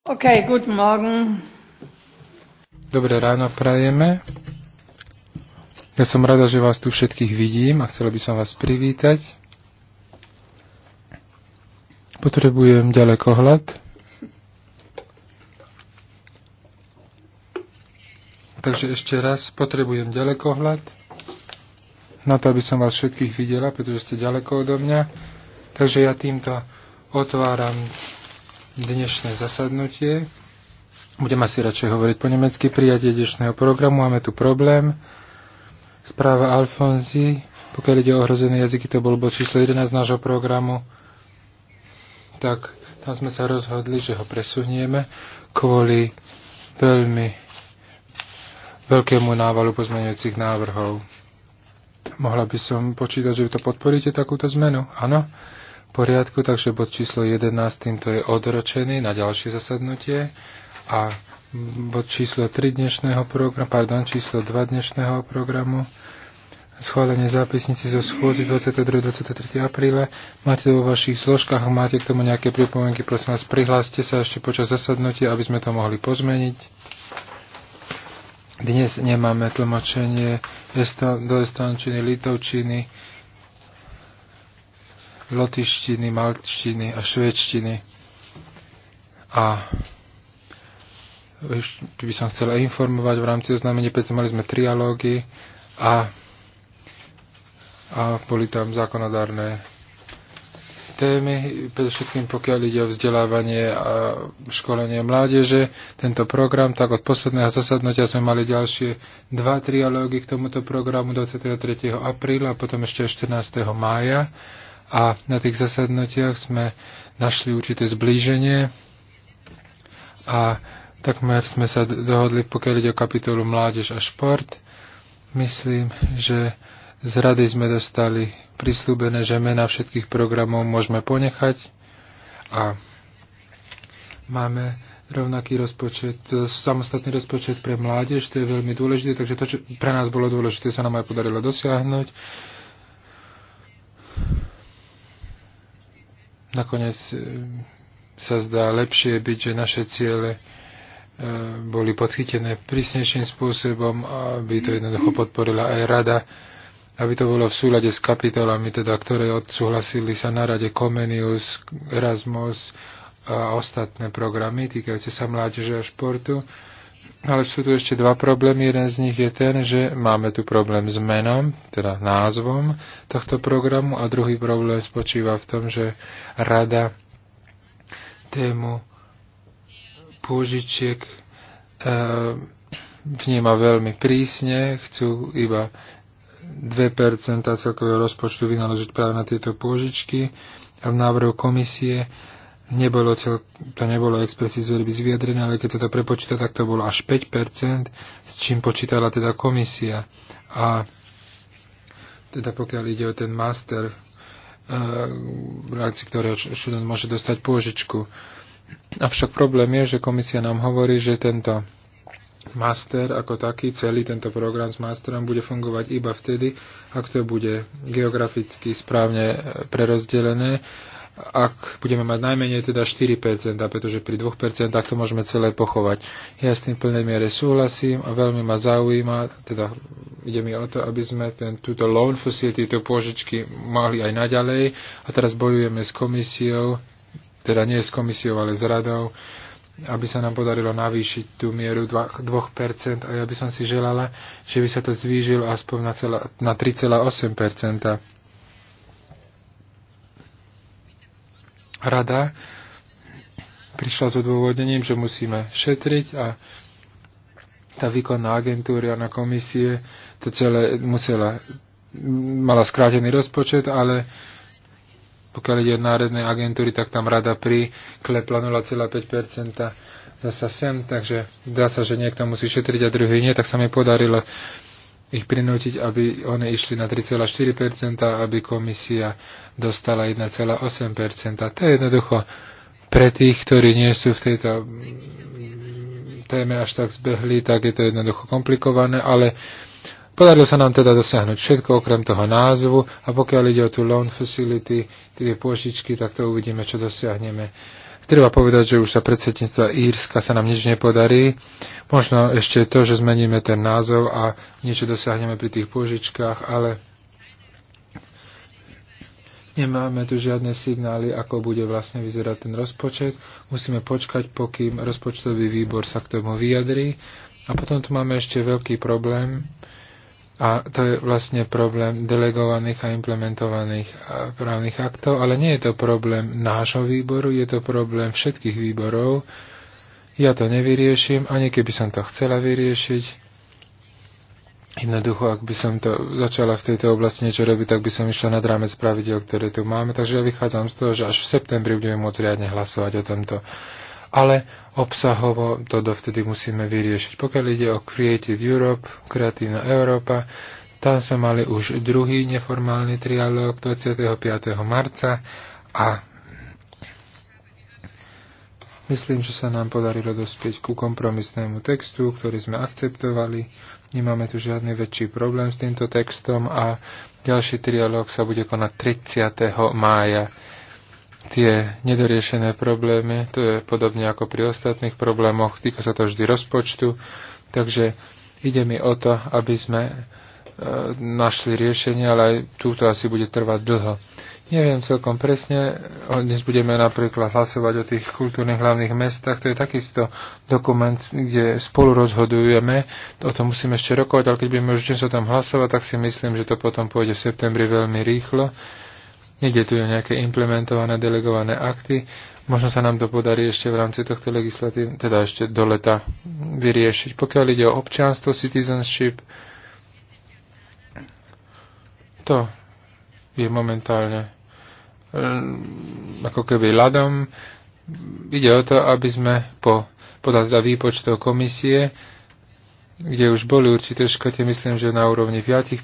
OK, good morning. Dobré ráno prajeme. Ja som rada, že vás tu všetkých vidím a chcel by som vás privítať. Potrebujem ďaleko hľad. Takže ešte raz potrebujem ďaleko hľad na to, aby som vás všetkých videla, pretože ste ďaleko odo mňa. Takže ja týmto otváram dnešné zasadnutie. Budem asi radšej hovoriť po nemecky. Prijatie dnešného programu. Máme tu problém. Správa Alfonzi. Pokiaľ ide o ohrozené jazyky, to bol bod číslo 11 nášho programu. Tak tam sme sa rozhodli, že ho presunieme kvôli veľmi veľkému návalu pozmeňujúcich návrhov. Mohla by som počítať, že to podporíte takúto zmenu? Áno? poriadku, takže bod číslo 11 týmto je odročený na ďalšie zasadnutie a bod číslo 3 dnešného programu, pardon, číslo 2 dnešného programu, schválenie zápisnici zo schôdzi 22. 23. apríla. Máte to vo vašich zložkách, máte k tomu nejaké pripomienky, prosím vás, prihláste sa ešte počas zasadnutia, aby sme to mohli pozmeniť. Dnes nemáme tlmačenie do estančiny, litovčiny, lotištiny, maltštiny a švedštiny. A ešte by som chcela informovať v rámci oznámenia, preto mali sme trialógy a, a boli tam zákonodárne témy, predovšetkým pokiaľ ide o vzdelávanie a školenie mládeže, tento program, tak od posledného zasadnutia sme mali ďalšie dva trialógy k tomuto programu 23. apríla a potom ešte 14. mája a na tých zasadnutiach sme našli určité zblíženie a takmer sme sa dohodli, pokiaľ ide o kapitolu Mládež a šport. Myslím, že z rady sme dostali prislúbené, že mena všetkých programov môžeme ponechať a máme rovnaký rozpočet, e, samostatný rozpočet pre mládež, to je veľmi dôležité, takže to, čo pre nás bolo dôležité, sa nám aj podarilo dosiahnuť. Nakoniec e, sa zdá lepšie byť, že naše ciele e, boli podchytené prísnejším spôsobom, aby to jednoducho podporila aj rada, aby to bolo v súlade s kapitolami, teda, ktoré odsúhlasili sa na rade Comenius, Erasmus a ostatné programy týkajúce sa mládeže a športu. Ale sú tu ešte dva problémy. Jeden z nich je ten, že máme tu problém s menom, teda názvom tohto programu a druhý problém spočíva v tom, že rada tému pôžičiek e, vníma veľmi prísne, chcú iba 2% celkového rozpočtu vynaložiť práve na tieto pôžičky a v návrhu komisie nebolo cel, to nebolo z verby zviadrené, ale keď sa to prepočíta, tak to bolo až 5%, s čím počítala teda komisia. A teda pokiaľ ide o ten master, e, v rámci ktorého študent môže dostať pôžičku. Avšak problém je, že komisia nám hovorí, že tento master ako taký, celý tento program s masterom bude fungovať iba vtedy, ak to bude geograficky správne e, prerozdelené ak budeme mať najmenej teda 4%, pretože pri 2% to môžeme celé pochovať. Ja s tým v plnej miere súhlasím a veľmi ma zaujíma, teda ide mi o to, aby sme ten, túto loan facility, tieto pôžičky mali aj naďalej a teraz bojujeme s komisiou, teda nie s komisiou, ale s radou, aby sa nám podarilo navýšiť tú mieru 2%, a ja by som si želala, že by sa to zvýšilo aspoň na, na 3,8%. Rada prišla s odôvodnením, že musíme šetriť a tá výkonná agentúra na komisie to celé musela, mala skrátený rozpočet, ale pokiaľ ide o národné agentúry, tak tam rada priklepla 0,5% zasa sem, takže dá sa, že niekto musí šetriť a druhý nie, tak sa mi podarilo ich prinútiť, aby one išli na 3,4%, aby komisia dostala 1,8%. To je jednoducho pre tých, ktorí nie sú v tejto mm, téme až tak zbehli, tak je to jednoducho komplikované, ale podarilo sa nám teda dosiahnuť všetko okrem toho názvu a pokiaľ ide o tú loan facility, tie pôžičky, tak to uvidíme, čo dosiahneme Treba povedať, že už sa predsedníctva Írska sa nám nič nepodarí. Možno ešte to, že zmeníme ten názov a niečo dosiahneme pri tých pôžičkách, ale Nemáme tu žiadne signály, ako bude vlastne vyzerať ten rozpočet. Musíme počkať, pokým rozpočtový výbor sa k tomu vyjadrí. A potom tu máme ešte veľký problém, a to je vlastne problém delegovaných a implementovaných právnych aktov, ale nie je to problém nášho výboru, je to problém všetkých výborov. Ja to nevyriešim, ani keby som to chcela vyriešiť. Jednoducho, ak by som to začala v tejto oblasti niečo robiť, tak by som išla nad rámec pravidel, ktoré tu máme. Takže ja vychádzam z toho, že až v septembri budeme môcť riadne hlasovať o tomto ale obsahovo to dovtedy musíme vyriešiť. Pokiaľ ide o Creative Europe, Kreatívna Európa, tam sme mali už druhý neformálny trialog 25. marca a myslím, že sa nám podarilo dospieť ku kompromisnému textu, ktorý sme akceptovali. Nemáme tu žiadny väčší problém s týmto textom a ďalší trialog sa bude konať 30. mája tie nedoriešené problémy, to je podobne ako pri ostatných problémoch, týka sa to vždy rozpočtu, takže ide mi o to, aby sme e, našli riešenie, ale aj túto asi bude trvať dlho. Neviem celkom presne, dnes budeme napríklad hlasovať o tých kultúrnych hlavných mestách, to je takisto dokument, kde spolu rozhodujeme, o tom musíme ešte rokovať, ale keď budeme už dnes o tom hlasovať, tak si myslím, že to potom pôjde v septembri veľmi rýchlo Nede tu o nejaké implementované delegované akty. Možno sa nám to podarí ešte v rámci tohto legislatív, teda ešte do leta vyriešiť. Pokiaľ ide o občianstvo, citizenship, to je momentálne eh, ako keby ľadom. Ide o to, aby sme po, podľa teda výpočtov komisie, kde už boli určité škoty, myslím, že na úrovni 5%,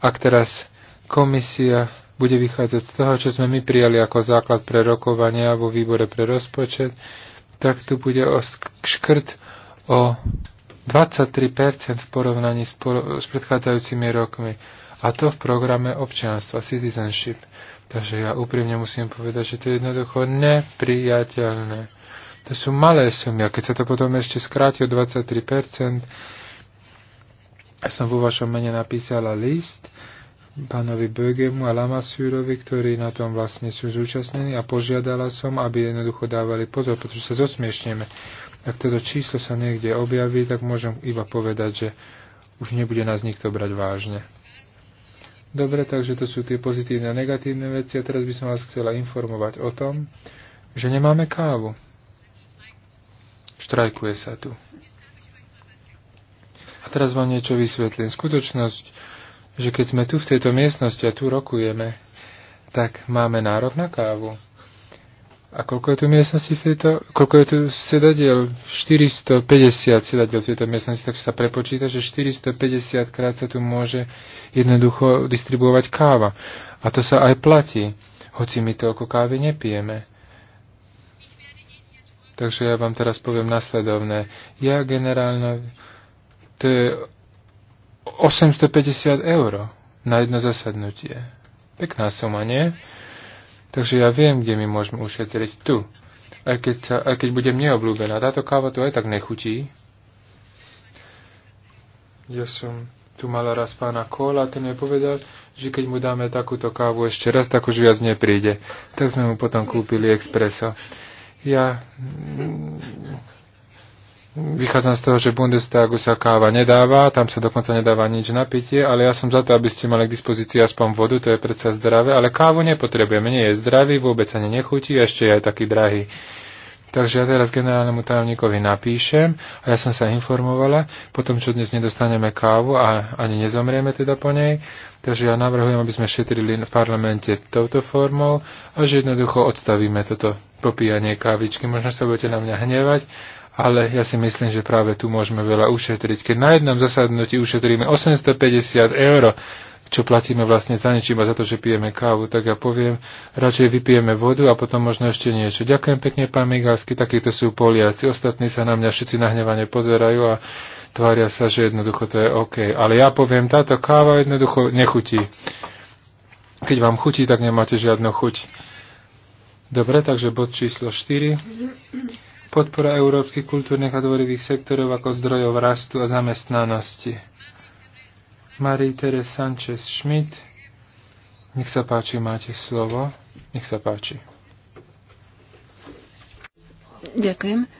ak teraz komisia bude vychádzať z toho, čo sme my prijali ako základ pre rokovania vo výbore pre rozpočet, tak tu bude o škrt o 23% v porovnaní s, por- s predchádzajúcimi rokmi. A to v programe občianstva, citizenship. Takže ja úprimne musím povedať, že to je jednoducho nepriateľné. To sú malé sumy. A keď sa to potom ešte skráti o 23%, ja som vo vašom mene napísala list, pánovi Bögemu a Lamasúrovi, ktorí na tom vlastne sú zúčastnení a požiadala som, aby jednoducho dávali pozor, pretože sa zosmiešneme. Ak toto číslo sa niekde objaví, tak môžem iba povedať, že už nebude nás nikto brať vážne. Dobre, takže to sú tie pozitívne a negatívne veci a teraz by som vás chcela informovať o tom, že nemáme kávu. Štrajkuje sa tu. A teraz vám niečo vysvetlím. Skutočnosť, že keď sme tu v tejto miestnosti a tu rokujeme, tak máme nárok na kávu. A koľko je tu miestnosti v tejto, koľko je tu sedadiel? 450 sedadiel v tejto miestnosti, tak sa prepočíta, že 450 krát sa tu môže jednoducho distribuovať káva. A to sa aj platí, hoci my toľko kávy nepijeme. Takže ja vám teraz poviem nasledovné. Ja generálne, to je 850 eur na jedno zasadnutie. Pekná suma, nie? Takže ja viem, kde my môžeme ušetriť tu. Aj keď, sa, aj keď budem neobľúbená. Táto káva tu aj tak nechutí. Ja som tu mal raz pána Kola, ten mi povedal, že keď mu dáme takúto kávu ešte raz, tak už viac nepríde. Tak sme mu potom kúpili expreso. Ja Vychádzam z toho, že Bundestagu sa káva nedáva, tam sa dokonca nedáva nič na pitie, ale ja som za to, aby ste mali k dispozícii aspoň vodu, to je predsa zdravé, ale kávu nepotrebujeme, nie je zdravý, vôbec ani nechutí ešte je aj taký drahý. Takže ja teraz generálnemu tajomníkovi napíšem a ja som sa informovala, potom čo dnes nedostaneme kávu a ani nezomrieme teda po nej, takže ja navrhujem, aby sme šetrili v parlamente touto formou a že jednoducho odstavíme toto popíjanie kávičky. Možno sa budete na mňa hnevať, ale ja si myslím, že práve tu môžeme veľa ušetriť. Keď na jednom zasadnutí ušetríme 850 eur, čo platíme vlastne za nič, iba za to, že pijeme kávu, tak ja poviem, radšej vypijeme vodu a potom možno ešte niečo. Ďakujem pekne, pán Migalsky, takíto sú Poliaci. Ostatní sa na mňa všetci nahnevane pozerajú a tvária sa, že jednoducho to je OK. Ale ja poviem, táto káva jednoducho nechutí. Keď vám chutí, tak nemáte žiadnu chuť. Dobre, takže bod číslo 4 podpora európskych kultúrnych a dvorivých sektorov ako zdrojov rastu a zamestnanosti. Marie Teres Sanchez Schmidt, nech sa páči, máte slovo. Nech sa páči. Ďakujem.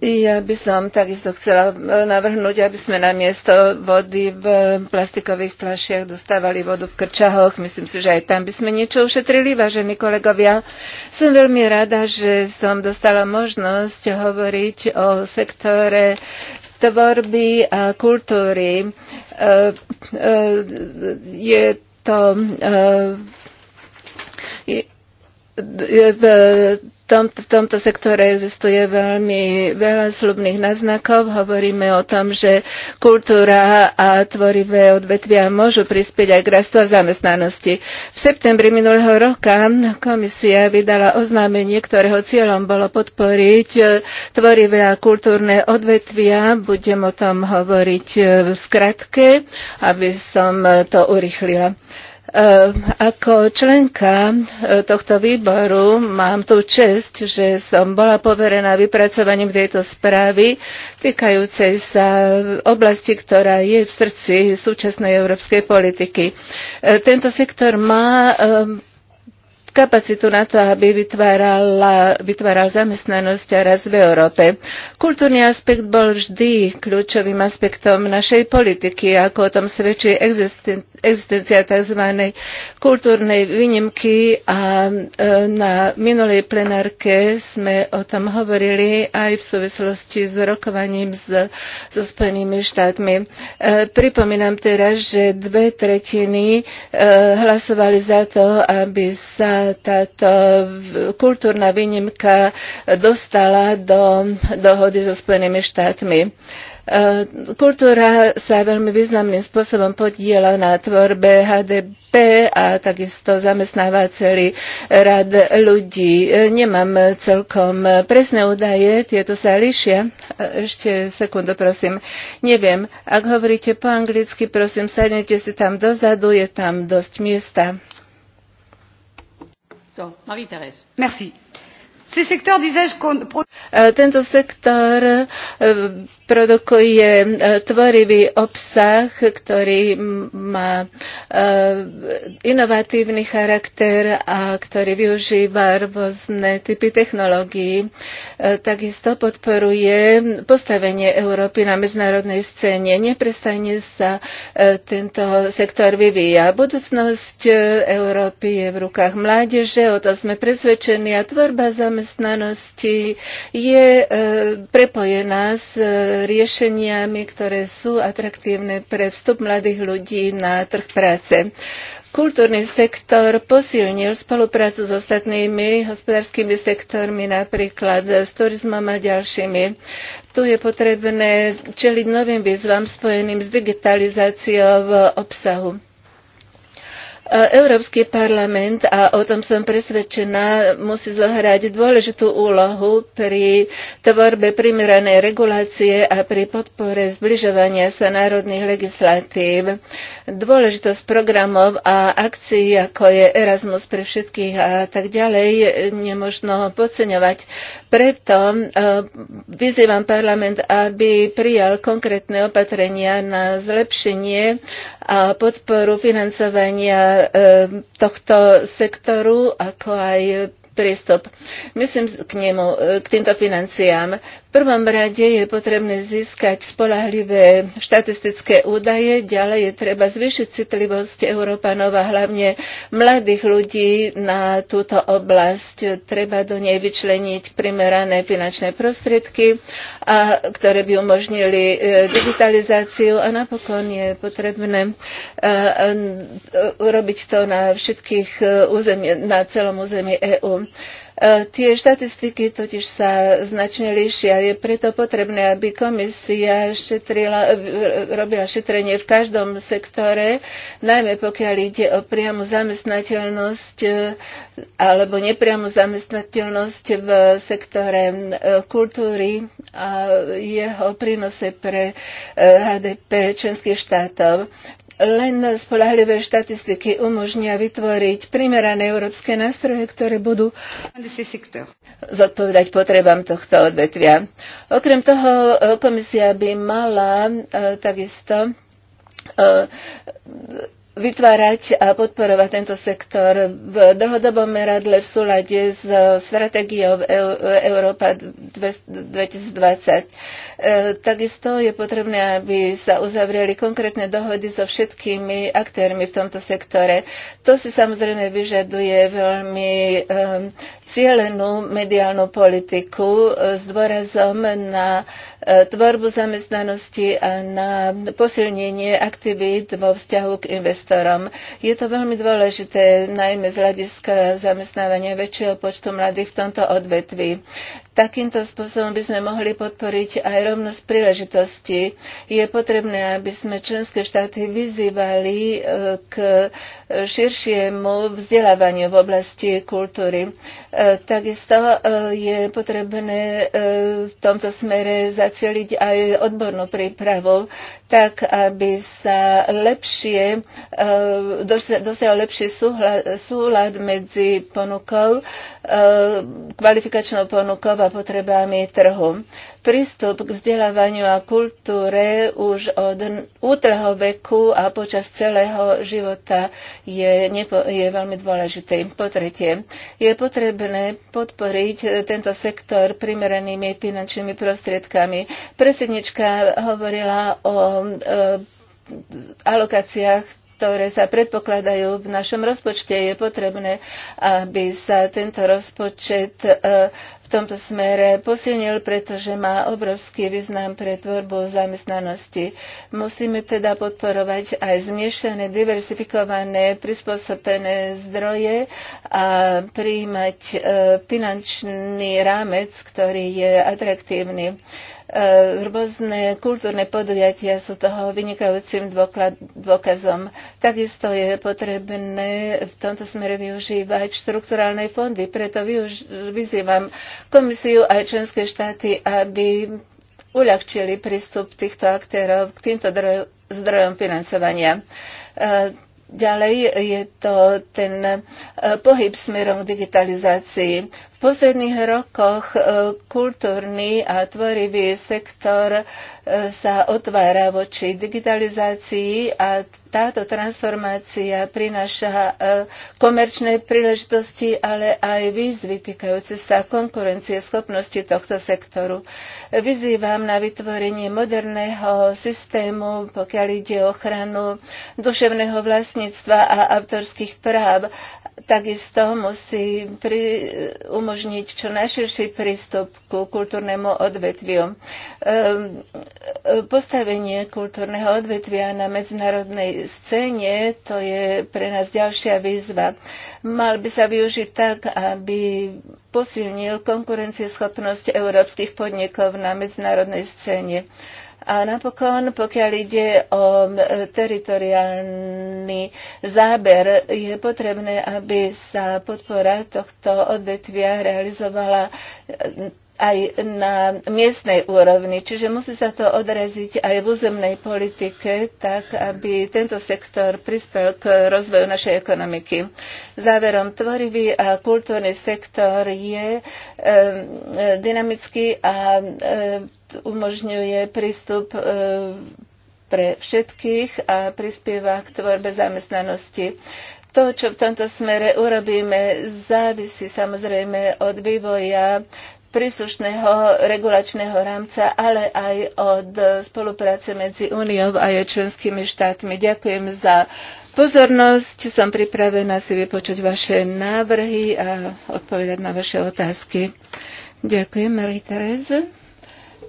Ja by som takisto chcela e, navrhnúť, aby sme na miesto vody v plastikových fľašiach dostávali vodu v krčahoch. Myslím si, že aj tam by sme niečo ušetrili, vážení kolegovia. Som veľmi rada, že som dostala možnosť hovoriť o sektore tvorby a kultúry. E, e, je to je, v, tom, v tomto sektore existuje veľmi veľa slubných náznakov. Hovoríme o tom, že kultúra a tvorivé odvetvia môžu prispieť aj k rastu a zamestnanosti. V septembri minulého roka komisia vydala oznámenie, ktorého cieľom bolo podporiť e, tvorivé a kultúrne odvetvia. Budem o tom hovoriť e, v skratke, aby som e, to urychlila. Ehm, ako členka e, tohto výboru mám tú čest, že som bola poverená vypracovaním tejto správy týkajúcej sa oblasti, ktorá je v srdci súčasnej európskej politiky. E, tento sektor má ehm, kapacitu na to, aby vytvárala, vytváral zamestnanosť a rast v Európe. Kultúrny aspekt bol vždy kľúčovým aspektom našej politiky, ako o tom svedčí existencia tzv. kultúrnej výnimky a e, na minulej plenárke sme o tom hovorili aj v súvislosti s rokovaním s, so Spojenými štátmi. E, pripomínam teraz, že dve tretiny e, hlasovali za to, aby sa táto kultúrna výnimka dostala do dohody so Spojenými štátmi. E, kultúra sa veľmi významným spôsobom podiela na tvorbe HDP a takisto zamestnáva celý rad ľudí. E, nemám celkom presné údaje, tieto sa líšia. E, ešte sekundu, prosím. Neviem, ak hovoríte po anglicky, prosím, sadnete si tam dozadu, je tam dosť miesta. So, Merci. Euh, tento sektor e, produkuje e, tvorivý obsah, ktorý má e, inovatívny charakter a ktorý využíva rôzne typy technológií. E, takisto podporuje postavenie Európy na medzinárodnej scéne. neprestane sa tento sektor vyvíja. Budúcnosť Európy je v rukách mládeže, o to sme presvedčení a tvorba zamestnanosti je prepojená s riešeniami, ktoré sú atraktívne pre vstup mladých ľudí na trh práce. Kultúrny sektor posilnil spoluprácu s ostatnými hospodárskymi sektormi, napríklad s turizmom a ďalšími. Tu je potrebné čeliť novým výzvam spojeným s digitalizáciou obsahu. Európsky parlament, a o tom som presvedčená, musí zohrať dôležitú úlohu pri tvorbe primeranej regulácie a pri podpore zbližovania sa národných legislatív. Dôležitosť programov a akcií, ako je Erasmus pre všetkých a tak ďalej, nemožno podceňovať. Preto e, vyzývam parlament, aby prijal konkrétne opatrenia na zlepšenie a podporu financovania e, tohto sektoru, ako aj prístup myslím, k, nemu, e, k týmto financiám prvom rade je potrebné získať spolahlivé štatistické údaje, ďalej je treba zvýšiť citlivosť Európanov a hlavne mladých ľudí na túto oblasť. Treba do nej vyčleniť primerané finančné prostriedky, a, ktoré by umožnili e, digitalizáciu a napokon je potrebné e, e, urobiť to na všetkých území, na celom území EÚ. E, tie štatistiky totiž sa značne líšia. Je preto potrebné, aby komisia šetrila, e, robila šetrenie v každom sektore, najmä pokiaľ ide o priamu zamestnateľnosť e, alebo nepriamu zamestnateľnosť v sektore kultúry a jeho prínose pre HDP členských štátov. Len spolahlivé štatistiky umožnia vytvoriť primerané európske nástroje, ktoré budú zodpovedať potrebám tohto odvetvia. Okrem toho, e, komisia by mala e, takisto e, vytvárať a podporovať tento sektor v dlhodobom meradle v súlade s e, stratégiou e, Európa 2020. E, takisto je potrebné, aby sa uzavreli konkrétne dohody so všetkými aktérmi v tomto sektore. To si samozrejme vyžaduje veľmi cieľenú mediálnu politiku s dôrazom na tvorbu zamestnanosti a na posilnenie aktivít vo vzťahu k investorom. Je to veľmi dôležité, najmä z hľadiska zamestnávania väčšieho počtu mladých v tomto odvetvi. Takýmto spôsobom by sme mohli podporiť aj rovnosť príležitosti. Je potrebné, aby sme členské štáty vyzývali e, k širšiemu vzdelávaniu v oblasti kultúry. E, takisto e, je potrebné v tomto smere za zacieliť aj odbornú prípravu, tak aby sa lepšie, e, dosiahol lepší súlad medzi ponukou, e, kvalifikačnou ponukou a potrebami trhu prístup k vzdelávaniu a kultúre už od útrho veku a počas celého života je, nepo, je veľmi dôležitý. Po tretie, je potrebné podporiť tento sektor primeranými finančnými prostriedkami. Presednička hovorila o e, alokáciách ktoré sa predpokladajú v našom rozpočte. Je potrebné, aby sa tento rozpočet e, v tomto smere posilnil, pretože má obrovský význam pre tvorbu zamestnanosti. Musíme teda podporovať aj zmiešané, diversifikované, prispôsobené zdroje a prijímať e, finančný rámec, ktorý je atraktívny. E, rôzne kultúrne podujatia sú toho vynikajúcim dôkazom. Takisto je potrebné v tomto smere využívať štrukturálne fondy, preto vyzývam komisiu aj členské štáty, aby uľahčili prístup týchto aktérov k týmto zdrojom financovania. E, ďalej je to ten e, pohyb smerom k digitalizácii. V posledných rokoch e, kultúrny a tvorivý sektor e, sa otvára voči digitalizácii a táto transformácia prináša e, komerčné príležitosti, ale aj výzvy týkajúce sa konkurencie schopnosti tohto sektoru. Vyzývam na vytvorenie moderného systému, pokiaľ ide o ochranu duševného vlastníctva a autorských práv. Takisto musí pri, umožniť čo najširší prístup ku kultúrnemu odvetviu. Ehm, postavenie kultúrneho odvetvia na medzinárodnej scéne, to je pre nás ďalšia výzva. Mal by sa využiť tak, aby posilnil konkurencieschopnosť európskych podnikov na medzinárodnej scéne. A napokon, pokiaľ ide o e, teritoriálny záber, je potrebné, aby sa podpora tohto odvetvia realizovala e, aj na miestnej úrovni, čiže musí sa to odraziť aj v územnej politike, tak aby tento sektor prispel k rozvoju našej ekonomiky. Záverom, tvorivý a kultúrny sektor je e, dynamický a e, umožňuje prístup e, pre všetkých a prispieva k tvorbe zamestnanosti to, čo v tomto smere urobíme, závisí samozrejme od vývoja príslušného regulačného rámca, ale aj od spolupráce medzi Úniou a jej členskými štátmi. Ďakujem za pozornosť. Som pripravená si vypočuť vaše návrhy a odpovedať na vaše otázky. Ďakujem, Marie Tereze.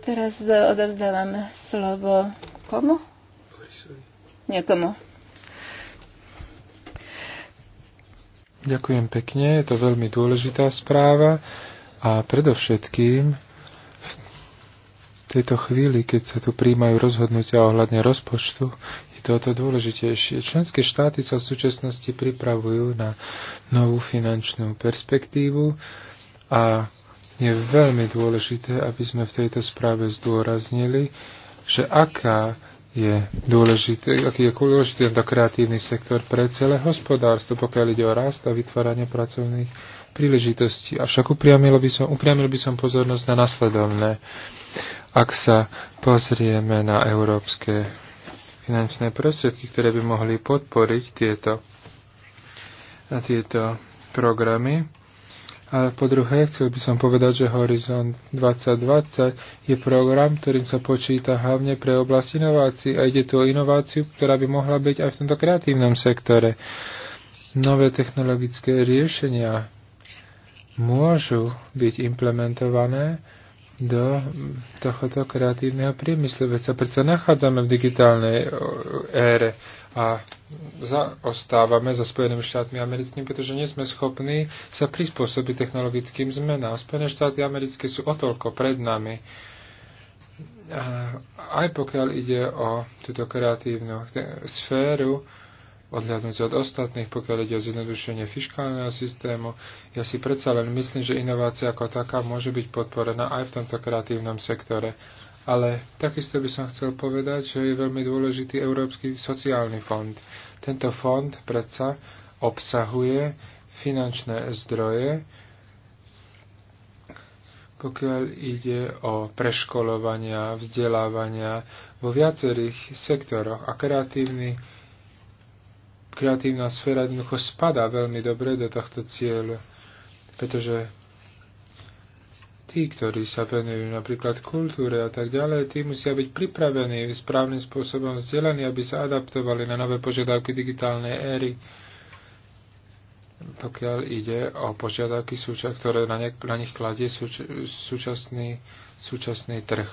Teraz odovzdávam slovo komu? Niekomu. Ďakujem pekne, je to veľmi dôležitá správa. A predovšetkým v tejto chvíli, keď sa tu príjmajú rozhodnutia ohľadne rozpočtu, je to to dôležitejšie. Členské štáty sa v súčasnosti pripravujú na novú finančnú perspektívu a je veľmi dôležité, aby sme v tejto správe zdôraznili, že aká je dôležitý, aký je dôležitý tento kreatívny sektor pre celé hospodárstvo, pokiaľ ide o rast a vytváranie pracovných príležitosti. Avšak upriamil by som, upriamil by som pozornosť na nasledovné. Ak sa pozrieme na európske finančné prostriedky, ktoré by mohli podporiť tieto, tieto programy. A po druhé, chcel by som povedať, že Horizont 2020 je program, ktorým sa počíta hlavne pre oblasť inovácií a ide tu o inováciu, ktorá by mohla byť aj v tomto kreatívnom sektore. Nové technologické riešenia môžu byť implementované do tohoto kreatívneho priemyslu. Veď sa predsa nachádzame v digitálnej e, ére a zaostávame za Spojenými štátmi americkými, pretože nie sme schopní sa prispôsobiť technologickým zmenám. Spojené štáty americké sú o toľko pred nami, aj pokiaľ ide o túto kreatívnu sféru, odhľadnúť od ostatných, pokiaľ ide o zjednodušenie fiskálneho systému. Ja si predsa len myslím, že inovácia ako taká môže byť podporená aj v tomto kreatívnom sektore. Ale takisto by som chcel povedať, že je veľmi dôležitý Európsky sociálny fond. Tento fond predsa obsahuje finančné zdroje, pokiaľ ide o preškolovania, vzdelávania vo viacerých sektoroch a kreatívny kreatívna sféra jednoducho spadá veľmi dobre do tohto cieľu, pretože tí, ktorí sa venujú napríklad kultúre a tak ďalej, tí musia byť pripravení správnym spôsobom vzdelaní, aby sa adaptovali na nové požiadavky digitálnej éry, pokiaľ ide o požiadavky, ktoré na, ne, na nich kladie súč, súčasný, súčasný trh.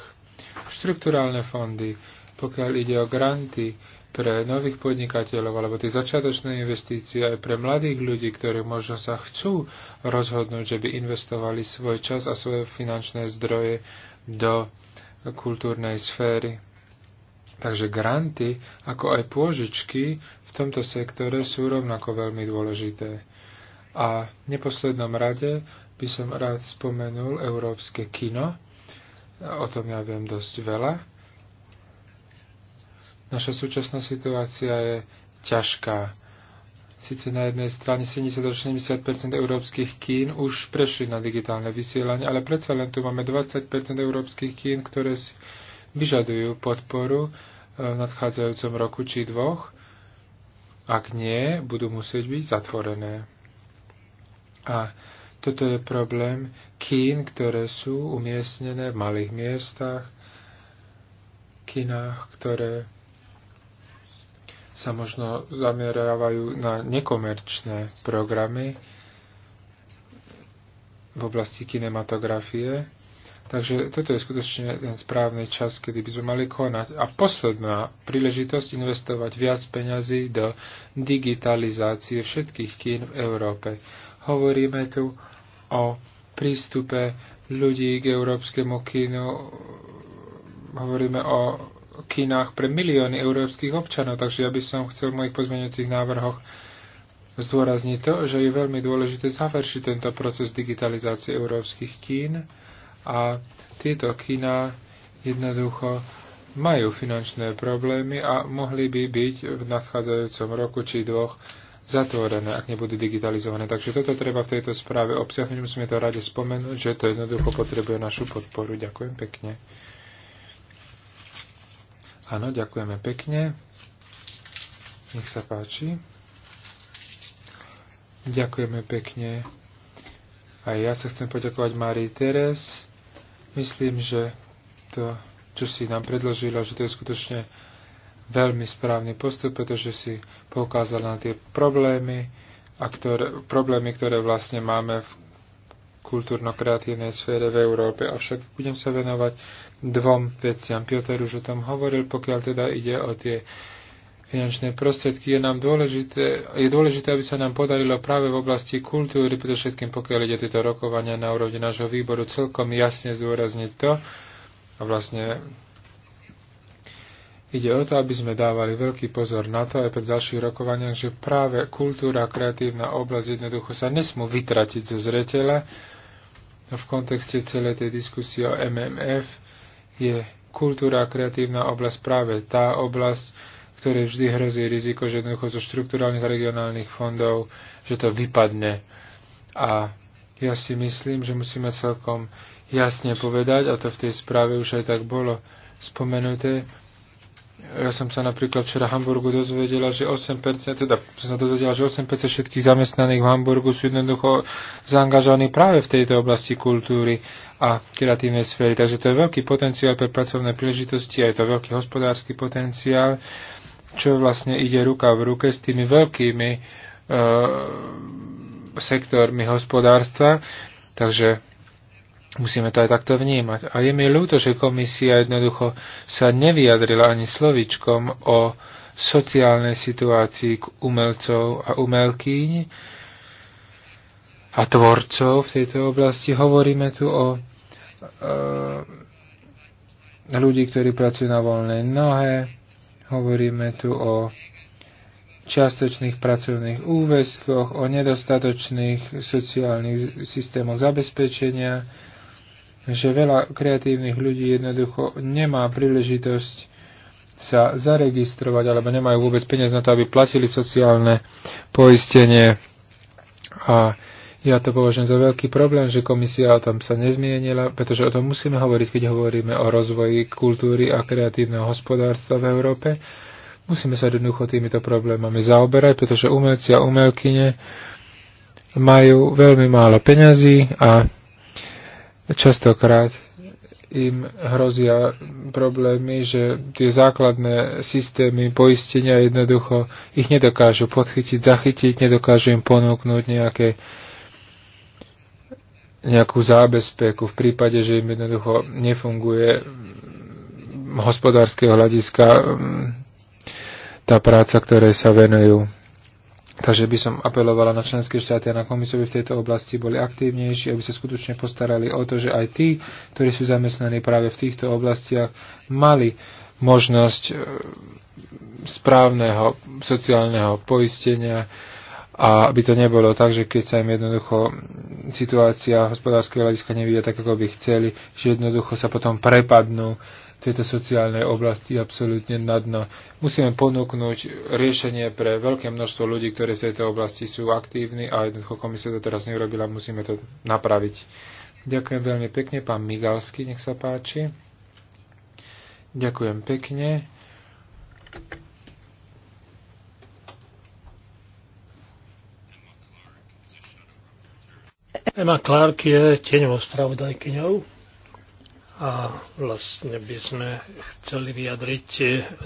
Štrukturálne fondy, pokiaľ ide o granty, pre nových podnikateľov alebo tie začiatočné investície aj pre mladých ľudí, ktorí možno sa chcú rozhodnúť, že by investovali svoj čas a svoje finančné zdroje do kultúrnej sféry. Takže granty, ako aj pôžičky v tomto sektore sú rovnako veľmi dôležité. A v neposlednom rade by som rád spomenul európske kino, o tom ja viem dosť veľa, Naša súčasná situácia je ťažká. Sice na jednej strane 70-80% európskych kín už prešli na digitálne vysielanie, ale predsa len tu máme 20% európskych kín, ktoré si vyžadujú podporu e, v nadchádzajúcom roku či dvoch. Ak nie, budú musieť byť zatvorené. A toto je problém kín, ktoré sú umiestnené v malých miestach, kinách, ktoré sa možno zameriavajú na nekomerčné programy v oblasti kinematografie. Takže toto je skutočne ten správny čas, kedy by sme mali konať. A posledná príležitosť investovať viac peňazí do digitalizácie všetkých kín v Európe. Hovoríme tu o prístupe ľudí k európskemu kínu, hovoríme o kinách pre milióny európskych občanov. Takže ja by som chcel v mojich pozmeňujúcich návrhoch zdôrazniť to, že je veľmi dôležité završiť tento proces digitalizácie európskych kín a tieto kina jednoducho majú finančné problémy a mohli by byť v nadchádzajúcom roku či dvoch zatvorené, ak nebudú digitalizované. Takže toto treba v tejto správe obsiahnuť. Musíme to rade spomenúť, že to jednoducho potrebuje našu podporu. Ďakujem pekne. Áno, ďakujeme pekne. Nech sa páči. Ďakujeme pekne. A ja sa chcem poďakovať Márii Teres. Myslím, že to, čo si nám predložila, že to je skutočne veľmi správny postup, pretože si poukázala na tie problémy, a ktoré, problémy, ktoré vlastne máme v kultúrno-kreatívnej sfére v Európe. Avšak budem sa venovať dvom veciam. Piotr už o tom hovoril, pokiaľ teda ide o tie finančné prostriedky. Je, nám dôležité, je dôležité, aby sa nám podarilo práve v oblasti kultúry, predovšetkým pokiaľ ide tieto rokovania na úrovni nášho výboru, celkom jasne zdôrazniť to. A vlastne ide o to, aby sme dávali veľký pozor na to aj pri ďalších rokovaniach, že práve kultúra a kreatívna oblasť jednoducho sa nesmú vytratiť zo zretele no v kontexte celej tej diskusie o MMF, je kultúra a kreatívna oblasť práve tá oblasť, ktoré vždy hrozí riziko, že jednoducho zo štruktúrálnych a regionálnych fondov, že to vypadne. A ja si myslím, že musíme celkom jasne povedať, a to v tej správe už aj tak bolo spomenuté, ja som sa napríklad včera v Hamburgu dozvedela, že 8%, teda som sa dozvedela, že 8% všetkých zamestnaných v Hamburgu sú jednoducho zaangažovaní práve v tejto oblasti kultúry a kreatívnej sféry. Takže to je veľký potenciál pre pracovné príležitosti a je to veľký hospodársky potenciál, čo vlastne ide ruka v ruke s tými veľkými uh, sektormi hospodárstva. Takže Musíme to aj takto vnímať. A je mi ľúto, že komisia jednoducho sa nevyjadrila ani slovičkom o sociálnej situácii k umelcov a umelkyň a tvorcov v tejto oblasti. Hovoríme tu o e, ľudí, ktorí pracujú na voľnej nohe, hovoríme tu o čiastočných pracovných úväzkoch, o nedostatočných sociálnych systémoch zabezpečenia, že veľa kreatívnych ľudí jednoducho nemá príležitosť sa zaregistrovať alebo nemajú vôbec peniaz na to, aby platili sociálne poistenie. A ja to považujem za veľký problém, že komisia o tom sa nezmienila, pretože o tom musíme hovoriť, keď hovoríme o rozvoji kultúry a kreatívneho hospodárstva v Európe. Musíme sa jednoducho týmito problémami zaoberať, pretože umelci a umelkyne majú veľmi málo peňazí a Častokrát im hrozia problémy, že tie základné systémy poistenia jednoducho ich nedokážu podchytiť, zachytiť, nedokážu im ponúknuť nejaké, nejakú zábezpeku v prípade, že im jednoducho nefunguje hospodárskeho hľadiska mm, tá práca, ktoré sa venujú. Takže by som apelovala na členské štáty a na komisiu, aby v tejto oblasti boli aktívnejší, aby sa skutočne postarali o to, že aj tí, ktorí sú zamestnaní práve v týchto oblastiach, mali možnosť e, správneho sociálneho poistenia a aby to nebolo tak, že keď sa im jednoducho situácia hospodárskeho hľadiska nevidia tak, ako by chceli, že jednoducho sa potom prepadnú tejto sociálnej oblasti absolútne na dno. Musíme ponúknuť riešenie pre veľké množstvo ľudí, ktorí v tejto oblasti sú aktívni a jednoducho komisia to teraz neurobila, musíme to napraviť. Ďakujem veľmi pekne, pán Migalsky, nech sa páči. Ďakujem pekne. Emma Clark je tieňovou spravodajkyňou a vlastne by sme chceli vyjadriť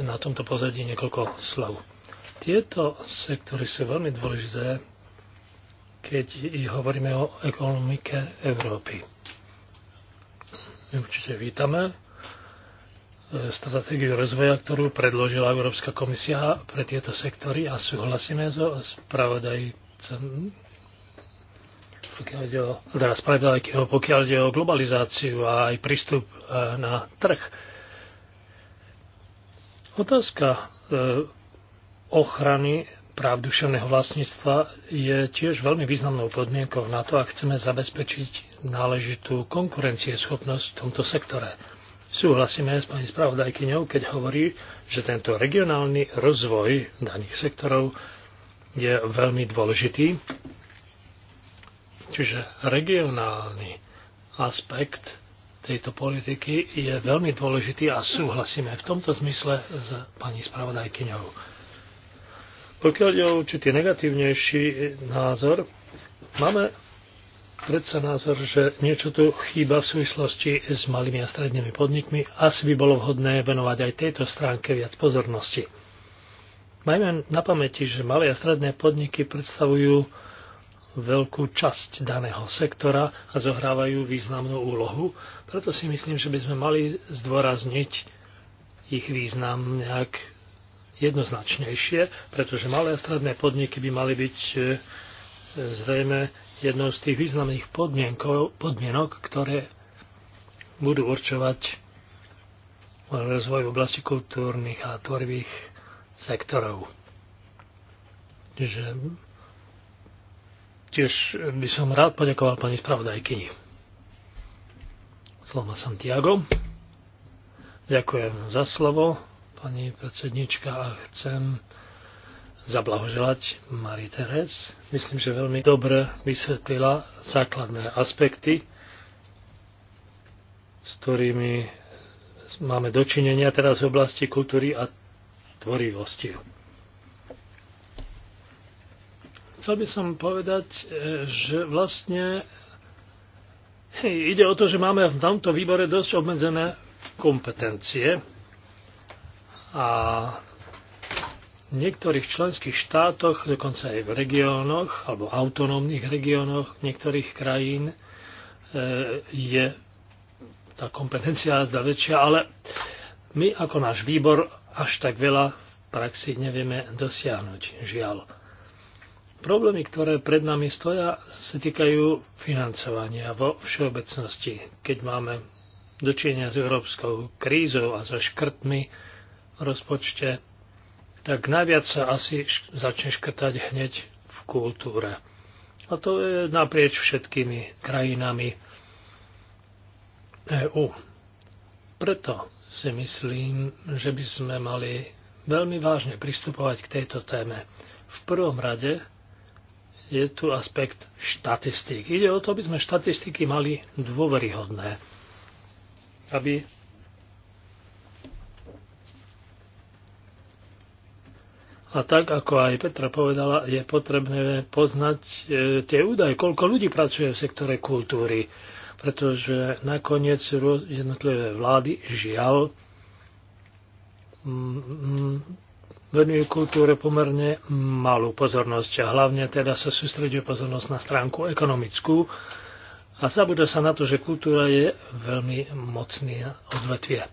na tomto pozadí niekoľko slov. Tieto sektory sú veľmi dôležité, keď hovoríme o ekonomike Európy. My určite vítame e, stratégiu rozvoja, ktorú predložila Európska komisia pre tieto sektory a súhlasíme so spravodajcom pokiaľ ide o, teda spravodajkyho, pokiaľ ide o globalizáciu a aj prístup e, na trh. Otázka e, ochrany práv duševného vlastníctva je tiež veľmi významnou podmienkou na to, ak chceme zabezpečiť náležitú konkurencieschopnosť v tomto sektore. Súhlasíme s pani spravodajkyňou, keď hovorí, že tento regionálny rozvoj daných sektorov je veľmi dôležitý Čiže regionálny aspekt tejto politiky je veľmi dôležitý a súhlasíme v tomto zmysle s pani spravodajkyňou. Pokiaľ je určitý negatívnejší názor, máme predsa názor, že niečo tu chýba v súvislosti s malými a strednými podnikmi. Asi by bolo vhodné venovať aj tejto stránke viac pozornosti. Majme na pamäti, že malé a stredné podniky predstavujú veľkú časť daného sektora a zohrávajú významnú úlohu. Preto si myslím, že by sme mali zdôrazniť ich význam nejak jednoznačnejšie, pretože malé a stredné podniky by mali byť e, zrejme jednou z tých významných podmienok, ktoré budú určovať rozvoj v oblasti kultúrnych a tvorivých sektorov. Čiže Tiež by som rád poďakoval pani spravodajkyni. Sloma Santiago. Ďakujem za slovo, pani predsednička, a chcem zablahoželať Marie Teres. Myslím, že veľmi dobre vysvetlila základné aspekty, s ktorými máme dočinenia teraz v oblasti kultúry a tvorivosti. Chcel by som povedať, e, že vlastne ide o to, že máme v tomto výbore dosť obmedzené kompetencie a v niektorých členských štátoch, dokonca aj v regiónoch alebo autonómnych regiónoch niektorých krajín e, je tá kompetencia zda väčšia, ale my ako náš výbor až tak veľa v praxi nevieme dosiahnuť, žiaľ. Problémy, ktoré pred nami stoja, sa týkajú financovania vo všeobecnosti, keď máme dočinenia s európskou krízou a so škrtmi v rozpočte, tak najviac sa asi začne škrtať hneď v kultúre. A to je naprieč všetkými krajinami EÚ. Preto si myslím, že by sme mali veľmi vážne pristupovať k tejto téme. V prvom rade je tu aspekt štatistík. Ide o to, aby sme štatistiky mali dôveryhodné. Aby A tak, ako aj Petra povedala, je potrebné poznať e, tie údaje, koľko ľudí pracuje v sektore kultúry, pretože nakoniec jednotlivé vlády žiaľ venujú kultúre pomerne malú pozornosť a hlavne teda sa sústreduje pozornosť na stránku ekonomickú a zabúda sa na to, že kultúra je veľmi mocný odvetvie.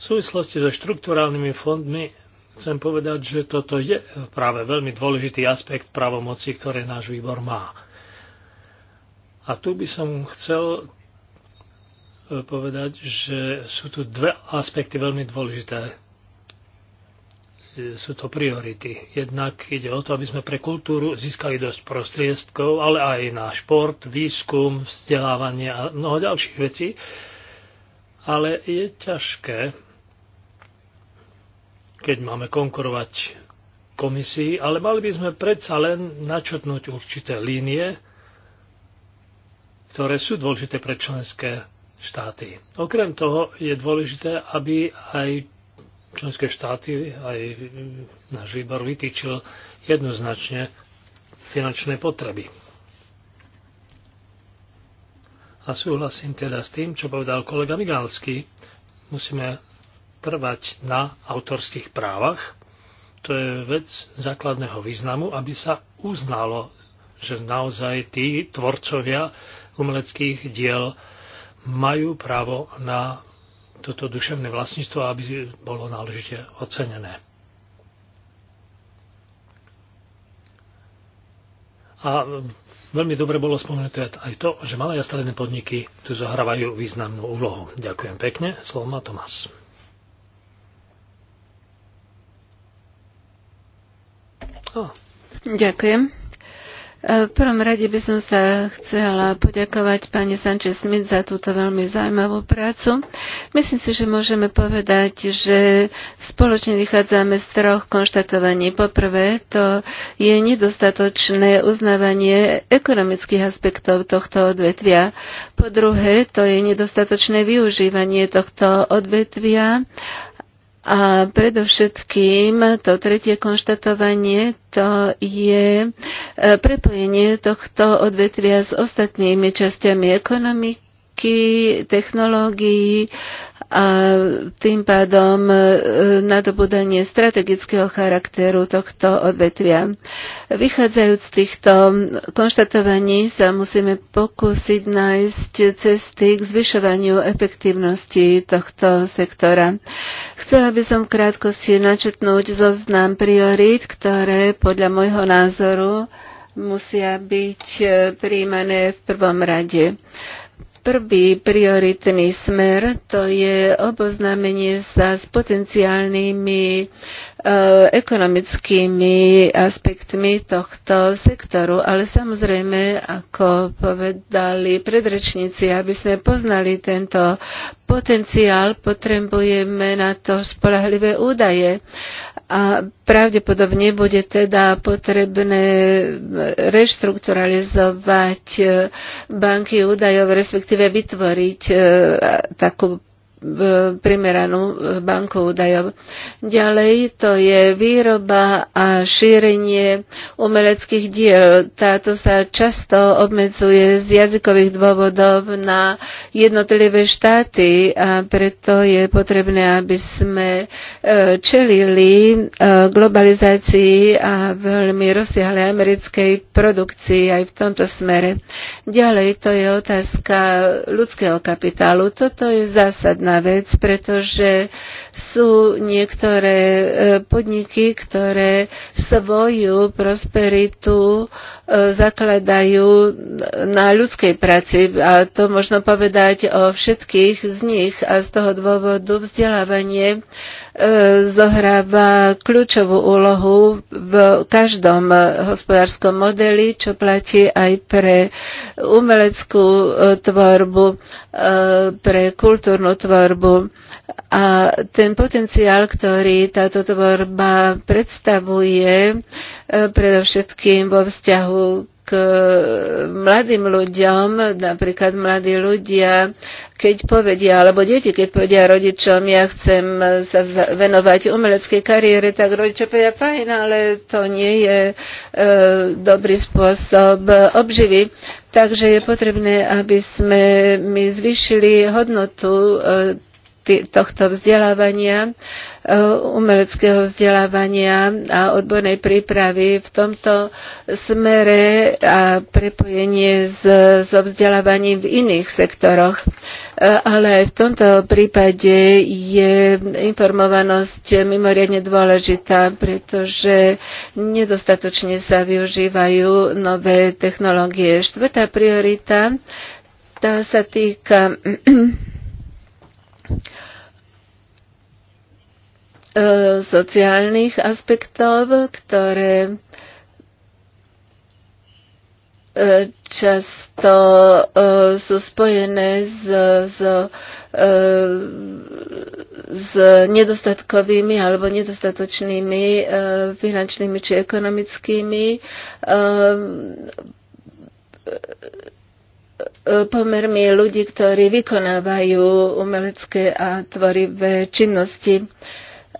V súvislosti so štruktúrálnymi fondmi chcem povedať, že toto je práve veľmi dôležitý aspekt právomoci, ktoré náš výbor má. A tu by som chcel e, povedať, že sú tu dve aspekty veľmi dôležité sú to priority. Jednak ide o to, aby sme pre kultúru získali dosť prostriedkov, ale aj na šport, výskum, vzdelávanie a mnoho ďalších vecí. Ale je ťažké, keď máme konkurovať komisii, ale mali by sme predsa len načrtnúť určité línie, ktoré sú dôležité pre členské štáty. Okrem toho je dôležité, aby aj členské štáty aj náš výbor vytýčil jednoznačne finančné potreby. A súhlasím teda s tým, čo povedal kolega Migalský. Musíme trvať na autorských právach. To je vec základného významu, aby sa uznalo, že naozaj tí tvorcovia umeleckých diel majú právo na toto duševné vlastníctvo, aby bolo náležite ocenené. A veľmi dobre bolo spomenuté aj to, že malé a stredné podniky tu zohrávajú významnú úlohu. Ďakujem pekne. Slovo má Tomás. Oh. Ďakujem. E, v prvom rade by som sa chcela poďakovať pani Sanchez Smith za túto veľmi zaujímavú prácu. Myslím si, že môžeme povedať, že spoločne vychádzame z troch konštatovaní. Poprvé, to je nedostatočné uznávanie ekonomických aspektov tohto odvetvia. Po druhé, to je nedostatočné využívanie tohto odvetvia a predovšetkým to tretie konštatovanie, to je e, prepojenie tohto odvetvia s ostatnými časťami ekonomiky výrobky, technológií a tým pádom e, nadobudanie strategického charakteru tohto odvetvia. Vychádzajúc z týchto konštatovaní sa musíme pokúsiť nájsť cesty k zvyšovaniu efektívnosti tohto sektora. Chcela by som v krátkosti načetnúť zoznam priorít, ktoré podľa môjho názoru musia byť e, príjmané v prvom rade. Prvý prioritný smer to je oboznámenie sa s potenciálnymi Eh, ekonomickými aspektmi tohto sektoru. Ale samozrejme, ako povedali predrečníci, aby sme poznali tento potenciál, potrebujeme na to spolahlivé údaje. A pravdepodobne bude teda potrebné reštrukturalizovať banky údajov, respektíve vytvoriť eh, takú primeranú banku údajov. Ďalej to je výroba a šírenie umeleckých diel. Táto sa často obmedzuje z jazykových dôvodov na jednotlivé štáty a preto je potrebné, aby sme e, čelili e, globalizácii a veľmi rozsiahlej americkej produkcii aj v tomto smere. Ďalej to je otázka ľudského kapitálu. Toto je zásadná zásadná vec, pretože sú niektoré e, podniky, ktoré svoju prosperitu e, zakladajú na ľudskej práci a to možno povedať o všetkých z nich a z toho dôvodu vzdelávanie zohráva kľúčovú úlohu v každom hospodárskom modeli, čo platí aj pre umeleckú e, tvorbu, e, pre kultúrnu tvorbu. A ten potenciál, ktorý táto tvorba predstavuje, e, predovšetkým vo vzťahu k eh, mladým ľuďom, napríklad mladí ľudia, keď povedia, alebo deti, keď povedia rodičom, ja chcem sa venovať umeleckej kariére, tak rodičia povedia, fajn, ale to nie je e, dobrý spôsob obživy. Takže je potrebné, aby sme my zvýšili hodnotu e, tohto vzdelávania, e, umeleckého vzdelávania a odbornej prípravy v tomto smere a prepojenie s, so vzdelávaním v iných sektoroch. E, ale aj v tomto prípade je informovanosť mimoriadne dôležitá, pretože nedostatočne sa využívajú nové technológie. Štvrtá priorita tá sa týka E, sociálnych aspektov, ktoré e, často e, sú spojené s, s, s nedostatkovými alebo nedostatočnými finančnými či ekonomickými pomermi ľudí, ktorí vykonávajú umelecké a tvorivé činnosti.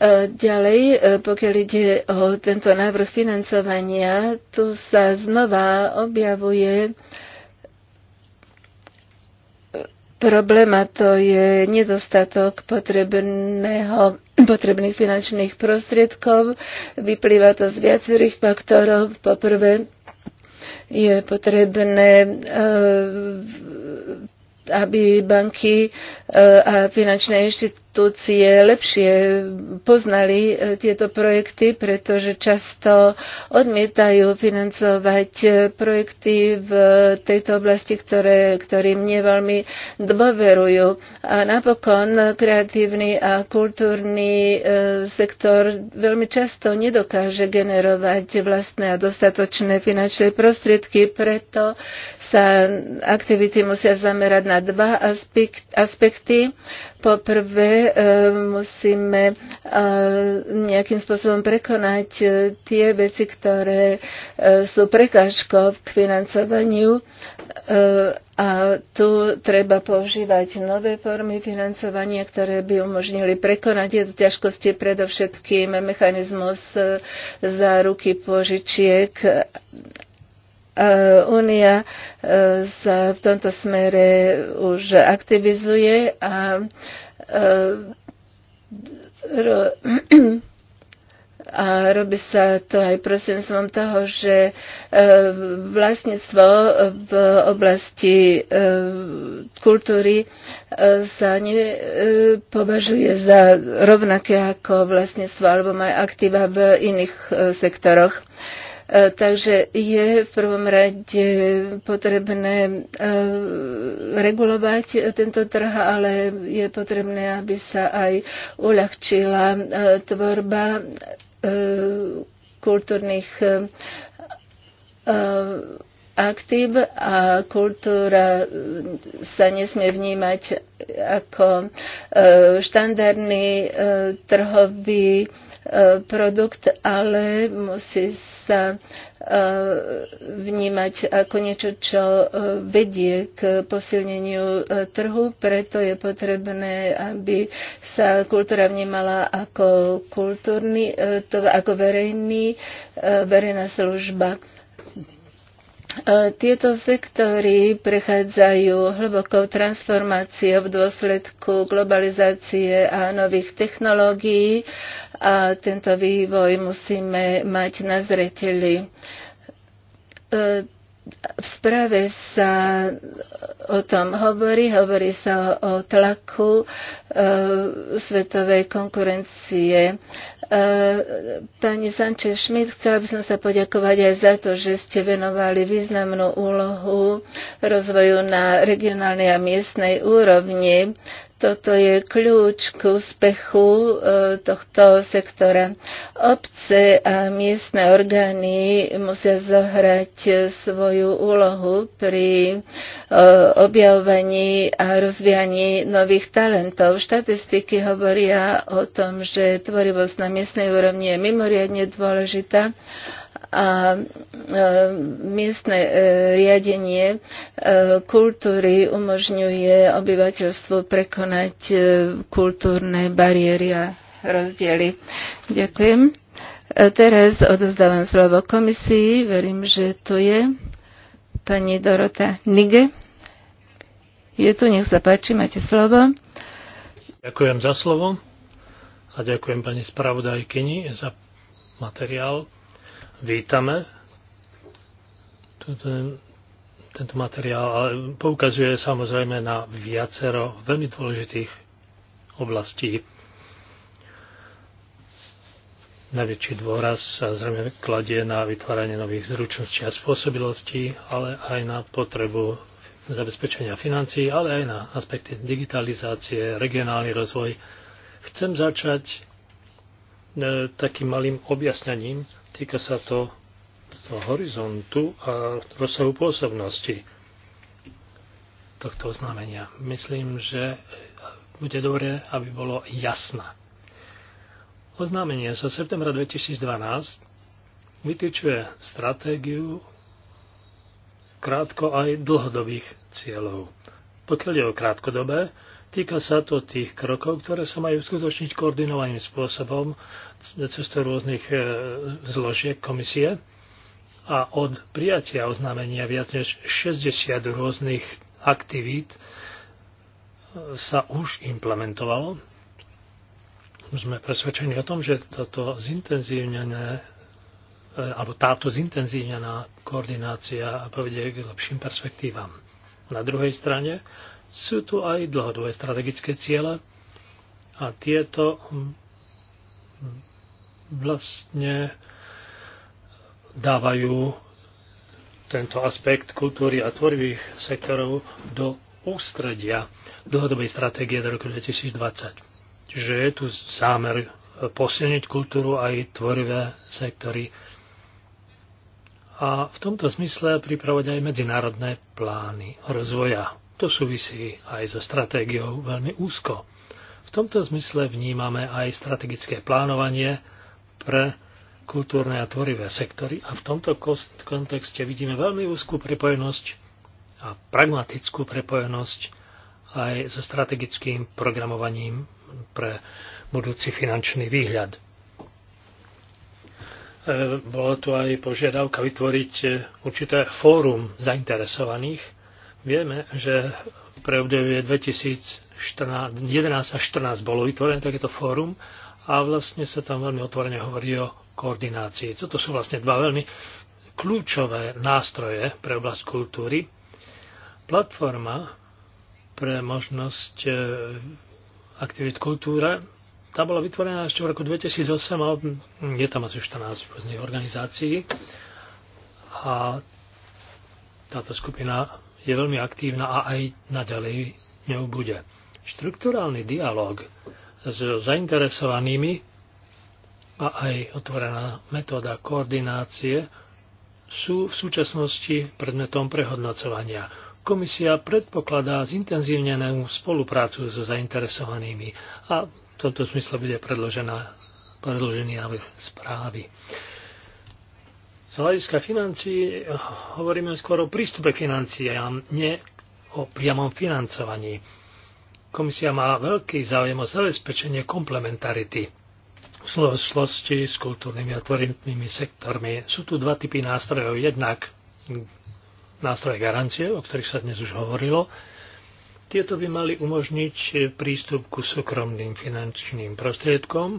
E, ďalej, e, pokiaľ ide o tento návrh financovania, tu sa znova objavuje problém a to je nedostatok potrebného, potrebných finančných prostriedkov. Vyplýva to z viacerých faktorov. Poprvé je potrebné e, aby banky a finančné inštitúcie inštitúcie lepšie poznali e, tieto projekty, pretože často odmietajú financovať e, projekty v tejto oblasti, ktoré, ktorým neveľmi dôverujú. A napokon kreatívny a kultúrny e, sektor veľmi často nedokáže generovať vlastné a dostatočné finančné prostriedky, preto sa aktivity musia zamerať na dva aspekty Poprvé e, musíme e, nejakým spôsobom prekonať e, tie veci, ktoré sú prekážkou k financovaniu a tu treba používať nové formy financovania, ktoré by umožnili prekonať tieto ťažkosti, predovšetkým mechanizmus záruky požičiek Únia eh, eh, sa v tomto smere už aktivizuje a eh, a robí sa to aj prostredníctvom toho, že vlastníctvo v oblasti kultúry sa nepovažuje za rovnaké ako vlastníctvo alebo aj aktíva v iných sektoroch. E, takže je v prvom rade potrebné e, regulovať tento trh, ale je potrebné, aby sa aj uľahčila e, tvorba kultúrnych aktív a kultúra sa nesmie vnímať ako štandardný trhový Eh, produkt, ale musí sa eh, vnímať ako niečo, čo eh, vedie k posilneniu trhu, preto je potrebné, aby sa kultúra vnímala ako kultúrny, ako verejný, verejná služba E, tieto sektory prechádzajú hlbokou transformáciou v dôsledku globalizácie a nových technológií a tento vývoj musíme mať na zreteli e, v správe sa o tom hovorí, hovorí sa o tlaku e, svetovej konkurencie. E, pani Sanchez Schmidt, chcela by som sa poďakovať aj za to, že ste venovali významnú úlohu rozvoju na regionálnej a miestnej úrovni. Toto je kľúč k úspechu e, tohto sektora. Obce a miestne orgány musia zohrať svoju úlohu pri e, objavovaní a rozvíjaní nových talentov. Štatistiky hovoria o tom, že tvorivosť na miestnej úrovni je mimoriadne dôležitá a miestne e, riadenie e, kultúry umožňuje obyvateľstvu prekonať e, kultúrne bariéry a rozdiely. Ďakujem. Teraz odozdávam slovo komisii. Verím, že tu je pani Dorota Nige. Je tu, nech sa páči, máte slovo. Ďakujem za slovo a ďakujem pani spravodajkyni za materiál vítame túto, tento materiál a poukazuje samozrejme na viacero veľmi dôležitých oblastí. Najväčší dôraz sa zrejme kladie na vytváranie nových zručností a spôsobilostí, ale aj na potrebu zabezpečenia financií, ale aj na aspekty digitalizácie, regionálny rozvoj. Chcem začať e, takým malým objasňaním Týka sa to, to horizontu a rozsahu pôsobnosti tohto oznámenia. Myslím, že bude dobré, aby bolo jasná. Oznámenie sa septembra 2012 vytýčuje stratégiu krátko aj dlhodobých cieľov. Pokiaľ je o krátkodobé, Týka sa to tých krokov, ktoré sa majú skutočniť koordinovaným spôsobom to rôznych e, zložiek komisie a od prijatia oznámenia viac než 60 rôznych aktivít e, sa už implementovalo. Sme presvedčení o tom, že toto zintenzívnené e, alebo táto zintenzívnená koordinácia povedie k lepším perspektívam. Na druhej strane sú tu aj dlhodobé strategické ciele a tieto vlastne dávajú tento aspekt kultúry a tvorivých sektorov do ústredia dlhodobej stratégie do roku 2020. Čiže je tu zámer posilniť kultúru aj tvorivé sektory a v tomto zmysle pripravovať aj medzinárodné plány rozvoja to súvisí aj so stratégiou veľmi úzko. V tomto zmysle vnímame aj strategické plánovanie pre kultúrne a tvorivé sektory a v tomto kontexte vidíme veľmi úzkú prepojenosť a pragmatickú prepojenosť aj so strategickým programovaním pre budúci finančný výhľad. E, Bolo tu aj požiadavka vytvoriť e, určité fórum zainteresovaných Vieme, že pre obdobie 2011 až 2014 bolo vytvorené takéto fórum a vlastne sa tam veľmi otvorene hovorí o koordinácii. Toto sú vlastne dva veľmi kľúčové nástroje pre oblasť kultúry. Platforma pre možnosť e, aktivít kultúre, tá bola vytvorená ešte v roku 2008 a je tam asi 14 rôznych organizácií a táto skupina je veľmi aktívna a aj naďalej ňou bude. Štrukturálny dialog s zainteresovanými a aj otvorená metóda koordinácie sú v súčasnosti predmetom prehodnocovania. Komisia predpokladá zintenzívnenú spoluprácu so zainteresovanými a v tomto smysle bude predložená, predložený návrh správy hľadiska financií hovoríme skôr o prístupe a nie o priamom financovaní. Komisia má veľký záujem o zabezpečenie komplementarity v súvislosti s kultúrnymi a tvorivými sektormi. Sú tu dva typy nástrojov. Jednak nástroje garancie, o ktorých sa dnes už hovorilo. Tieto by mali umožniť prístup ku súkromným finančným prostriedkom,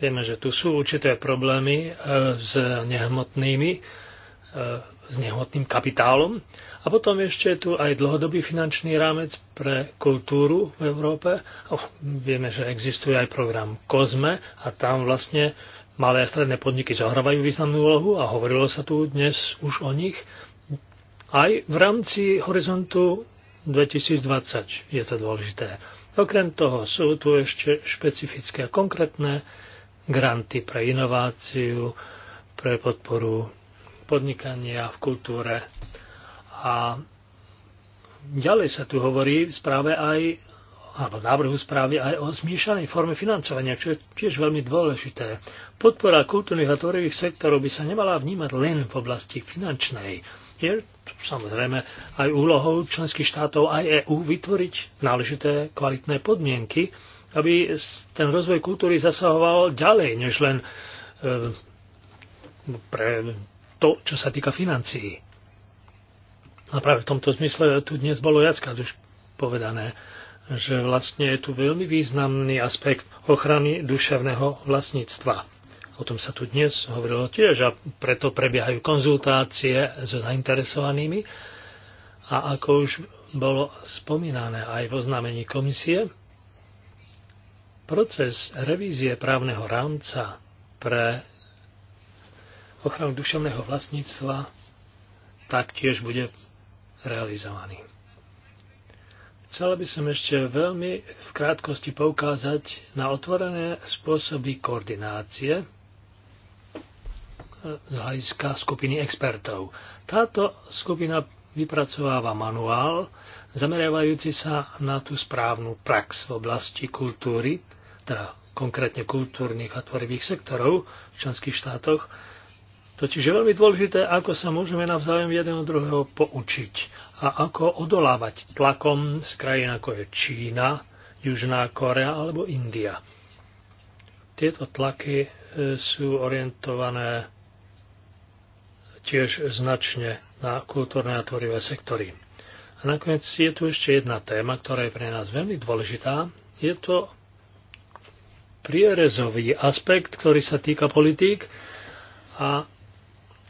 Vieme, že tu sú určité problémy e, s nehmotnými, e, s nehmotným kapitálom. A potom ešte je tu aj dlhodobý finančný rámec pre kultúru v Európe. Oh, vieme, že existuje aj program COSME a tam vlastne malé a stredné podniky zohrávajú významnú úlohu a hovorilo sa tu dnes už o nich. Aj v rámci horizontu 2020 je to dôležité. Okrem toho sú tu ešte špecifické a konkrétne granty pre inováciu, pre podporu podnikania v kultúre. A ďalej sa tu hovorí v správe aj alebo návrhu správy aj o zmiešanej forme financovania, čo je tiež veľmi dôležité. Podpora kultúrnych a tvorivých sektorov by sa nemala vnímať len v oblasti finančnej. Je samozrejme aj úlohou členských štátov aj EÚ vytvoriť náležité kvalitné podmienky aby ten rozvoj kultúry zasahoval ďalej, než len e, pre to, čo sa týka financií. A práve v tomto zmysle tu dnes bolo viackrát už povedané, že vlastne je tu veľmi významný aspekt ochrany duševného vlastníctva. O tom sa tu dnes hovorilo tiež a preto prebiehajú konzultácie so zainteresovanými. A ako už bolo spomínané aj vo oznámení komisie, Proces revízie právneho rámca pre ochranu duševného vlastníctva taktiež bude realizovaný. Chcela by som ešte veľmi v krátkosti poukázať na otvorené spôsoby koordinácie z hľadiska skupiny expertov. Táto skupina vypracováva manuál zameriavajúci sa na tú správnu prax v oblasti kultúry teda konkrétne kultúrnych a tvorivých sektorov v členských štátoch. Totiž je veľmi dôležité, ako sa môžeme navzájom jedného druhého poučiť a ako odolávať tlakom z krajín ako je Čína, Južná Korea alebo India. Tieto tlaky e, sú orientované tiež značne na kultúrne a tvorivé sektory. A nakoniec je tu ešte jedna téma, ktorá je pre nás veľmi dôležitá. Je to prierezový aspekt, ktorý sa týka politík a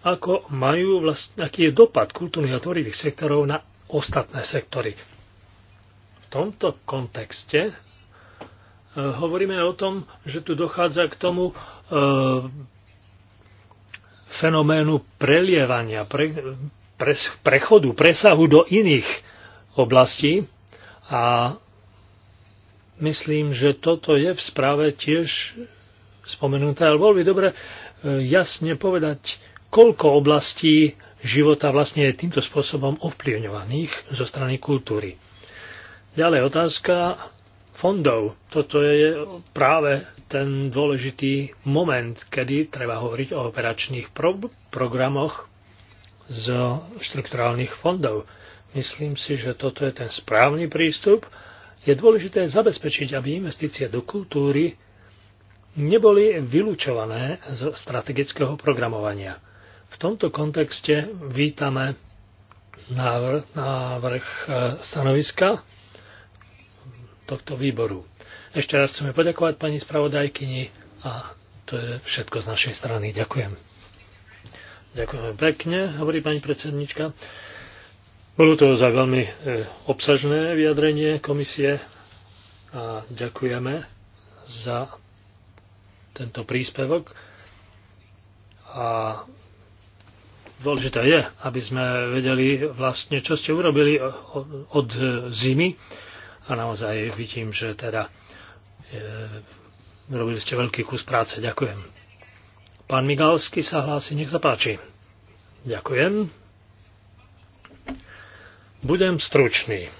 ako majú vlastne, aký je dopad kultúrnych a tvorivých sektorov na ostatné sektory. V tomto kontexte e, hovoríme o tom, že tu dochádza k tomu e, fenoménu prelievania, pre, pres, prechodu, presahu do iných oblastí a myslím, že toto je v správe tiež spomenuté, ale bolo by dobre e, jasne povedať, koľko oblastí života vlastne je týmto spôsobom ovplyvňovaných zo strany kultúry. Ďalej otázka fondov. Toto je práve ten dôležitý moment, kedy treba hovoriť o operačných pro- programoch zo štrukturálnych fondov. Myslím si, že toto je ten správny prístup je dôležité zabezpečiť, aby investície do kultúry neboli vylúčované z strategického programovania. V tomto kontexte vítame návrh, návrh e, stanoviska tohto výboru. Ešte raz chceme poďakovať pani spravodajkyni a to je všetko z našej strany. Ďakujem. Ďakujem pekne, hovorí pani predsednička. Bolo to za veľmi e, obsažné vyjadrenie komisie a ďakujeme za tento príspevok. A dôležité je, aby sme vedeli vlastne, čo ste urobili od zimy. A naozaj vidím, že teda urobili e, robili ste veľký kus práce. Ďakujem. Pán Migalsky sa hlási, nech sa páči. Ďakujem. Budem stručný.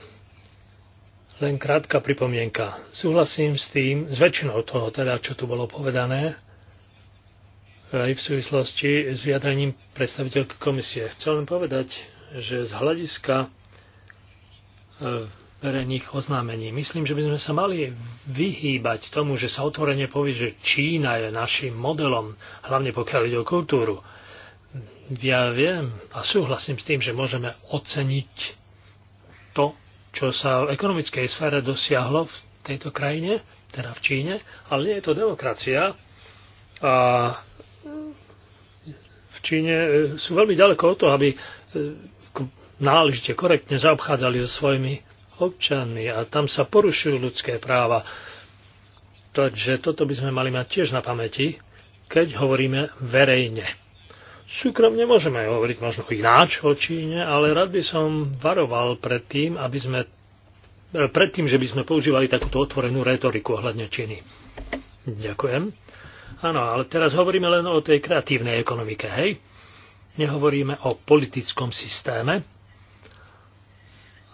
Len krátka pripomienka. Súhlasím s tým, s väčšinou toho, teda, čo tu bolo povedané, eh, aj v súvislosti s vyjadrením predstaviteľky komisie. Chcel len povedať, že z hľadiska eh, verejných oznámení. Myslím, že by sme sa mali vyhýbať tomu, že sa otvorene povie, že Čína je našim modelom, hlavne pokiaľ ide o kultúru. Ja viem a súhlasím s tým, že môžeme oceniť to, čo sa v ekonomickej sfére dosiahlo v tejto krajine, teda v Číne, ale nie je to demokracia. A v Číne e, sú veľmi ďaleko od toho, aby e, náležite, korektne zaobchádzali so svojimi občanmi a tam sa porušujú ľudské práva. Takže toto by sme mali mať tiež na pamäti, keď hovoríme verejne. Súkromne môžeme hovoriť možno ináč o Číne, ale rád by som varoval pred tým, aby sme, e, pred tým, že by sme používali takúto otvorenú retoriku ohľadne Číny. Ďakujem. Áno, ale teraz hovoríme len o tej kreatívnej ekonomike, hej? Nehovoríme o politickom systéme.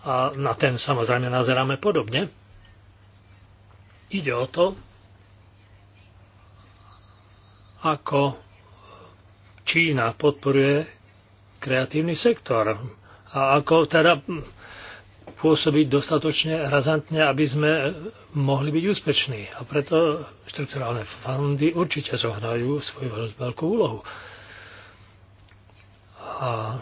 A na ten samozrejme nazeráme podobne. Ide o to, ako Čína podporuje kreatívny sektor a ako teda pôsobiť dostatočne razantne, aby sme mohli byť úspešní. A preto štrukturálne fondy určite zohrajú svoju veľkú úlohu. A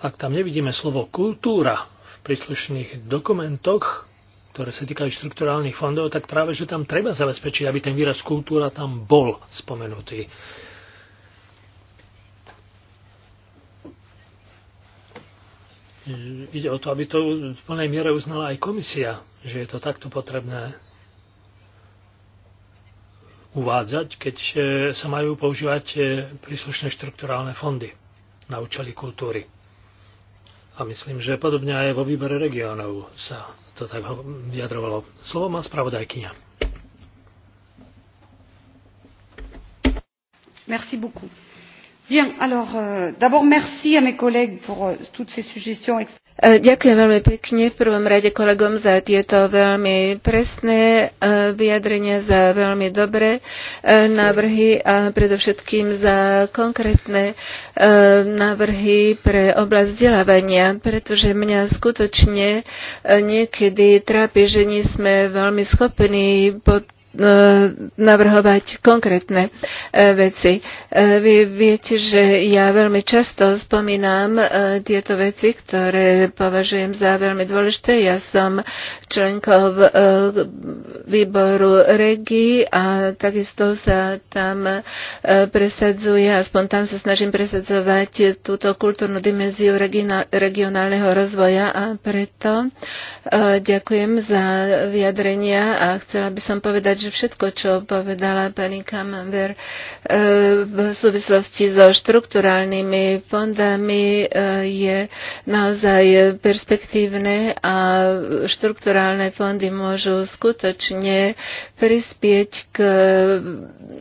ak tam nevidíme slovo kultúra v príslušných dokumentoch, ktoré sa týkajú štrukturálnych fondov, tak práve, že tam treba zabezpečiť, aby ten výraz kultúra tam bol spomenutý. ide o to, aby to v plnej miere uznala aj komisia, že je to takto potrebné uvádzať, keď e, sa majú používať e, príslušné štrukturálne fondy na účely kultúry. A myslím, že podobne aj vo výbere regiónov sa to tak vyjadrovalo. Slovo má spravodajkynia. Merci beaucoup. Euh, euh, e, ďakujem veľmi pekne v prvom rade kolegom za tieto veľmi presné e, vyjadrenia, za veľmi dobré e, návrhy a predovšetkým za konkrétne návrhy pre oblasť vzdelávania, pretože mňa skutočne niekedy trápi, že nie sme veľmi schopní pod E, navrhovať konkrétne e, veci. E, vy viete, že ja veľmi často spomínam tieto veci, ktoré považujem za veľmi dôležité. Ja som členkou výboru REGI a takisto sa tam presadzuje, aspoň tam sa snažím presadzovať túto kultúrnu dimenziu regionálneho rozvoja a preto ďakujem za vyjadrenia a chcela by som povedať, že všetko, čo povedala pani Kamenver eh, v súvislosti so štruktúrálnymi fondami eh, je naozaj perspektívne a štruktúrálne fondy môžu skutočne prispieť k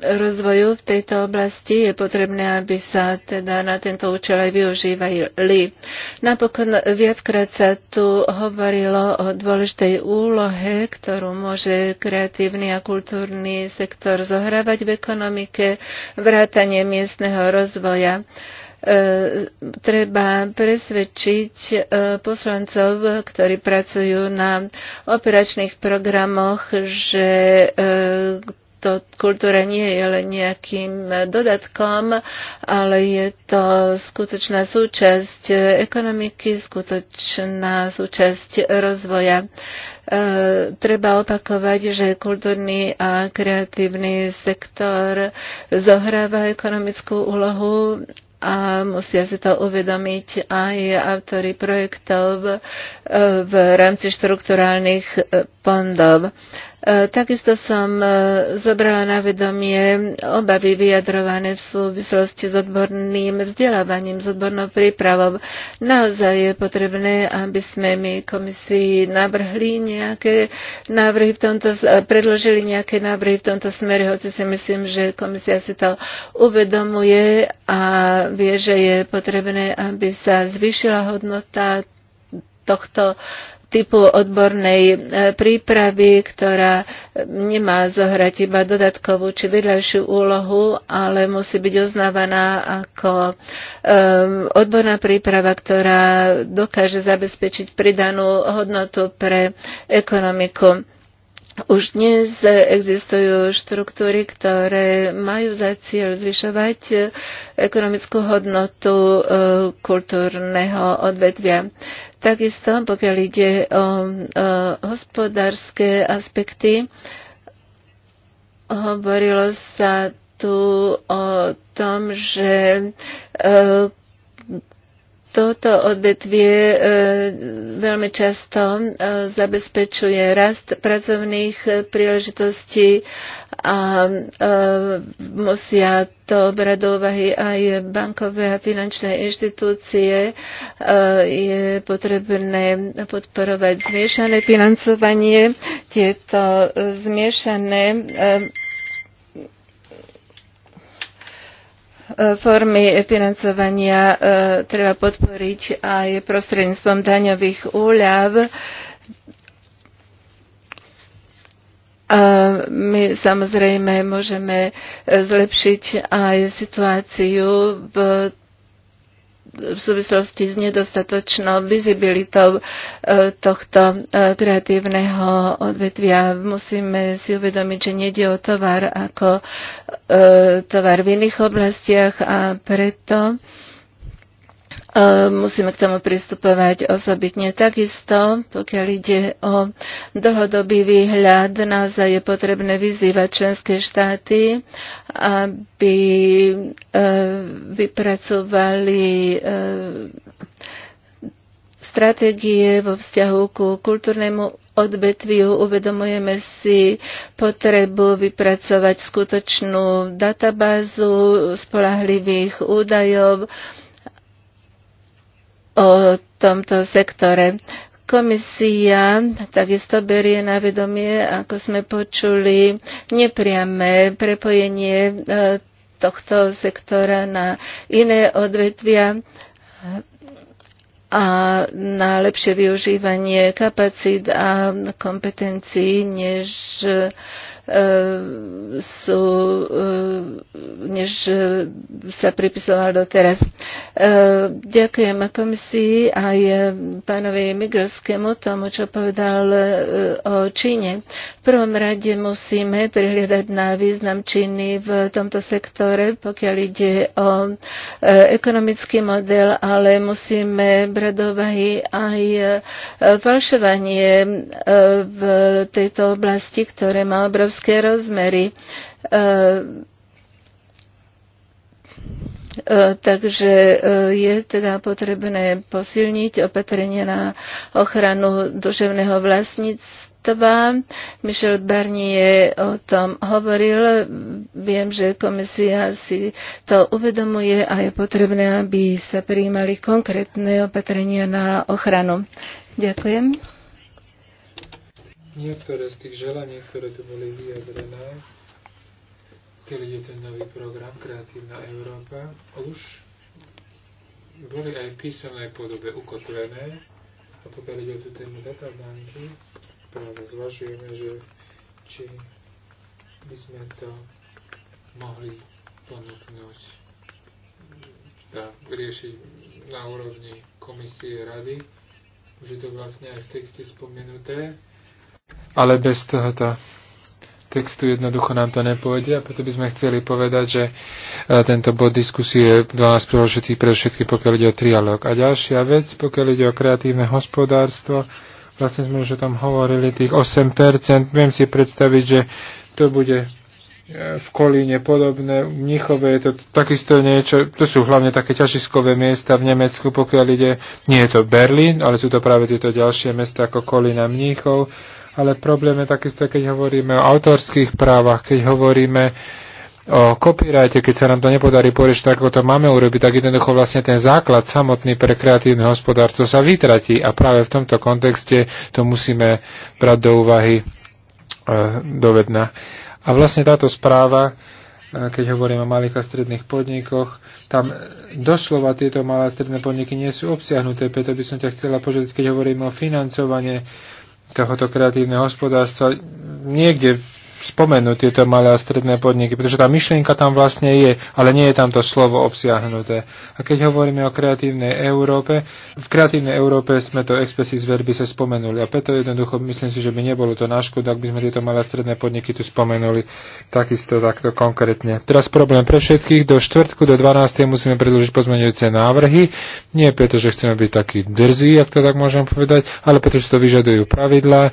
rozvoju v tejto oblasti. Je potrebné, aby sa teda na tento účel aj využívali. Napokon viackrát sa tu hovorilo o dôležitej úlohe, ktorú môže kreatívny a kultúrny sektor zohrávať v ekonomike, vrátanie miestneho rozvoja e, treba presvedčiť e, poslancov, ktorí pracujú na operačných programoch, že e, to kultúra nie je len nejakým dodatkom, ale je to skutočná súčasť ekonomiky, skutočná súčasť rozvoja. E, treba opakovať, že kultúrny a kreatívny sektor zohráva ekonomickú úlohu a musia si to uvedomiť aj autory projektov e, v rámci štrukturálnych e, fondov. E, takisto som e, zobrala na vedomie obavy vyjadrované v súvislosti s odborným vzdelávaním, s odbornou prípravou. Naozaj je potrebné, aby sme my komisii navrhli nejaké návrhy v tomto, predložili nejaké návrhy v tomto smere, hoci si myslím, že komisia si to uvedomuje a vie, že je potrebné, aby sa zvýšila hodnota tohto typu odbornej e, prípravy, ktorá nemá zohrať iba dodatkovú či vedľajšiu úlohu, ale musí byť uznávaná ako e, odborná príprava, ktorá dokáže zabezpečiť pridanú hodnotu pre ekonomiku. Už dnes existujú štruktúry, ktoré majú za cieľ zvyšovať e, ekonomickú hodnotu kultúrneho odvetvia. Takisto, pokiaľ ide o, o hospodárske aspekty, hovorilo sa tu o tom, že e, toto odvetvie e, veľmi často e, zabezpečuje rast pracovných e, príležitostí a musia to brať do úvahy aj bankové a finančné inštitúcie. Je potrebné podporovať zmiešané financovanie. Tieto zmiešané formy financovania e, treba podporiť aj prostredníctvom daňových úľav. A e, my samozrejme môžeme e, zlepšiť aj situáciu v v súvislosti s nedostatočnou vizibilitou e, tohto e, kreatívneho odvetvia. Musíme si uvedomiť, že nejde o tovar ako e, tovar v iných oblastiach a preto Ehm, musíme k tomu pristupovať osobitne. Takisto, pokiaľ ide o dlhodobý výhľad, naozaj je potrebné vyzývať členské štáty, aby ehm, vypracovali ehm, stratégie vo vzťahu ku kultúrnemu odvetviu uvedomujeme si potrebu vypracovať skutočnú databázu spolahlivých údajov, o tomto sektore. Komisia takisto berie na vedomie, ako sme počuli, nepriame prepojenie e, tohto sektora na iné odvetvia a na lepšie využívanie kapacít a kompetencií, než E, sú, e, než sa pripisoval doteraz. E, ďakujem komisii aj pánovi Migrovskému tomu, čo povedal o Číne prvom rade musíme prihliadať na význam činy v tomto sektore, pokiaľ ide o e, ekonomický model, ale musíme brať do úvahy aj e, falšovanie e, v tejto oblasti, ktoré má obrovské rozmery takže je teda potrebné posilniť opatrenie na ochranu duševného vlastníctva Svetová. Michel Barnier o tom hovoril. Viem, že komisia si to uvedomuje a je potrebné, aby sa prijímali konkrétne opatrenia na ochranu. Ďakujem. Niektoré z tých želaní, ktoré tu boli vyjadrené, keď je ten nový program Kreatívna Európa, už boli aj v písomnej podobe ukotvené a pokiaľ ide o tú tému databanky, práve zvažujeme, že či by sme to mohli ponúknuť, teda riešiť na úrovni komisie rady. Už je to vlastne aj v texte spomenuté. Ale bez tohoto textu jednoducho nám to nepovedia, a preto by sme chceli povedať, že e, tento bod diskusie je 12 nás príležitý pre všetky, pokiaľ ide o trialog. A ďalšia vec, pokiaľ ide o kreatívne hospodárstvo, Vlastne sme už tam hovorili, tých 8%. Viem si predstaviť, že to bude e, v Kolíne podobné, v Mnichove je to takisto niečo, to sú hlavne také ťažiskové miesta v Nemecku, pokiaľ ide, nie je to Berlín, ale sú to práve tieto ďalšie miesta ako Kolína Mníchov, ale problém je takisto, keď hovoríme o autorských právach, keď hovoríme uh, o copyrighte, keď sa nám to nepodarí poriešiť tak, ako to máme urobiť, tak jednoducho vlastne ten základ samotný pre kreatívne hospodárstvo sa vytratí a práve v tomto kontexte to musíme brať do úvahy e, dovedna. A vlastne táto správa, e, keď hovoríme o malých a stredných podnikoch, tam doslova tieto malé a stredné podniky nie sú obsiahnuté, preto by som ťa chcela požiadať, keď hovoríme o financovanie tohoto kreatívneho hospodárstva, niekde v spomenúť tieto malé a stredné podniky, pretože tá myšlienka tam vlastne je, ale nie je tam to slovo obsiahnuté. A keď hovoríme o kreatívnej Európe, v kreatívnej Európe sme to z verby sa spomenuli a preto jednoducho myslím si, že by nebolo to na škodu, ak by sme tieto malé a stredné podniky tu spomenuli takisto takto konkrétne. Teraz problém pre všetkých, do štvrtku, do 12. musíme predložiť pozmeňujúce návrhy, nie preto, že chceme byť takí drzí, ak to tak môžem povedať, ale pretože to vyžadujú pravidlá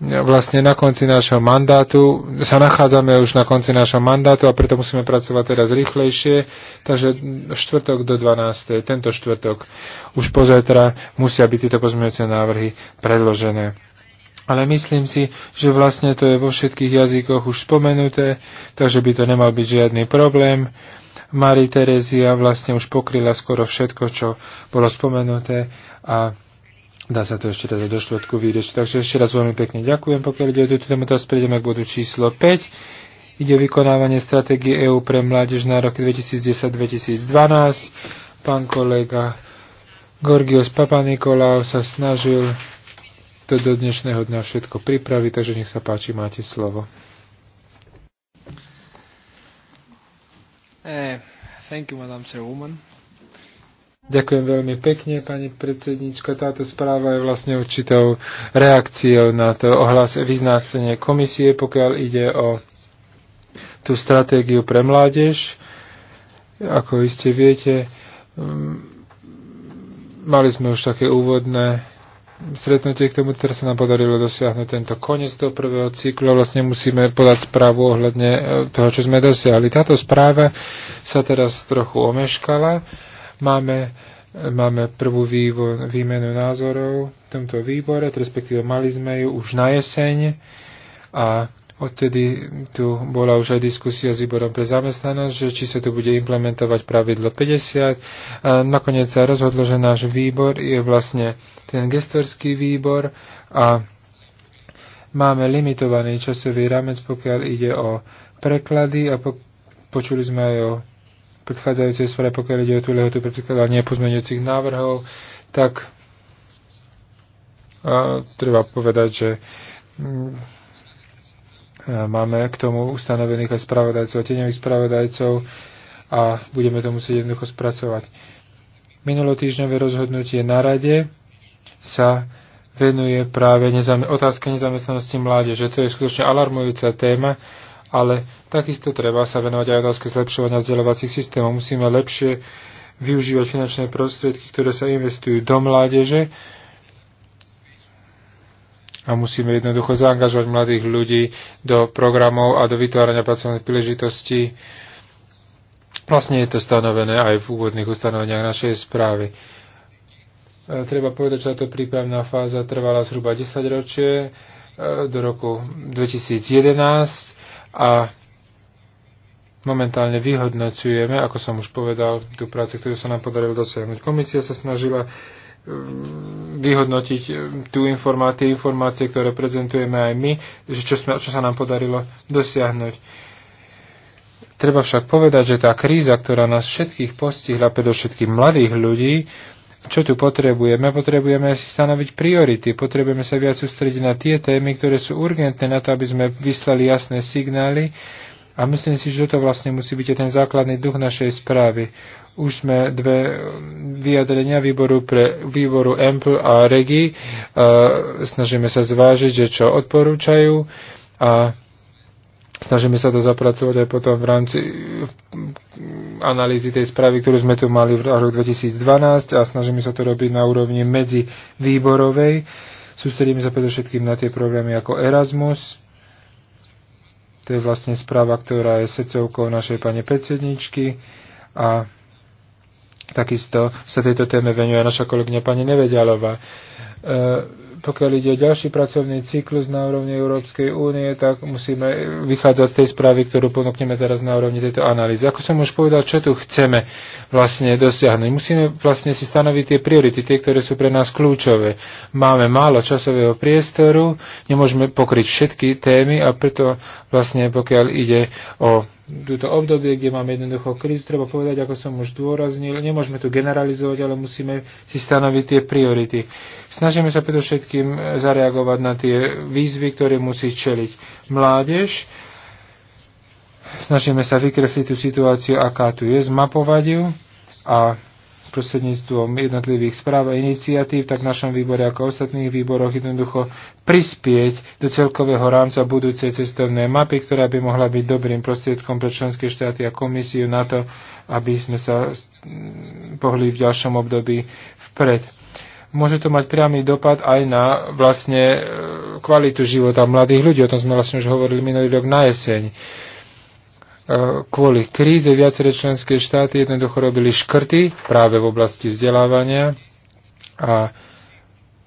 vlastne na konci nášho mandátu, sa nachádzame už na konci nášho mandátu a preto musíme pracovať teraz rýchlejšie, takže štvrtok do 12. tento štvrtok už pozajtra musia byť tieto pozmeňujúce návrhy predložené. Ale myslím si, že vlastne to je vo všetkých jazykoch už spomenuté, takže by to nemal byť žiadny problém. Marie Terezia vlastne už pokryla skoro všetko, čo bolo spomenuté a Dá sa to ešte teda do štvrtku vyriešiť. Takže ešte raz veľmi pekne ďakujem, pokiaľ ide o túto tému. Teraz prejdeme k bodu číslo 5. Ide o vykonávanie stratégie EÚ pre mládež na roky 2010-2012. Pán kolega Gorgios Papanikolaou sa snažil to do dnešného dňa všetko pripraviť, takže nech sa páči, máte slovo. Eh, thank you, Madam Chairwoman. Ďakujem veľmi pekne, pani predsednička. Táto správa je vlastne určitou reakciou na to ohlas vyznásenie komisie, pokiaľ ide o tú stratégiu pre mládež. Ako iste viete, mm, mali sme už také úvodné stretnutie k tomu, teraz sa nám podarilo dosiahnuť tento koniec toho prvého cyklu. Vlastne musíme podať správu ohľadne eh, toho, čo sme dosiahli. Táto správa sa teraz trochu omeškala Máme, máme prvú vývo, výmenu názorov v tomto výbore, respektíve mali sme ju už na jeseň a Odtedy tu bola už aj diskusia s výborom pre zamestnanosť, že či sa tu bude implementovať pravidlo 50. A nakoniec sa rozhodlo, že náš výbor je vlastne ten gestorský výbor a máme limitovaný časový rámec, pokiaľ ide o preklady a po, počuli sme aj o predchádzajúcej správe, pokiaľ ide o tú lehotu predkladanie pozmeňujúcich návrhov, tak a, treba povedať, že a, mm, máme k tomu ustanovených aj spravodajcov, tieňových spravodajcov a budeme to musieť jednoducho spracovať. Minulotýždňové rozhodnutie na rade sa venuje práve nezame- otázke nezamestnanosti mládeže. To je skutočne alarmujúca téma, ale Takisto treba sa venovať aj otázke zlepšovania vzdelávacích systémov. Musíme lepšie využívať finančné prostriedky, ktoré sa investujú do mládeže a musíme jednoducho zaangažovať mladých ľudí do programov a do vytvárania pracovných príležitostí. Vlastne je to stanovené aj v úvodných ustanoveniach našej správy. E, treba povedať, že táto prípravná fáza trvala zhruba 10 ročie e, do roku 2011 a momentálne vyhodnocujeme, ako som už povedal, tú prácu, ktorú sa nám podarilo dosiahnuť. Komisia sa snažila mm, vyhodnotiť e, tú informácie, informácie, ktoré prezentujeme aj my, že čo, sme, čo sa nám podarilo dosiahnuť. Treba však povedať, že tá kríza, ktorá nás všetkých postihla, predovšetkým mladých ľudí, čo tu potrebujeme? Potrebujeme si stanoviť priority, potrebujeme sa viac sústrediť na tie témy, ktoré sú urgentné na to, aby sme vyslali jasné signály, a myslím si, že toto vlastne musí byť ten základný duch našej správy. Už sme dve eh, vyjadrenia výboru pre výboru EMPL a REGI. Eh, snažíme sa zvážiť, že čo odporúčajú a Snažíme sa to zapracovať aj potom v rámci eh, analýzy tej správy, ktorú sme tu mali v roku 2012 a snažíme sa to robiť na úrovni medzi výborovej. Sústredíme sa predovšetkým na tie programy ako Erasmus, to je vlastne správa, ktorá je srdcovkou našej pani predsedničky a takisto sa tejto téme venuje naša kolegyňa pani Nevedialová. E, pokiaľ ide o ďalší pracovný cyklus na úrovni Európskej únie, tak musíme vychádzať z tej správy, ktorú ponúkneme teraz na úrovni tejto analýzy. Ako som už povedal, čo tu chceme vlastne dosiahnuť. Musíme vlastne si stanoviť tie priority, tie, ktoré sú pre nás kľúčové. Máme málo časového priestoru, nemôžeme pokryť všetky témy a preto vlastne pokiaľ ide o túto obdobie, kde máme jednoducho krízu, treba povedať, ako som už dôraznil, nemôžeme tu generalizovať, ale musíme si stanoviť tie priority. Snažíme sa predovšetkým e, zareagovať na tie výzvy, ktoré musí čeliť mládež. Snažíme sa vykresliť tú situáciu, aká tu je, zmapovať ju a prostredníctvom jednotlivých správ a iniciatív, tak v našom výbore ako ostatných výboroch jednoducho prispieť do celkového rámca budúcej cestovnej mapy, ktorá by mohla byť dobrým prostriedkom pre členské štáty a komisiu na to, aby sme sa pohli v ďalšom období vpred môže to mať priamy dopad aj na vlastne e, kvalitu života mladých ľudí. O tom sme vlastne už hovorili minulý rok na jeseň. E, kvôli kríze viaceré členské štáty jednoducho robili škrty práve v oblasti vzdelávania a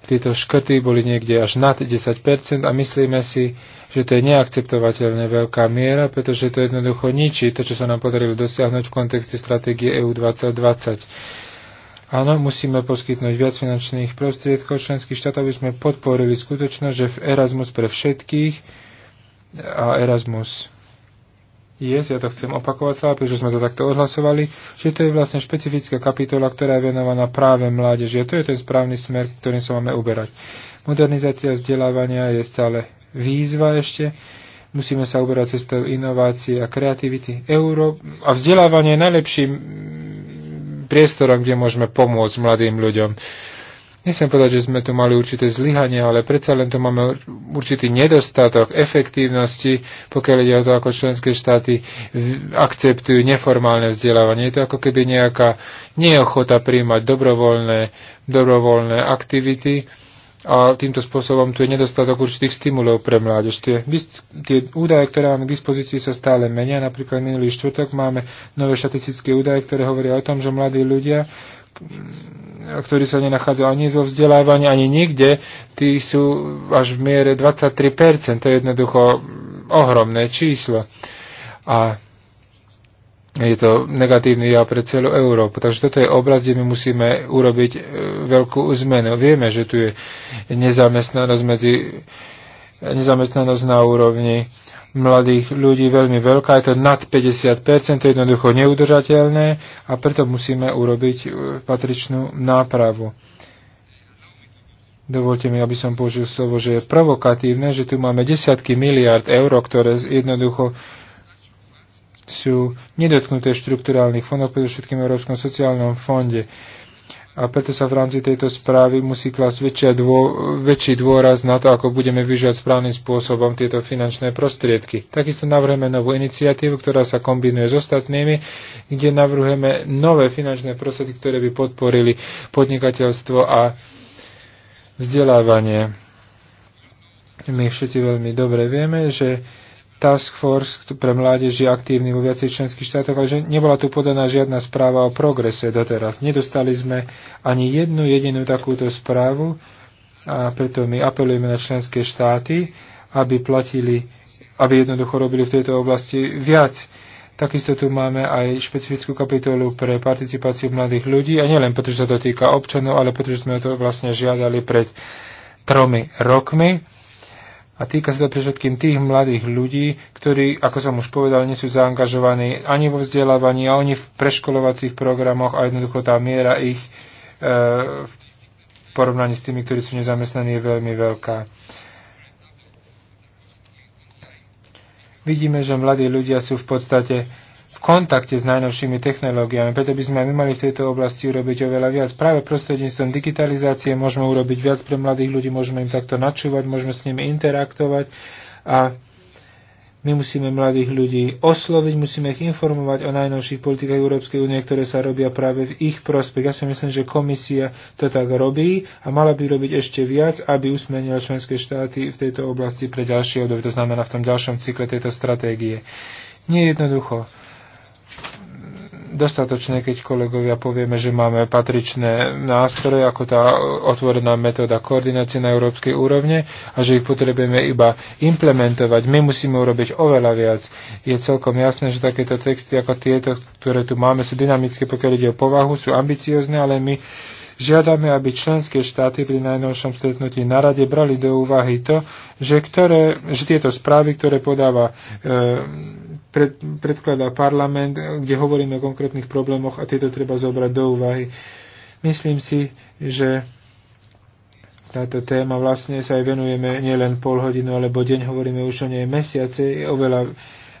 tieto škrty boli niekde až nad 10% a myslíme si, že to je neakceptovateľne veľká miera, pretože to jednoducho ničí to, čo sa nám podarilo dosiahnuť v kontexte stratégie EU 2020 Áno, musíme poskytnúť viac finančných prostriedkov členských štátov, aby sme podporili skutočnosť, že Erasmus pre všetkých a Erasmus Yes, ja to chcem opakovať slova, pretože sme to takto odhlasovali, že to je vlastne špecifická kapitola, ktorá je venovaná práve mládeži. A to je ten správny smer, ktorým sa máme uberať. Modernizácia vzdelávania je stále výzva ešte. Musíme sa uberať cestou inovácie a kreativity. Euró- a vzdelávanie je najlepším priestorom, kde môžeme pomôcť mladým ľuďom. Nechcem povedať, že sme tu mali určité zlyhanie, ale predsa len tu máme určitý nedostatok efektívnosti, pokiaľ ide o to, ako členské štáty akceptujú neformálne vzdelávanie. Je to ako keby nejaká neochota príjmať dobrovoľné, dobrovoľné aktivity a týmto spôsobom tu je nedostatok určitých stimulov pre mládež. Tie, tie údaje, ktoré máme k dispozícii, sa stále menia. Napríklad minulý štvrtok máme nové štatistické údaje, ktoré hovoria o tom, že mladí ľudia, mm, ktorí sa nenachádzajú ani vo vzdelávaní, ani nikde, tí sú až v miere 23%. To je jednoducho mm, ohromné číslo. A je to negatívny jav pre celú Európu. Takže toto je oblasť, kde my musíme urobiť e, veľkú zmenu. Vieme, že tu je nezamestnanosť medzi nezamestnanosť na úrovni mladých ľudí veľmi veľká, je to nad 50%, to je jednoducho neudržateľné a preto musíme urobiť e, patričnú nápravu. Dovolte mi, aby som použil slovo, že je provokatívne, že tu máme desiatky miliard eur, ktoré jednoducho sú nedotknuté štruktúrálnych fondov, predovšetkým Európskom sociálnom fonde. A preto sa v rámci tejto správy musí klasť dô, väčší dôraz na to, ako budeme vyžiať správnym spôsobom tieto finančné prostriedky. Takisto navrhujeme novú iniciatívu, ktorá sa kombinuje s ostatnými, kde navrhujeme nové finančné prostriedky, ktoré by podporili podnikateľstvo a vzdelávanie. My všetci veľmi dobre vieme, že task force pre mládež je aktívny vo viacej členských štátoch, ale že nebola tu podaná žiadna správa o progrese doteraz. Nedostali sme ani jednu jedinú takúto správu a preto my apelujeme na členské štáty, aby platili, aby jednoducho robili v tejto oblasti viac. Takisto tu máme aj špecifickú kapitolu pre participáciu mladých ľudí a nielen preto, že sa to týka občanov, ale pretože sme to vlastne žiadali pred tromi rokmi a týka sa to predovšetkým tých mladých ľudí, ktorí, ako som už povedal, nie sú zaangažovaní ani vo vzdelávaní, ani v preškolovacích programoch a jednoducho tá miera ich e, v porovnaní s tými, ktorí sú nezamestnaní, je veľmi veľká. Vidíme, že mladí ľudia sú v podstate kontakte s najnovšími technológiami. Preto by sme aj my mali v tejto oblasti urobiť oveľa viac. Práve prostredníctvom digitalizácie môžeme urobiť viac pre mladých ľudí, môžeme im takto načúvať, môžeme s nimi interaktovať a my musíme mladých ľudí osloviť, musíme ich informovať o najnovších politikách Európskej únie, ktoré sa robia práve v ich prospech. Ja si myslím, že komisia to tak robí a mala by robiť ešte viac, aby usmenila členské štáty v tejto oblasti pre ďalšie obdobie, to znamená v tom ďalšom cykle tejto stratégie. Nie jednoducho dostatočné, keď kolegovia povieme, že máme patričné nástroje, ako tá otvorená metóda koordinácie na európskej úrovne a že ich potrebujeme iba implementovať. My musíme urobiť oveľa viac. Je celkom jasné, že takéto texty ako tieto, ktoré tu máme, sú dynamické, pokiaľ ide o povahu, sú ambiciozne, ale my Žiadame, aby členské štáty pri najnovšom stretnutí na rade brali do úvahy to, že, ktoré, že tieto správy, ktoré podáva e, pred, predkladá parlament, kde hovoríme o konkrétnych problémoch a tieto treba zobrať do úvahy. Myslím si, že táto téma vlastne sa aj venujeme nielen pol hodinu alebo deň, hovoríme už o nej mesiace, je oveľa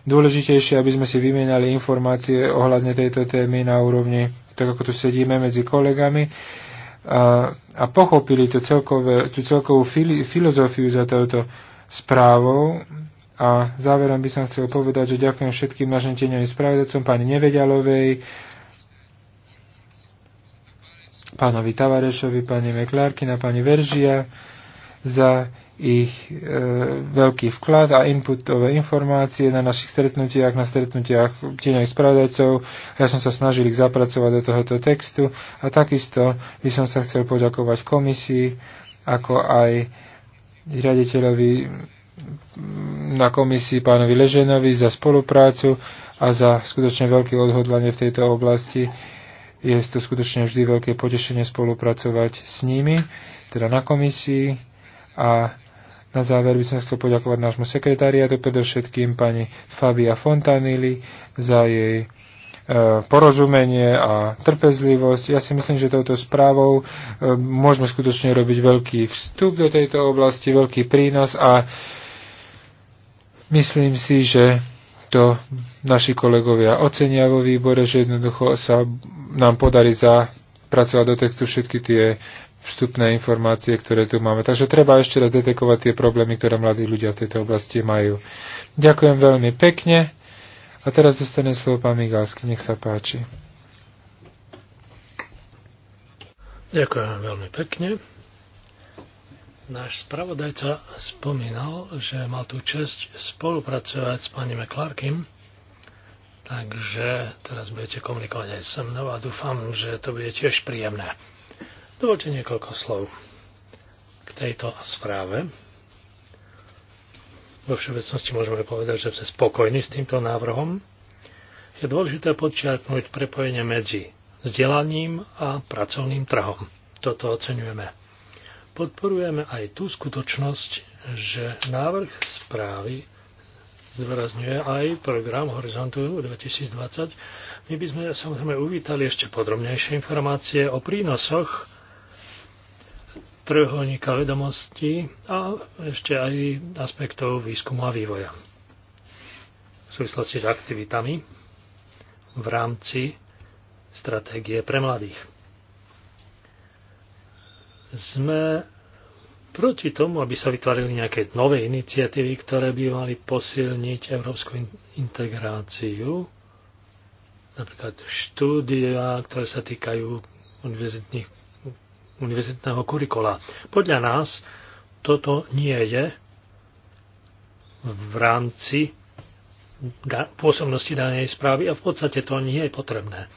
dôležitejšie, aby sme si vymenali informácie ohľadne tejto témy na úrovni, tak ako tu sedíme medzi kolegami a, a pochopili to celkové, tú celkovú fili, filozofiu za touto správou, a záverom by som chcel povedať, že ďakujem všetkým našim tieňovým spravodajcom, pani Nevedialovej, pánovi Tavarešovi, pani Meklárky na pani Veržia za ich e, veľký vklad a inputové informácie na našich stretnutiach, na stretnutiach tieňových spravodajcov. Ja som sa snažil ich zapracovať do tohoto textu a takisto by som sa chcel poďakovať komisii, ako aj riaditeľovi na komisii pánovi Leženovi za spoluprácu a za skutočne veľké odhodlanie v tejto oblasti. Je to skutočne vždy veľké potešenie spolupracovať s nimi, teda na komisii. A na záver by som chcel poďakovať nášmu sekretariatu, predovšetkým pani Fabia Fontanili za jej e, porozumenie a trpezlivosť. Ja si myslím, že touto správou e, môžeme skutočne robiť veľký vstup do tejto oblasti, veľký prínos a Myslím si, že to naši kolegovia ocenia vo výbore, že jednoducho sa nám podarí zapracovať do textu všetky tie vstupné informácie, ktoré tu máme. Takže treba ešte raz detekovať tie problémy, ktoré mladí ľudia v tejto oblasti majú. Ďakujem veľmi pekne. A teraz dostane slovo pán Migalsky. Nech sa páči. Ďakujem veľmi pekne. Náš spravodajca spomínal, že mal tú čest spolupracovať s pani McClarkim, takže teraz budete komunikovať aj so mnou a dúfam, že to bude tiež príjemné. Dovolte niekoľko slov k tejto správe. Vo všeobecnosti môžeme povedať, že sme spokojní s týmto návrhom. Je dôležité podčiarknúť prepojenie medzi vzdelaním a pracovným trhom. Toto oceňujeme. Podporujeme aj tú skutočnosť, že návrh správy zdôrazňuje aj program Horizontu 2020. My by sme samozrejme uvítali ešte podrobnejšie informácie o prínosoch trojuholníka vedomostí a ešte aj aspektov výskumu a vývoja v súvislosti s aktivitami v rámci stratégie pre mladých sme proti tomu, aby sa vytvorili nejaké nové iniciatívy, ktoré by mali posilniť európsku integráciu. Napríklad štúdia, ktoré sa týkajú univerzitného kurikula. Podľa nás toto nie je v rámci pôsobnosti danej správy a v podstate to nie je potrebné.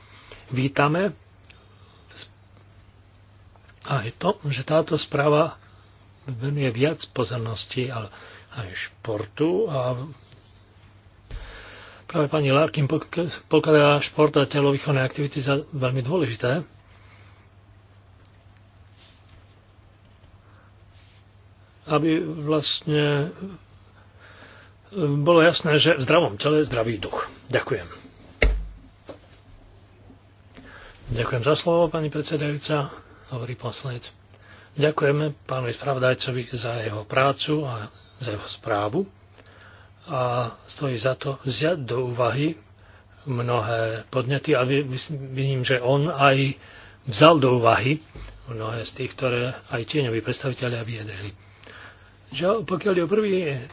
Vítame aj to, že táto správa venuje viac pozornosti aj športu a práve pani Larkin pokladá šport a telovýchovné aktivity za veľmi dôležité. Aby vlastne e, bolo jasné, že v zdravom tele zdravý duch. Ďakujem. Ďakujem za slovo, pani predsedajúca hovorí poslanec. Ďakujeme pánovi spravodajcovi za jeho prácu a za jeho správu a stojí za to vziať do úvahy mnohé podnety a vidím, že on aj vzal do úvahy mnohé z tých, ktoré aj tieňoví predstaviteľia vyjadrili. Že pokiaľ je o prvý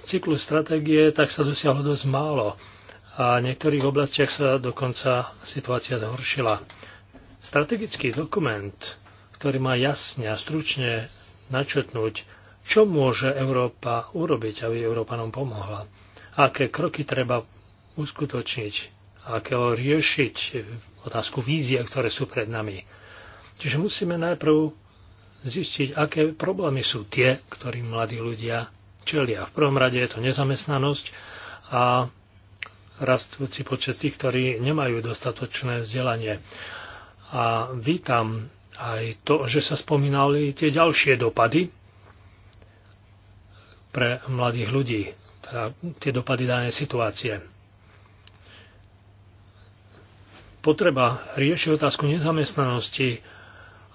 cyklus stratégie, tak sa dosiahlo dosť málo a v niektorých oblastiach sa dokonca situácia zhoršila. Strategický dokument ktorý má jasne a stručne načetnúť, čo môže Európa urobiť, aby Európanom pomohla. Aké kroky treba uskutočniť, aké riešiť otázku vízie, ktoré sú pred nami. Čiže musíme najprv zistiť, aké problémy sú tie, ktorým mladí ľudia čelia. V prvom rade je to nezamestnanosť a rastúci počet tých, ktorí nemajú dostatočné vzdelanie. A vítam aj to, že sa spomínali tie ďalšie dopady pre mladých ľudí, teda tie dopady dané situácie. Potreba riešiť otázku nezamestnanosti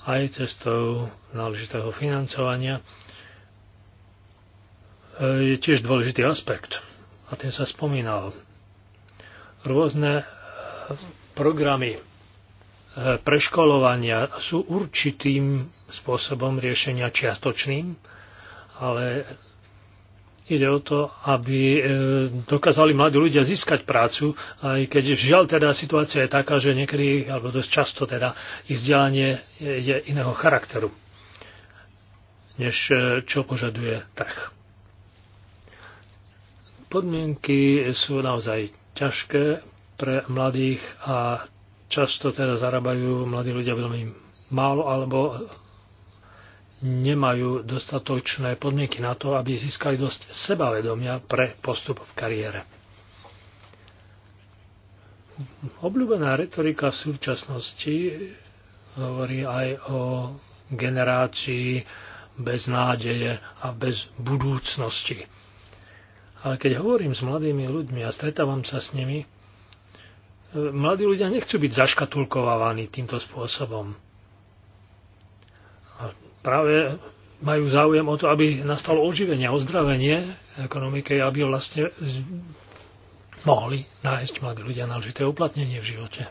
aj cestou náležitého financovania je tiež dôležitý aspekt a ten sa spomínal. Rôzne programy E, preškolovania sú určitým spôsobom riešenia čiastočným, ale ide o to, aby e, dokázali mladí ľudia získať prácu, aj keď žiaľ teda situácia je taká, že niekedy, alebo dosť často teda, ich vzdelanie je iného charakteru, než e, čo požaduje trh. Podmienky sú naozaj ťažké pre mladých a Často teda zarábajú mladí ľudia veľmi málo alebo nemajú dostatočné podmienky na to, aby získali dosť sebavedomia pre postup v kariére. Obľúbená retorika v súčasnosti hovorí aj o generácii bez nádeje a bez budúcnosti. Ale keď hovorím s mladými ľuďmi a stretávam sa s nimi, E, mladí ľudia nechcú byť zaškatulkovávaní týmto spôsobom. A práve majú záujem o to, aby nastalo oživenie, ozdravenie ekonomike, aby vlastne mohli nájsť mladí ľudia náležité uplatnenie v živote.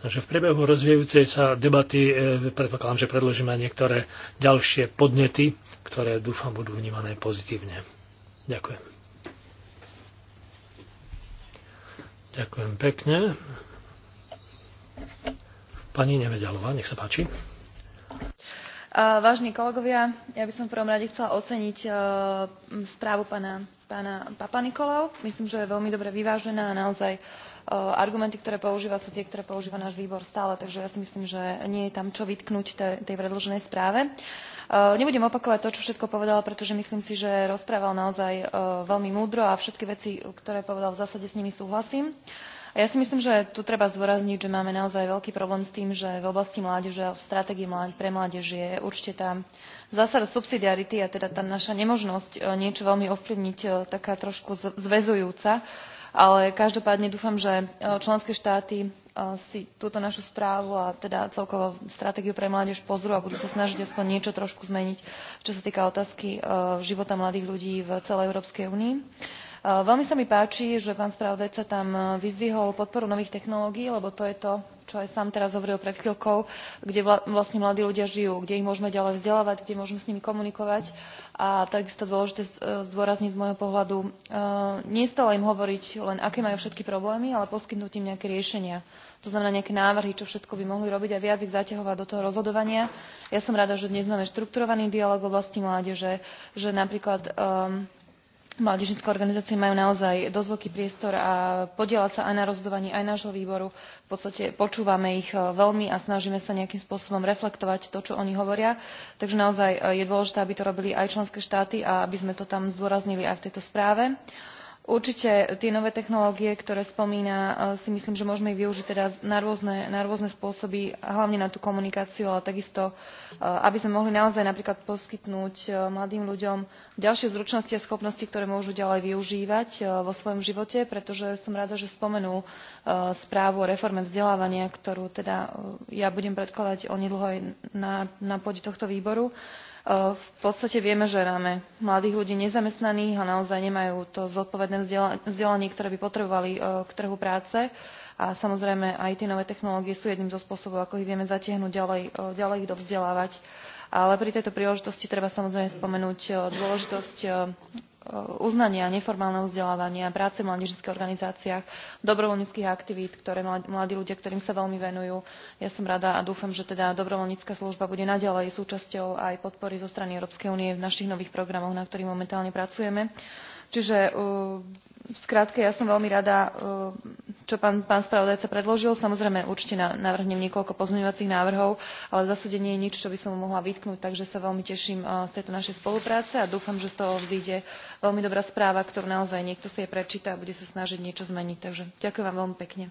Takže v priebehu rozvíjajúcej sa debaty e, predpokladám, že predložíme niektoré ďalšie podnety, ktoré dúfam budú vnímané pozitívne. Ďakujem. Ďakujem pekne. Pani Nevedalová, nech sa páči. Vážení kolegovia, ja by som v prvom rade chcela oceniť e, správu pána, pána Papa Nikolov. Myslím, že je veľmi dobre vyvážená a naozaj Eh, argumenty, ktoré používa, sú tie, ktoré používa náš výbor stále, takže ja si myslím, že nie je tam čo vytknúť tej predloženej správe. Eh, nebudem opakovať to, čo všetko povedala, pretože myslím si, že rozprával naozaj eh, veľmi múdro a všetky veci, ktoré povedal, v zásade s nimi súhlasím. A ja si myslím, že tu treba zdôrazniť, že máme naozaj veľký problém s tým, že v oblasti mládeže a v stratégii pre mládež je určite tá zásada subsidiarity a teda tá naša nemožnosť niečo veľmi ovplyvniť taká trošku zväzujúca ale každopádne dúfam, že e, členské štáty e, si túto našu správu a teda celkovo stratégiu pre mládež pozrú a budú sa snažiť aspoň niečo trošku zmeniť, čo sa týka otázky e, života mladých ľudí v celej Európskej únii. Veľmi sa mi páči, že pán spravodajca tam vyzdvihol podporu nových technológií, lebo to je to, čo aj sám teraz hovoril pred chvíľkou, kde vlastne mladí ľudia žijú, kde ich môžeme ďalej vzdelávať, kde môžeme s nimi komunikovať a takisto dôležité e, zdôrazniť z môjho pohľadu, e, nestále im hovoriť len, aké majú všetky problémy, ale poskytnúť im nejaké riešenia. To znamená nejaké návrhy, čo všetko by mohli robiť a viac ich zaťahovať do toho rozhodovania. Ja som rada, že dnes máme štrukturovaný dialog v oblasti mládeže, že napríklad mládežnícke organizácie majú naozaj dosť veľký priestor a podieľať sa aj na rozhodovaní aj nášho výboru. V podstate počúvame ich e, veľmi a snažíme sa nejakým spôsobom reflektovať to, čo oni hovoria. Takže naozaj e, je dôležité, aby to robili aj členské štáty a aby sme to tam zdôraznili aj v tejto správe. Uh, Určite tie nové technológie, ktoré spomína, e, si myslím, že môžeme ich využiť teda na rôzne, na rôzne spôsoby, hlavne na tú komunikáciu, ale takisto, e, aby sme mohli naozaj napríklad poskytnúť e, mladým ľuďom ďalšie zručnosti a schopnosti, ktoré môžu ďalej využívať vo svojom živote, pretože som rada, že spomenú správu o reforme vzdelávania, ktorú teda ja budem predkladať onedlho na, na pôde tohto výboru. Eh, v podstate vieme že máme mladých ľudí nezamestnaných a naozaj nemajú to zodpovedné vzdelanie ktoré by potrebovali eh, k trhu práce a samozrejme aj tie nové technológie sú jedným zo spôsobov ako ich vieme zatiahnuť ďalej, eh, ďalej ich dovzdelávať. Ale pri tejto príležitosti treba samozrejme spomenúť dôležitosť Eh, uznania neformálneho vzdelávania, práce v mládežnických organizáciách, dobrovoľníckých aktivít, ktoré mladí ľudia, ktorým sa veľmi venujú. Ja som rada a dúfam, že teda dobrovoľnícka služba bude naďalej súčasťou aj podpory zo strany Európskej únie v našich nových programoch, na ktorých momentálne pracujeme. Čiže e, skrátka ja som veľmi rada, e, čo pán, pán spravodajca predložil. Samozrejme, určite navrhnem niekoľko pozmeňovacích návrhov, ale v zásade nie je nič, čo by som mu mohla vytknúť, takže sa veľmi teším e, z tejto našej spolupráce a dúfam, že z toho vzíde veľmi dobrá správa, ktorú naozaj niekto si je prečíta a bude sa snažiť niečo zmeniť. Takže ďakujem vám veľmi pekne.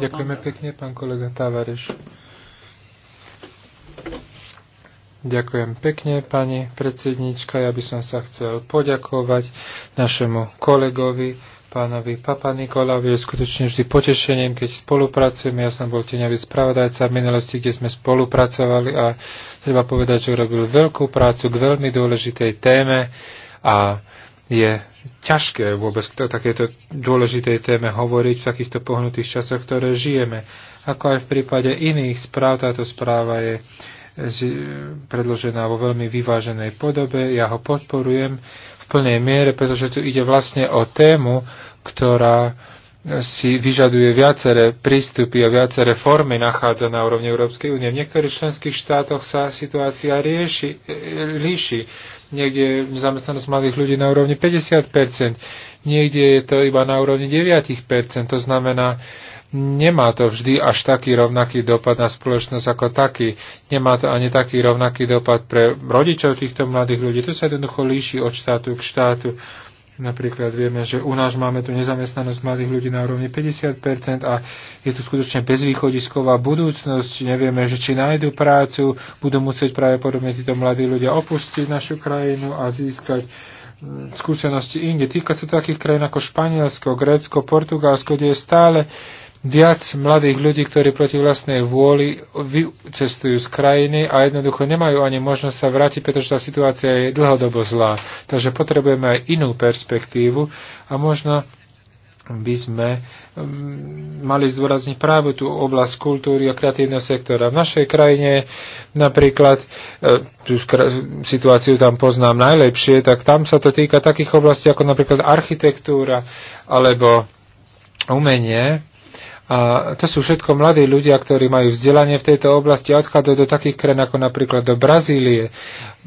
Ďakujeme pekne, pán kolega Tavareš. Ďakujem pekne, pani predsednička. Ja by som sa chcel poďakovať našemu kolegovi, pánovi Papa Nikolavi. Je skutočne vždy potešením, keď spolupracujeme. Ja som bol teňavý spravodajca v minulosti, kde sme spolupracovali a treba povedať, že urobil veľkú prácu k veľmi dôležitej téme a je ťažké vôbec o takéto dôležitej téme hovoriť v takýchto pohnutých časoch, ktoré žijeme. Ako aj v prípade iných správ, táto správa je predložená vo veľmi vyváženej podobe. Ja ho podporujem v plnej miere, pretože tu ide vlastne o tému, ktorá si vyžaduje viaceré prístupy a viaceré formy nachádza na úrovni Európskej únie. V niektorých členských štátoch sa situácia rieši, líši. Niekde je nezamestnanosť mladých ľudí na úrovni 50%, niekde je to iba na úrovni 9%. To znamená, nemá to vždy až taký rovnaký dopad na spoločnosť ako taký. Nemá to ani taký rovnaký dopad pre rodičov týchto mladých ľudí. To sa jednoducho líši od štátu k štátu. Napríklad vieme, že u nás máme tu nezamestnanosť mladých ľudí na úrovni 50% a je tu skutočne bezvýchodisková budúcnosť. Nevieme, že či nájdu prácu, budú musieť pravdepodobne títo mladí ľudia opustiť našu krajinu a získať mm, skúsenosti inde. Týka sa takých krajín ako Španielsko, Grécko, Portugalsko, kde je stále viac mladých ľudí, ktorí proti vlastnej vôli cestujú z krajiny a jednoducho nemajú ani možnosť sa vrátiť, pretože tá situácia je dlhodobo zlá. Takže potrebujeme aj inú perspektívu a možno by sme mm, mali zdôrazniť práve tú oblasť kultúry a kreatívneho sektora. V našej krajine napríklad, e, tú situáciu tam poznám najlepšie, tak tam sa to týka takých oblastí ako napríklad architektúra alebo umenie, a to sú všetko mladí ľudia, ktorí majú vzdelanie v tejto oblasti a odchádzajú do takých krajín ako napríklad do Brazílie.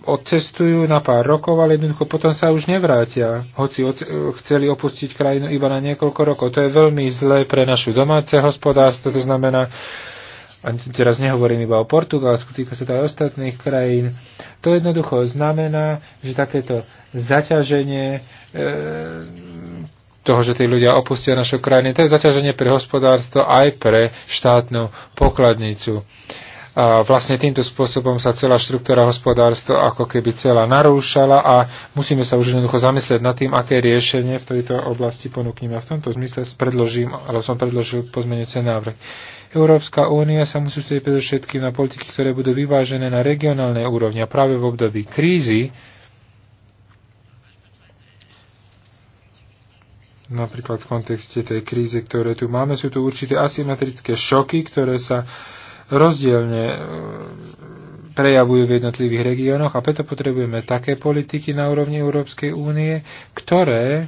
Odcestujú na pár rokov, ale jednoducho potom sa už nevrátia, hoci od, chceli opustiť krajinu iba na niekoľko rokov. To je veľmi zlé pre našu domáce hospodárstvo, to znamená, a teraz nehovorím iba o Portugalsku, týka sa to aj ostatných krajín, to jednoducho znamená, že takéto zaťaženie e, toho, že tí ľudia opustia našu krajinu. To je zaťaženie pre hospodárstvo aj pre štátnu pokladnicu. A vlastne týmto spôsobom sa celá štruktúra hospodárstva ako keby celá narúšala a musíme sa už jednoducho zamyslieť nad tým, aké riešenie v tejto oblasti ponúkneme. A v tomto zmysle predložím, alebo som predložil pozmenujúce návrh. Európska únia sa musí sústrediť predovšetkým na politiky, ktoré budú vyvážené na regionálnej úrovni a práve v období krízy napríklad v kontexte tej krízy, ktoré tu máme, sú tu určité asymetrické šoky, ktoré sa rozdielne e, prejavujú v jednotlivých regiónoch a preto potrebujeme také politiky na úrovni Európskej únie, ktoré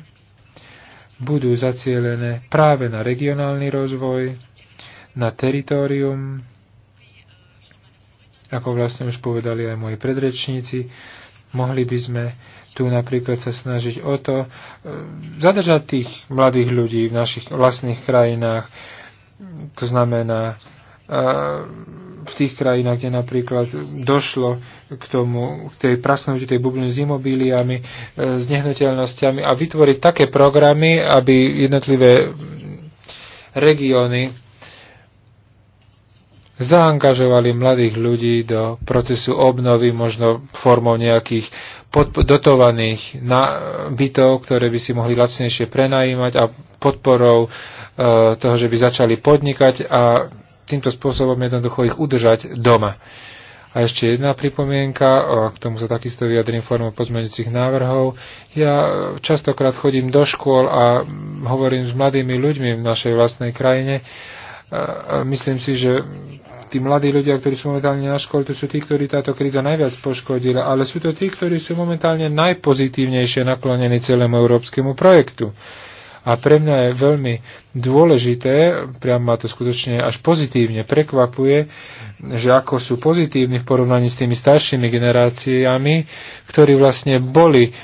budú zacielené práve na regionálny rozvoj, na teritorium, ako vlastne už povedali aj moji predrečníci, mohli by sme tu napríklad sa snažiť o to e, zadržať tých mladých ľudí v našich vlastných krajinách. To znamená e, v tých krajinách, kde napríklad došlo k tomu, k tej prasnutí tej bubliny s imobiliami, e, s nehnuteľnosťami a vytvoriť také programy, aby jednotlivé regióny zaangažovali mladých ľudí do procesu obnovy, možno formou nejakých dotovaných bytov, ktoré by si mohli lacnejšie prenajímať a podporou e, toho, že by začali podnikať a týmto spôsobom jednoducho ich udržať doma. A ešte jedna pripomienka, k tomu sa takisto vyjadrím formou pozmeňujúcich návrhov. Ja častokrát chodím do škôl a hovorím s mladými ľuďmi v našej vlastnej krajine. Myslím si, že tí mladí ľudia, ktorí sú momentálne na škole, to sú tí, ktorí táto kríza najviac poškodila, ale sú to tí, ktorí sú momentálne najpozitívnejšie naklonení celému európskemu projektu. A pre mňa je veľmi dôležité, priam ma to skutočne až pozitívne prekvapuje, že ako sú pozitívni v porovnaní s tými staršími generáciami, ktorí vlastne boli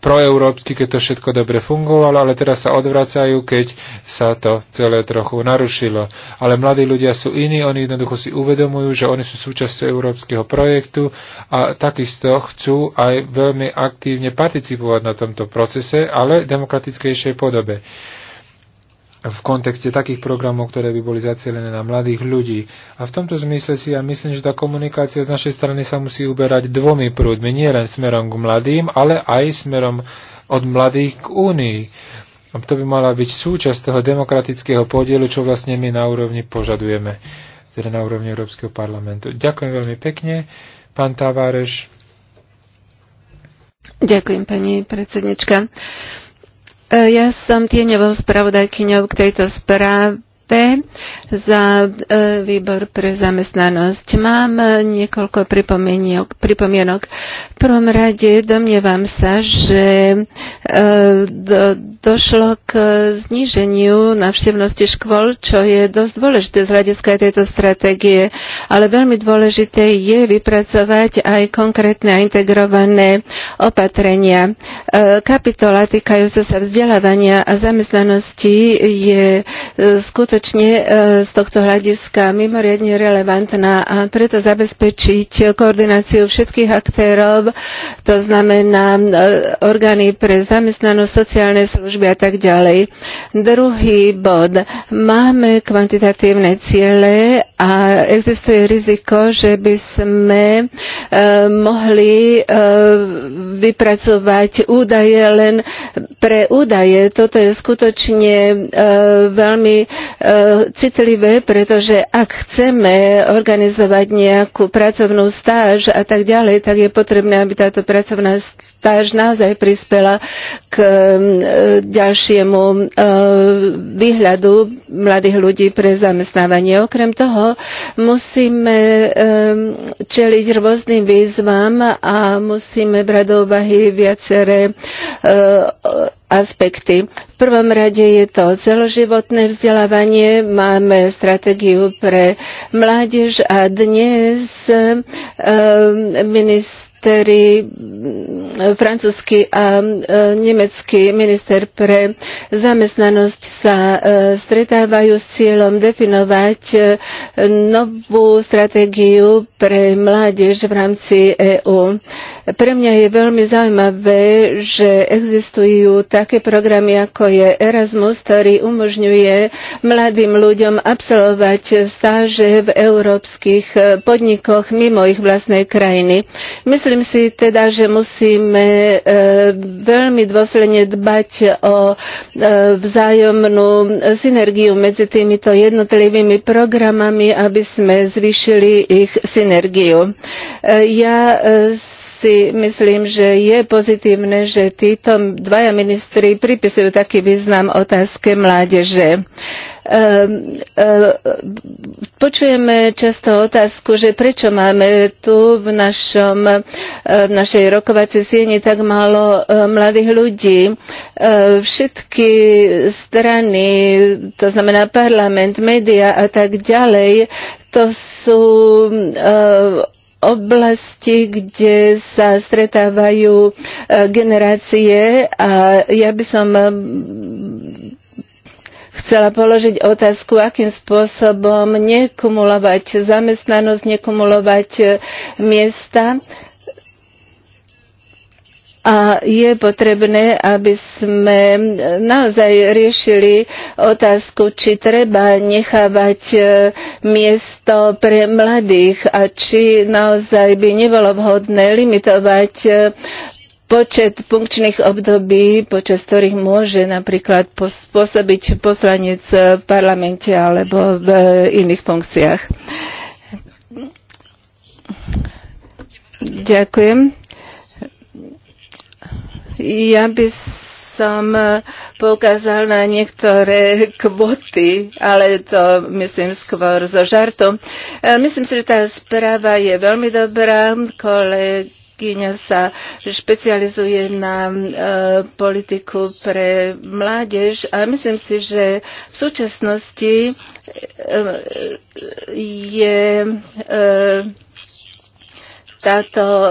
proeurópsky, keď to všetko dobre fungovalo, ale teraz sa odvracajú, keď sa to celé trochu narušilo. Ale mladí ľudia sú iní, oni jednoducho si uvedomujú, že oni sú súčasťou európskeho projektu a takisto chcú aj veľmi aktívne participovať na tomto procese, ale v demokratickejšej podobe v kontexte takých programov, ktoré by boli zacielené na mladých ľudí. A v tomto zmysle si ja myslím, že tá komunikácia z našej strany sa musí uberať dvomi prúdmi, nie len smerom k mladým, ale aj smerom od mladých k únii. A To by mala byť súčasť toho demokratického podielu, čo vlastne my na úrovni požadujeme, teda na úrovni Európskeho parlamentu. Ďakujem veľmi pekne, pán Taváreš. Ďakujem, pani predsednička. E, ja som tieňovou spravodajkyňou k tejto správe za e, výbor pre zamestnanosť. Mám e, niekoľko pripomienok. V prvom rade domnievam sa, že e, do, došlo k zníženiu navštevnosti škôl, čo je dosť dôležité z hľadiska tejto stratégie, ale veľmi dôležité je vypracovať aj konkrétne a integrované opatrenia. Kapitola týkajúca sa vzdelávania a zamestnanosti je skutočne vlastne e, z tohto hľadiska mimoriadne relevantná a preto zabezpečiť koordináciu všetkých aktérov, to znamená e, orgány pre zamestnanosť, sociálne služby a tak ďalej. Druhý bod. Máme kvantitatívne ciele a existuje riziko, že by sme e, mohli vypracovať údaje len pre údaje. Toto je skutočne veľmi citlivé, pretože ak chceme organizovať nejakú pracovnú stáž a tak ďalej, tak je potrebné, aby táto pracovná stáž naozaj prispela k e, ďalšiemu e, výhľadu mladých ľudí pre zamestnávanie. Okrem toho musíme e, čeliť rôznym výzvam a musíme brať do úvahy viaceré aspekty. V prvom rade je to celoživotné vzdelávanie, máme stratégiu pre mládež a dnes e, eh, minister ktorý mm, francúzsky a e, nemecký minister pre zamestnanosť sa e, stretávajú s cieľom definovať e, novú stratégiu pre mládež v rámci EÚ. Pre mňa je veľmi zaujímavé, že existujú také programy, ako je Erasmus, ktorý umožňuje mladým ľuďom absolvovať stáže v európskych podnikoch mimo ich vlastnej krajiny. Myslím, Myslím si teda, že musíme e, veľmi dôsledne dbať o e, vzájomnú synergiu medzi týmito jednotlivými programami, aby sme zvýšili ich synergiu. E, ja si myslím, že je pozitívne, že títo dvaja ministri pripisujú taký význam otázke mládeže. Ehm, ehm, počujeme často otázku, že prečo máme tu v, našom, e, v našej rokovacej sieni tak málo e, mladých ľudí. E, všetky strany, to znamená parlament, média a tak ďalej, to sú oblasti, kde sa stretávajú generácie a ja by som chcela položiť otázku, akým spôsobom nekumulovať zamestnanosť, nekumulovať e, miesta. A je potrebné, aby sme naozaj riešili otázku, či treba nechávať e, miesto pre mladých a či naozaj by nebolo vhodné limitovať e, počet funkčných období, počas ktorých môže napríklad pôsobiť poslanec v parlamente alebo v iných funkciách. Ďakujem. Ja by som poukázal na niektoré kvoty, ale to myslím skôr zo žartu. Myslím si, že tá správa je veľmi dobrá. Kolega poradkyňa sa špecializuje na e, politiku pre mládež a myslím si, že v súčasnosti e, e je e, táto e,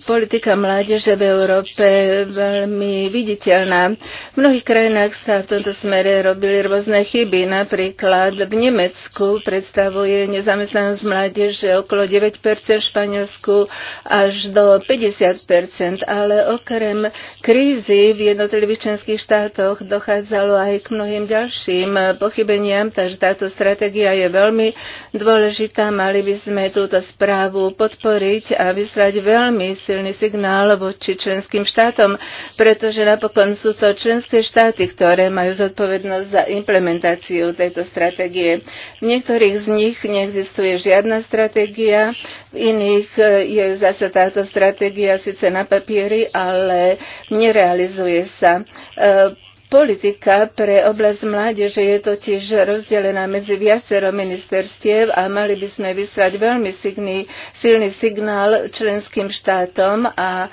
politika mládeže v Európe veľmi viditeľná. V mnohých krajinách sa v tomto smere robili rôzne chyby. Napríklad v Nemecku predstavuje nezamestnanosť mládeže okolo 9%, v Španielsku až do 50%, ale okrem krízy v jednotlivých členských štátoch dochádzalo aj k mnohým ďalším pochybeniam, takže táto stratégia je veľmi dôležitá. Mali by sme túto správu podporiť a vyslať veľmi silný signál voči členským štátom, pretože napokon sú to členské štáty, ktoré majú zodpovednosť za implementáciu tejto stratégie. V niektorých z nich neexistuje žiadna stratégia, v iných e, je zase táto stratégia síce na papieri, ale nerealizuje sa. E, Politika pre oblasť mládeže je totiž rozdelená medzi viacero ministerstiev a mali by sme vyslať veľmi signý, silný signál členským štátom a e,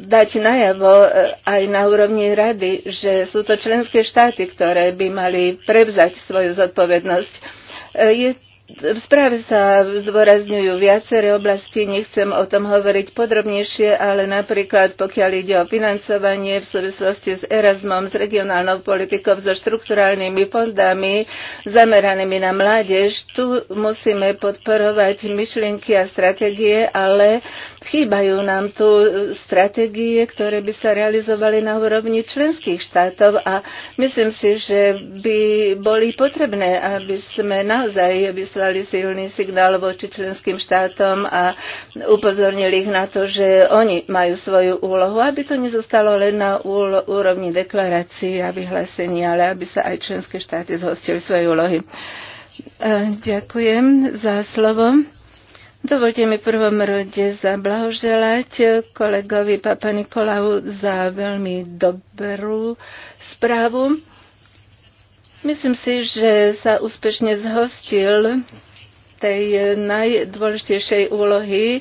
dať najavo e, aj na úrovni rady, že sú to členské štáty, ktoré by mali prevzať svoju zodpovednosť. E, je v správe sa zdôrazňujú viaceré oblasti, nechcem o tom hovoriť podrobnejšie, ale napríklad pokiaľ ide o financovanie v súvislosti s Erasmom, s regionálnou politikou, so štrukturálnymi fondami zameranými na mládež, tu musíme podporovať myšlienky a stratégie, ale Chýbajú nám tu e, stratégie, ktoré by sa realizovali na úrovni členských štátov a myslím si, že by boli potrebné, aby sme naozaj vyslali silný signál voči členským štátom a upozornili ich na to, že oni majú svoju úlohu, aby to nezostalo len na úrovni deklarácií a vyhlásení, ale aby sa aj členské štáty zhostili svojej úlohy. E, ďakujem za slovo. Dovolte mi prvom rode zablahoželať kolegovi Papa Nikolau za veľmi dobrú správu. Myslím si, že sa úspešne zhostil tej najdôležitejšej úlohy, e,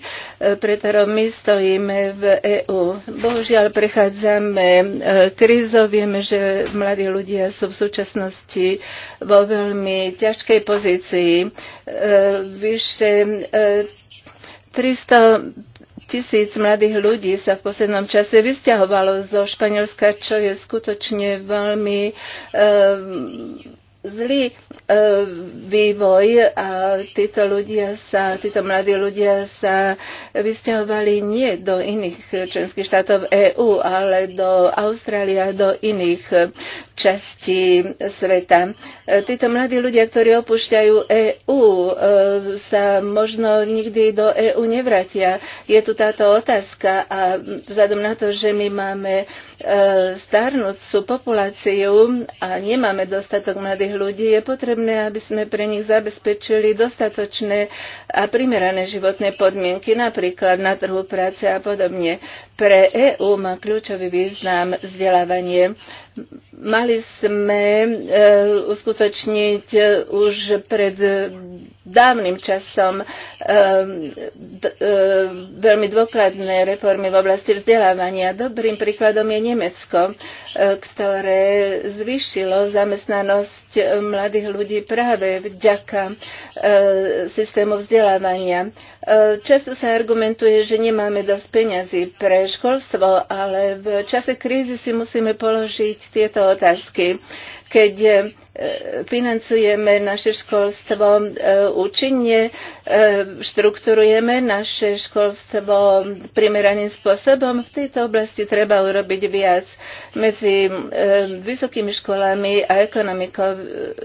pre ktorou my stojíme v EÚ. Bohužiaľ prechádzame e, krízou, vieme, že mladí ľudia sú v súčasnosti vo veľmi ťažkej pozícii. E, vyše 300 tisíc mladých ľudí sa v poslednom čase vysťahovalo zo Španielska, čo je skutočne veľmi zlý e, vývoj a títo ľudia sa, títo mladí ľudia sa vysťahovali nie do iných členských štátov EÚ, ale do Austrália, do iných častí sveta. E, títo mladí ľudia, ktorí opúšťajú EÚ, e, sa možno nikdy do EÚ nevratia. Je tu táto otázka a vzhľadom na to, že my máme e, starnúcu populáciu a nemáme dostatok mladých ľudí, je potrebné, aby sme pre nich zabezpečili dostatočné a primerané životné podmienky, napríklad na trhu práce a podobne. Pre EÚ má kľúčový význam vzdelávanie Mali sme e, uskutočniť e, už pred dávnym časom e, veľmi dôkladné reformy v oblasti vzdelávania. Dobrým príkladom je Nemecko, ktoré zvýšilo zamestnanosť mladých ľudí práve vďaka systému vzdelávania. E, často sa argumentuje, že nemáme dosť peňazí pre školstvo, ale v čase krízy si musíme položiť tieto otázky keď e, financujeme naše školstvo e, účinne, e, štrukturujeme naše školstvo primeraným spôsobom. V tejto oblasti treba urobiť viac. Medzi vysokými školami a ekonomikou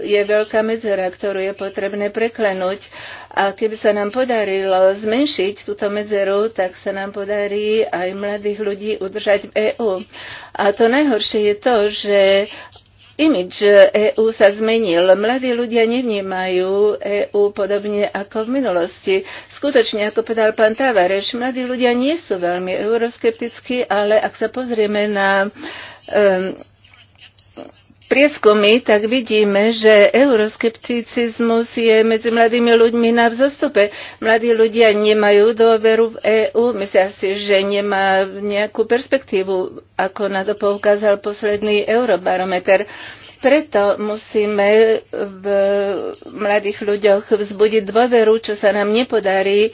je veľká medzera, ktorú je potrebné preklenúť. A keby sa nám podarilo zmenšiť túto medzeru, tak sa nám podarí aj mladých ľudí udržať v EÚ. A to najhoršie je to, že Imidž EÚ sa zmenil. Mladí ľudia nevnímajú EÚ podobne ako v minulosti. Skutočne, ako povedal pán Tavareš, mladí ľudia nie sú veľmi euroskeptickí, ale ak sa pozrieme na um, prieskumy, tak vidíme, že euroskepticizmus je medzi mladými ľuďmi na vzostupe. Mladí ľudia nemajú dôveru v EÚ, myslia si, že nemá nejakú perspektívu, ako na to poukázal posledný eurobarometer. Preto musíme v mladých ľuďoch vzbudiť dôveru, čo sa nám nepodarí, e,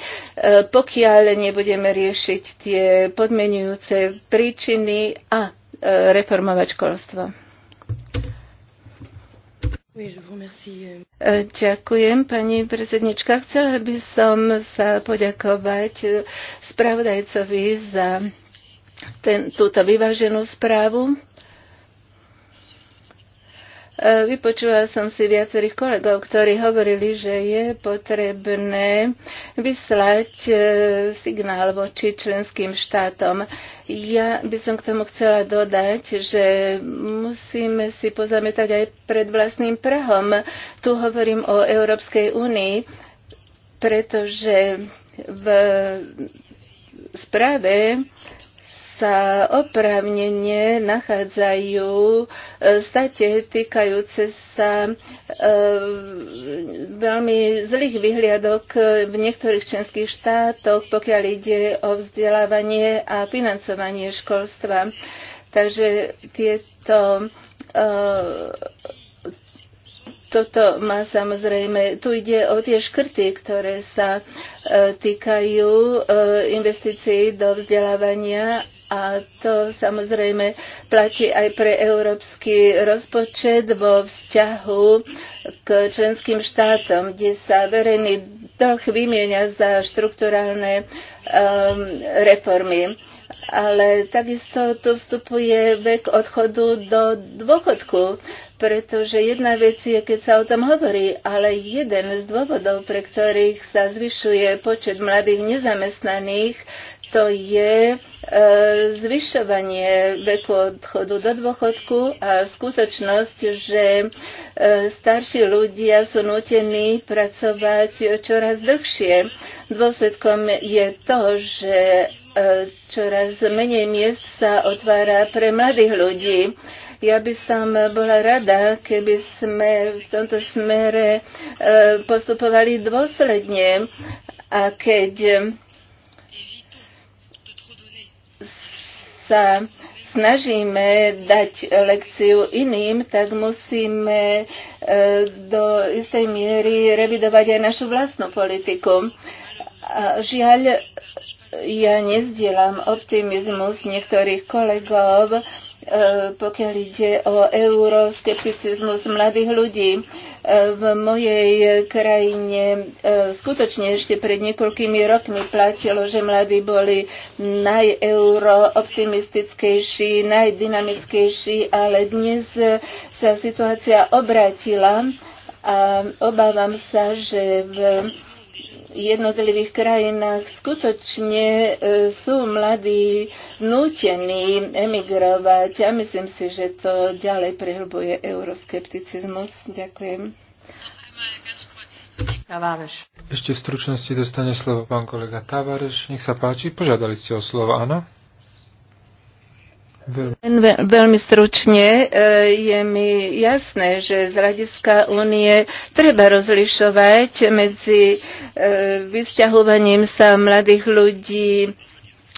pokiaľ nebudeme riešiť tie podmenujúce príčiny a e, reformovať školstvo. E, ďakujem, pani predsednička. Chcela by som sa poďakovať e, spravodajcovi za ten, túto vyváženú správu E, vypočula som si viacerých kolegov, ktorí hovorili, že je potrebné vyslať e, signál voči členským štátom. Ja by som k tomu chcela dodať, že musíme si pozametať aj pred vlastným prahom. Tu hovorím o Európskej únii, pretože v správe sa opravnenie nachádzajú e, state týkajúce sa e, veľmi zlých vyhliadok v niektorých členských štátoch, pokiaľ ide o vzdelávanie a financovanie školstva. Takže tieto e, toto má samozrejme, tu ide o tie škrty, ktoré sa e, týkajú e, investícií do vzdelávania a to samozrejme platí aj pre európsky rozpočet vo vzťahu k členským štátom, kde sa verejný dlh vymieňa za štrukturálne um, reformy ale takisto tu vstupuje vek odchodu do dôchodku pretože jedna vec je, keď sa o tom hovorí, ale jeden z dôvodov, pre ktorých sa zvyšuje počet mladých nezamestnaných, to je e, zvyšovanie veku odchodu do dôchodku a skutočnosť, že e, starší ľudia sú nutení pracovať čoraz dlhšie. Dôsledkom je to, že e, čoraz menej miest sa otvára pre mladých ľudí. E, ja by som bola rada, keby sme v tomto smere e, postupovali dôsledne a keď sa snažíme dať lekciu iným, tak musíme e, do istej miery revidovať aj našu vlastnú politiku. A žiaľ, ja nezdielam optimizmus niektorých kolegov, E, pokiaľ ide o euroskepticizmus mladých ľudí. E, v mojej krajine e, skutočne ešte pred niekoľkými rokmi platilo, že mladí boli najeurooptimistickejší, najdynamickejší, ale dnes sa situácia obratila a obávam sa, že v jednotlivých krajinách skutočne e, sú mladí nútení emigrovať a ja myslím si, že to ďalej prehlbuje euroskepticizmus. Ďakujem. Ešte v stručnosti dostane slovo pán kolega Tavareš. Nech sa páči, požiadali ste o slovo, áno? Len veľmi stručne e, je mi jasné, že z hľadiska únie treba rozlišovať medzi e, vysťahovaním sa mladých ľudí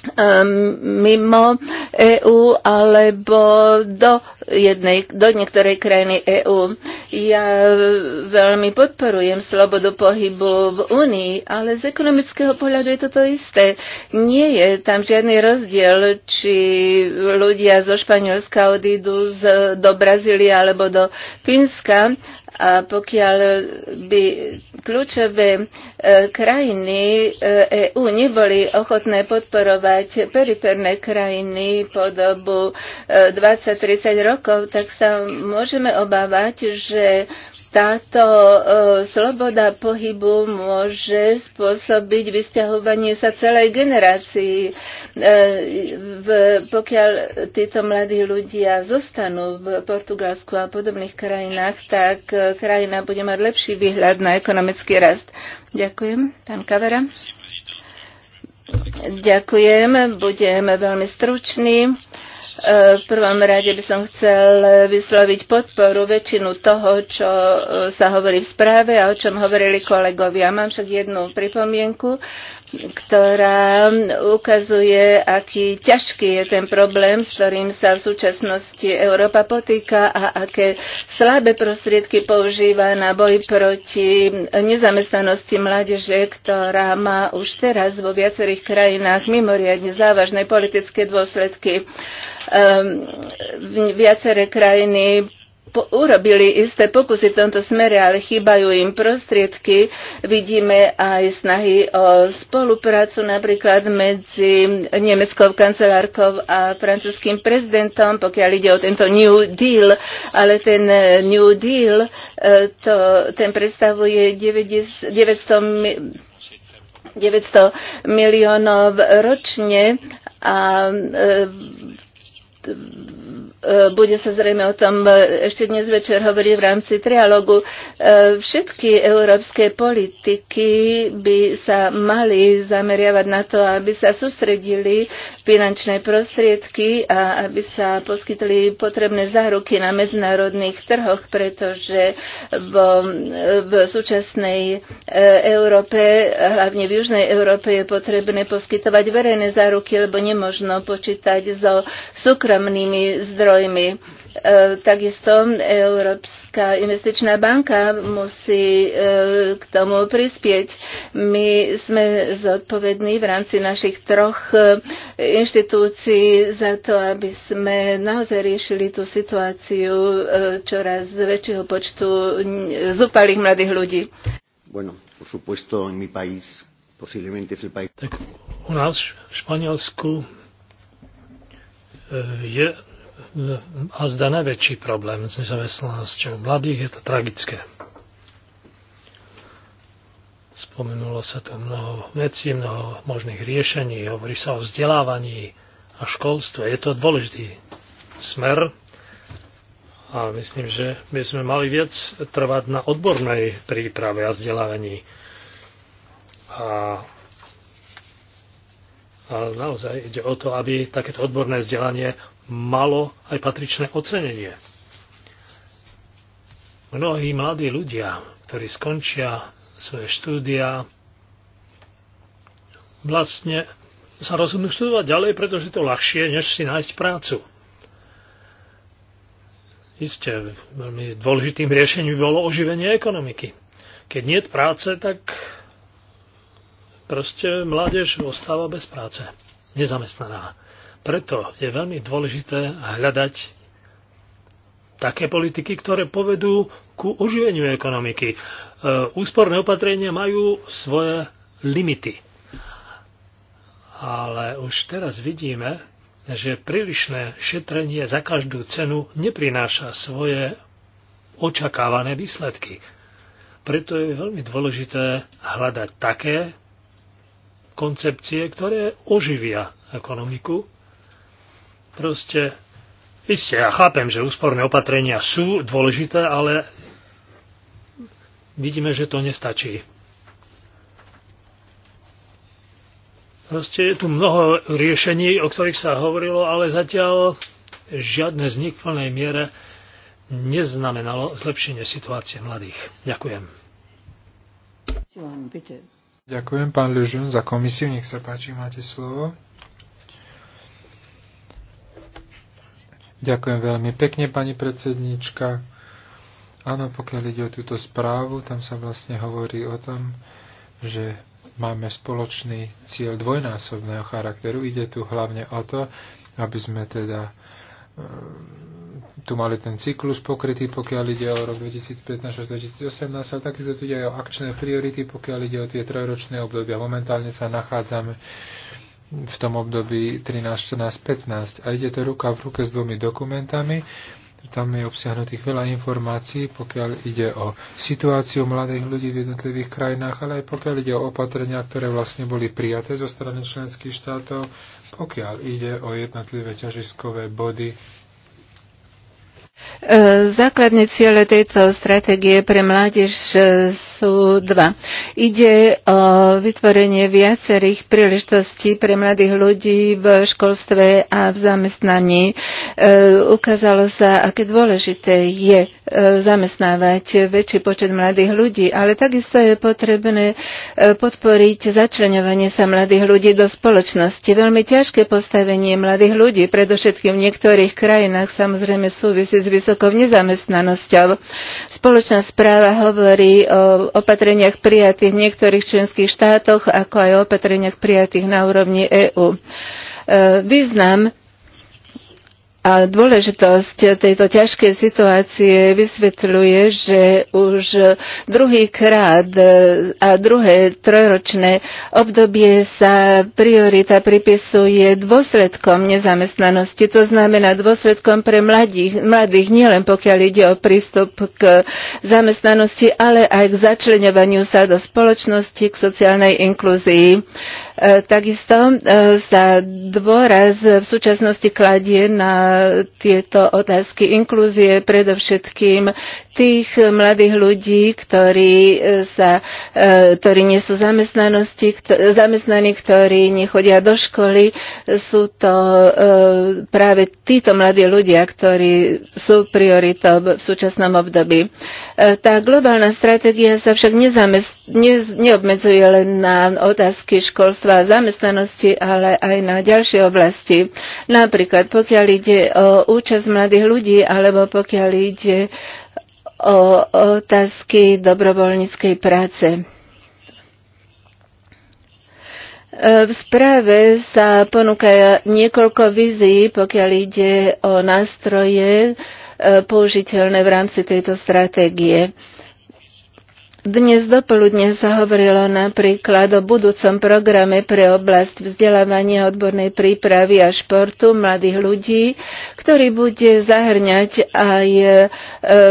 Ehm, mimo EÚ alebo do, jednej, do niektorej krajiny EÚ. Ja veľmi podporujem slobodu pohybu v Únii, ale z ekonomického pohľadu je toto isté. Nie je tam žiadny rozdiel, či ľudia zo Španielska odídu z, do Brazílie alebo do Fínska a pokiaľ by kľúčové e, krajiny EÚ e neboli ochotné podporovať periférne krajiny po dobu 20-30 e, rokov, tak sa môžeme obávať, že táto sloboda pohybu môže spôsobiť vysťahovanie sa celej generácii v, pokiaľ títo mladí ľudia zostanú v Portugalsku a podobných krajinách, tak eh, krajina bude mať lepší výhľad na ekonomický rast. Ďakujem. Pán Kavera. Ďakujem, budem veľmi stručný. Eh, v prvom rade by som chcel vysloviť podporu väčšinu toho, čo eh, sa hovorí v správe a o čom hovorili kolegovia. Mám však jednu pripomienku ktorá ukazuje, aký ťažký je ten problém, s ktorým sa v súčasnosti Európa potýka a aké slabé prostriedky používa na boj proti nezamestnanosti mládeže, ktorá má už teraz vo viacerých krajinách mimoriadne závažné politické dôsledky. Ehm, viaceré krajiny urobili isté pokusy v tomto smere, ale chýbajú im prostriedky. Vidíme aj snahy o spoluprácu napríklad medzi nemeckou kancelárkou a francúzským prezidentom, pokiaľ ide o tento New Deal, ale ten eh, New Deal, eh, to, ten predstavuje 900 900 miliónov ročne a eh, E, bude sa zrejme o tom e, ešte dnes večer hovoriť v rámci trialogu. E, všetky európske politiky by sa mali zameriavať na to, aby sa sústredili finančné prostriedky a aby sa poskytli potrebné záruky na medzinárodných trhoch, pretože v, v súčasnej Európe, hlavne v Južnej Európe, je potrebné poskytovať verejné záruky, lebo nemožno počítať so súkromnými zdrojmi zdrojmi. E, takisto Európska investičná banka musí e, k tomu prispieť. My sme zodpovední v rámci našich troch e, inštitúcií za to, aby sme naozaj riešili tú situáciu čoraz väčšieho počtu zúpalých mladých ľudí. Bueno, por supuesto, en mi país, posiblemente es el país. Tak u nás v Španielsku je a zda najväčší problém s nezamestnanosťou mladých. Je to tragické. Spomenulo sa tu mnoho vecí, mnoho možných riešení. Hovorí sa o vzdelávaní a školstve. Je to dôležitý smer a myslím, že by sme mali viac trvať na odbornej príprave a vzdelávaní. A a naozaj ide o to, aby takéto odborné vzdelanie malo aj patričné ocenenie. Mnohí mladí ľudia, ktorí skončia svoje štúdia, vlastne sa rozhodnú študovať ďalej, pretože je to ľahšie, než si nájsť prácu. Isté, veľmi dôležitým riešením by bolo oživenie ekonomiky. Keď nie je práce, tak proste mládež ostáva bez práce, nezamestnaná. Preto je veľmi dôležité hľadať také politiky, ktoré povedú ku oživeniu ekonomiky. E, úsporné opatrenia majú svoje limity. Ale už teraz vidíme, že prílišné šetrenie za každú cenu neprináša svoje očakávané výsledky. Preto je veľmi dôležité hľadať také koncepcie, ktoré oživia ekonomiku Proste, Isté, ja chápem, že úsporné opatrenia sú dôležité, ale vidíme, že to nestačí. Proste je tu mnoho riešení, o ktorých sa hovorilo, ale zatiaľ žiadne z nich v plnej miere neznamenalo zlepšenie situácie mladých. Ďakujem. Ďakujem, pán Ležun, za komisiu. Nech sa páči, máte slovo. Ďakujem veľmi pekne, pani predsednička. Áno, pokiaľ ide o túto správu, tam sa vlastne hovorí o tom, že máme spoločný cieľ dvojnásobného charakteru. Ide tu hlavne o to, aby sme teda e, tu mali ten cyklus pokrytý, pokiaľ ide o rok 2015 až 2018, ale takisto tu ide aj o akčné priority, pokiaľ ide o tie trojročné obdobia. Momentálne sa nachádzame v tom období 13, 14, 15. A ide to ruka v ruke s dvomi dokumentami. Tam je obsiahnutých veľa informácií, pokiaľ ide o situáciu mladých ľudí v jednotlivých krajinách, ale aj pokiaľ ide o opatrenia, ktoré vlastne boli prijaté zo strany členských štátov, pokiaľ ide o jednotlivé ťažiskové body E, základné ciele tejto stratégie pre mládež e, sú dva. Ide o vytvorenie viacerých príležitostí pre mladých ľudí v školstve a v zamestnaní. E, ukázalo sa, aké dôležité je E, zamestnávať väčší počet mladých ľudí, ale takisto je potrebné e, podporiť začlenovanie sa mladých ľudí do spoločnosti. Veľmi ťažké postavenie mladých ľudí, predovšetkým v niektorých krajinách, samozrejme súvisí s vysokou nezamestnanosťou. Spoločná správa hovorí o opatreniach prijatých v niektorých členských štátoch, ako aj o opatreniach prijatých na úrovni EÚ. E, význam a dôležitosť tejto ťažkej situácie vysvetľuje, že už druhý krát e, a druhé trojročné obdobie sa priorita pripisuje dôsledkom nezamestnanosti. To znamená dôsledkom pre mladých, mladých nielen pokiaľ ide o prístup k zamestnanosti, ale aj k začleňovaniu sa do spoločnosti, k sociálnej inklúzii. E, takisto e, sa dôraz v súčasnosti kladie na tieto otázky inklúzie, predovšetkým tých mladých ľudí, ktorí, e, sa, e, ktorí nie sú zamestnanosti, zamestnaní, ktorí nechodia do školy. Sú to e, práve títo mladí ľudia, ktorí sú prioritou v súčasnom období. Tá globálna stratégia sa však ne, neobmedzuje len na otázky školstva a zamestnanosti, ale aj na ďalšie oblasti. Napríklad, pokiaľ ide ide uh, o účasť mladých ľudí, alebo pokiaľ ide o otázky dobrovoľníckej práce. Uh, v správe sa ponúka niekoľko vizí, pokiaľ ide o nástroje uh, použiteľné v rámci tejto stratégie. Dnes dopoludne sa hovorilo napríklad o budúcom programe pre oblasť vzdelávania odbornej prípravy a športu mladých ľudí, ktorý bude zahrňať aj e,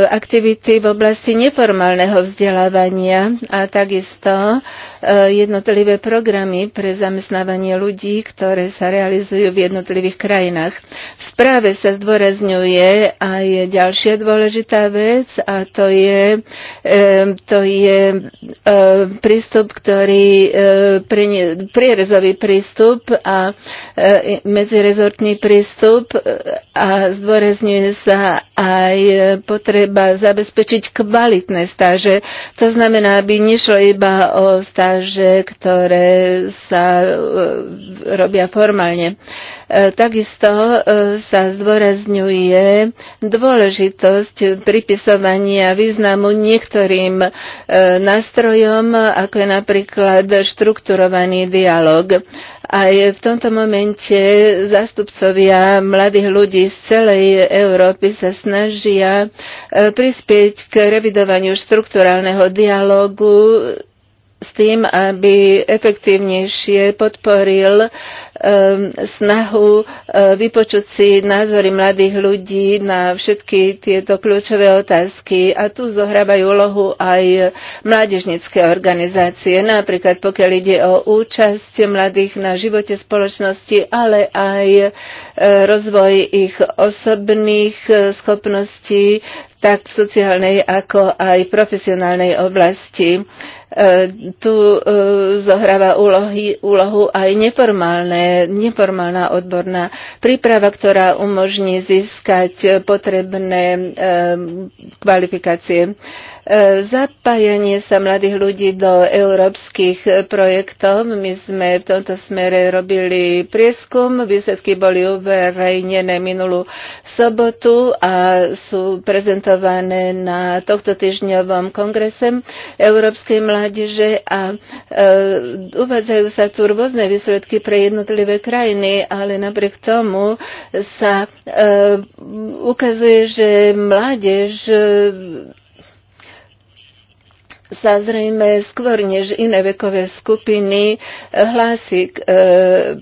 aktivity v oblasti neformálneho vzdelávania a takisto Eh, jednotlivé programy pre zamestnávanie ľudí, ktoré sa realizujú v jednotlivých krajinách. V správe sa zdôrazňuje aj ďalšia dôležitá vec a to je, eh, to je eh, prístup, ktorý prierezový prístup a medzirezortný prístup a zdôrazňuje sa aj potreba zabezpečiť kvalitné stáže. To znamená, aby nešlo iba o stáž stáže, ktoré sa e, robia formálne. E, takisto e, sa zdôrazňuje dôležitosť pripisovania významu niektorým nástrojom, ako je napríklad štrukturovaný dialog. Aj v tomto momente zástupcovia mladých ľudí z celej Európy sa snažia prispieť k revidovaniu štrukturálneho dialogu s tým, aby efektívnejšie podporil um, snahu uh, vypočuť si názory mladých ľudí na všetky tieto kľúčové otázky. A tu zohrávajú úlohu aj mládežnické organizácie, napríklad pokiaľ ide o účasť mladých na živote spoločnosti, ale aj uh, rozvoj ich osobných uh, schopností, tak v sociálnej ako aj profesionálnej oblasti. E, tu e, zohráva úlohy, úlohu aj neformálne, neformálna odborná príprava, ktorá umožní získať potrebné e, kvalifikácie E, zapájanie sa mladých ľudí do európskych projektov. My sme v tomto smere robili prieskum. Výsledky boli uverejnené minulú sobotu a sú prezentované na tohto týždňovom kongrese Európskej mládeže a e, uvádzajú sa tu rôzne výsledky pre jednotlivé krajiny, ale napriek tomu sa e, ukazuje, že mládež sa zrejme skôr než iné vekové skupiny hlási k e,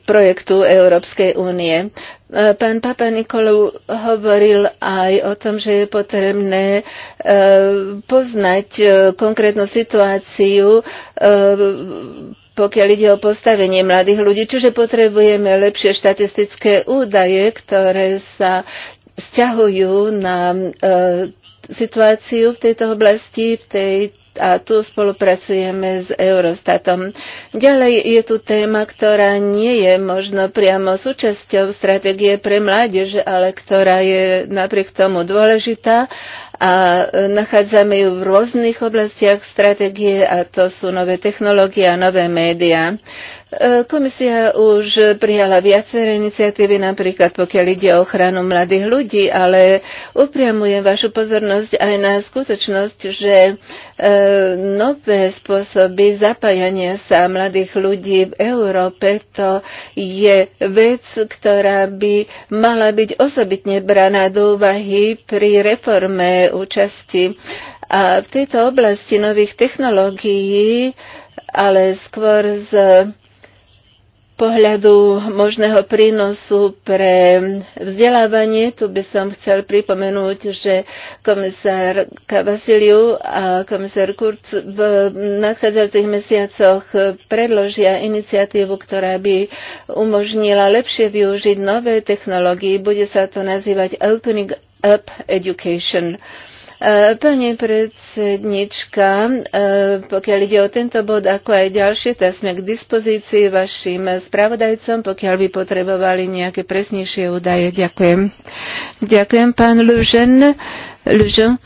projektu Európskej únie. E, pán Papa Nikolu hovoril aj o tom, že je potrebné e, poznať e, konkrétnu situáciu pokiaľ ide o postavenie mladých ľudí. Čiže potrebujeme lepšie štatistické údaje, ktoré sa vzťahujú na situáciu v tejto oblasti, v tej a tu spolupracujeme s Eurostatom. Ďalej je tu téma, ktorá nie je možno priamo súčasťou stratégie pre mládež, ale ktorá je napriek tomu dôležitá a nachádzame ju v rôznych oblastiach stratégie a to sú nové technológie a nové médiá. Komisia už prijala viaceré iniciatívy, napríklad pokiaľ ide o ochranu mladých ľudí, ale upriamujem vašu pozornosť aj na skutočnosť, že e, nové spôsoby zapájania sa mladých ľudí v Európe to je vec, ktorá by mala byť osobitne braná do úvahy pri reforme účasti. A v tejto oblasti nových technológií, ale skôr z pohľadu možného prínosu pre vzdelávanie, tu by som chcel pripomenúť, že komisár Vasiliu a komisár Kurz v nadchádzajúcich mesiacoch predložia iniciatívu, ktorá by umožnila lepšie využiť nové technológie. Bude sa to nazývať Opening Up Education. Pani predsednička, e, pokiaľ ide o tento bod, ako aj ďalšie, tak sme k dispozícii vašim spravodajcom, pokiaľ by potrebovali nejaké presnejšie údaje. Ďakujem. Ďakujem, pán Lužen. Lužen.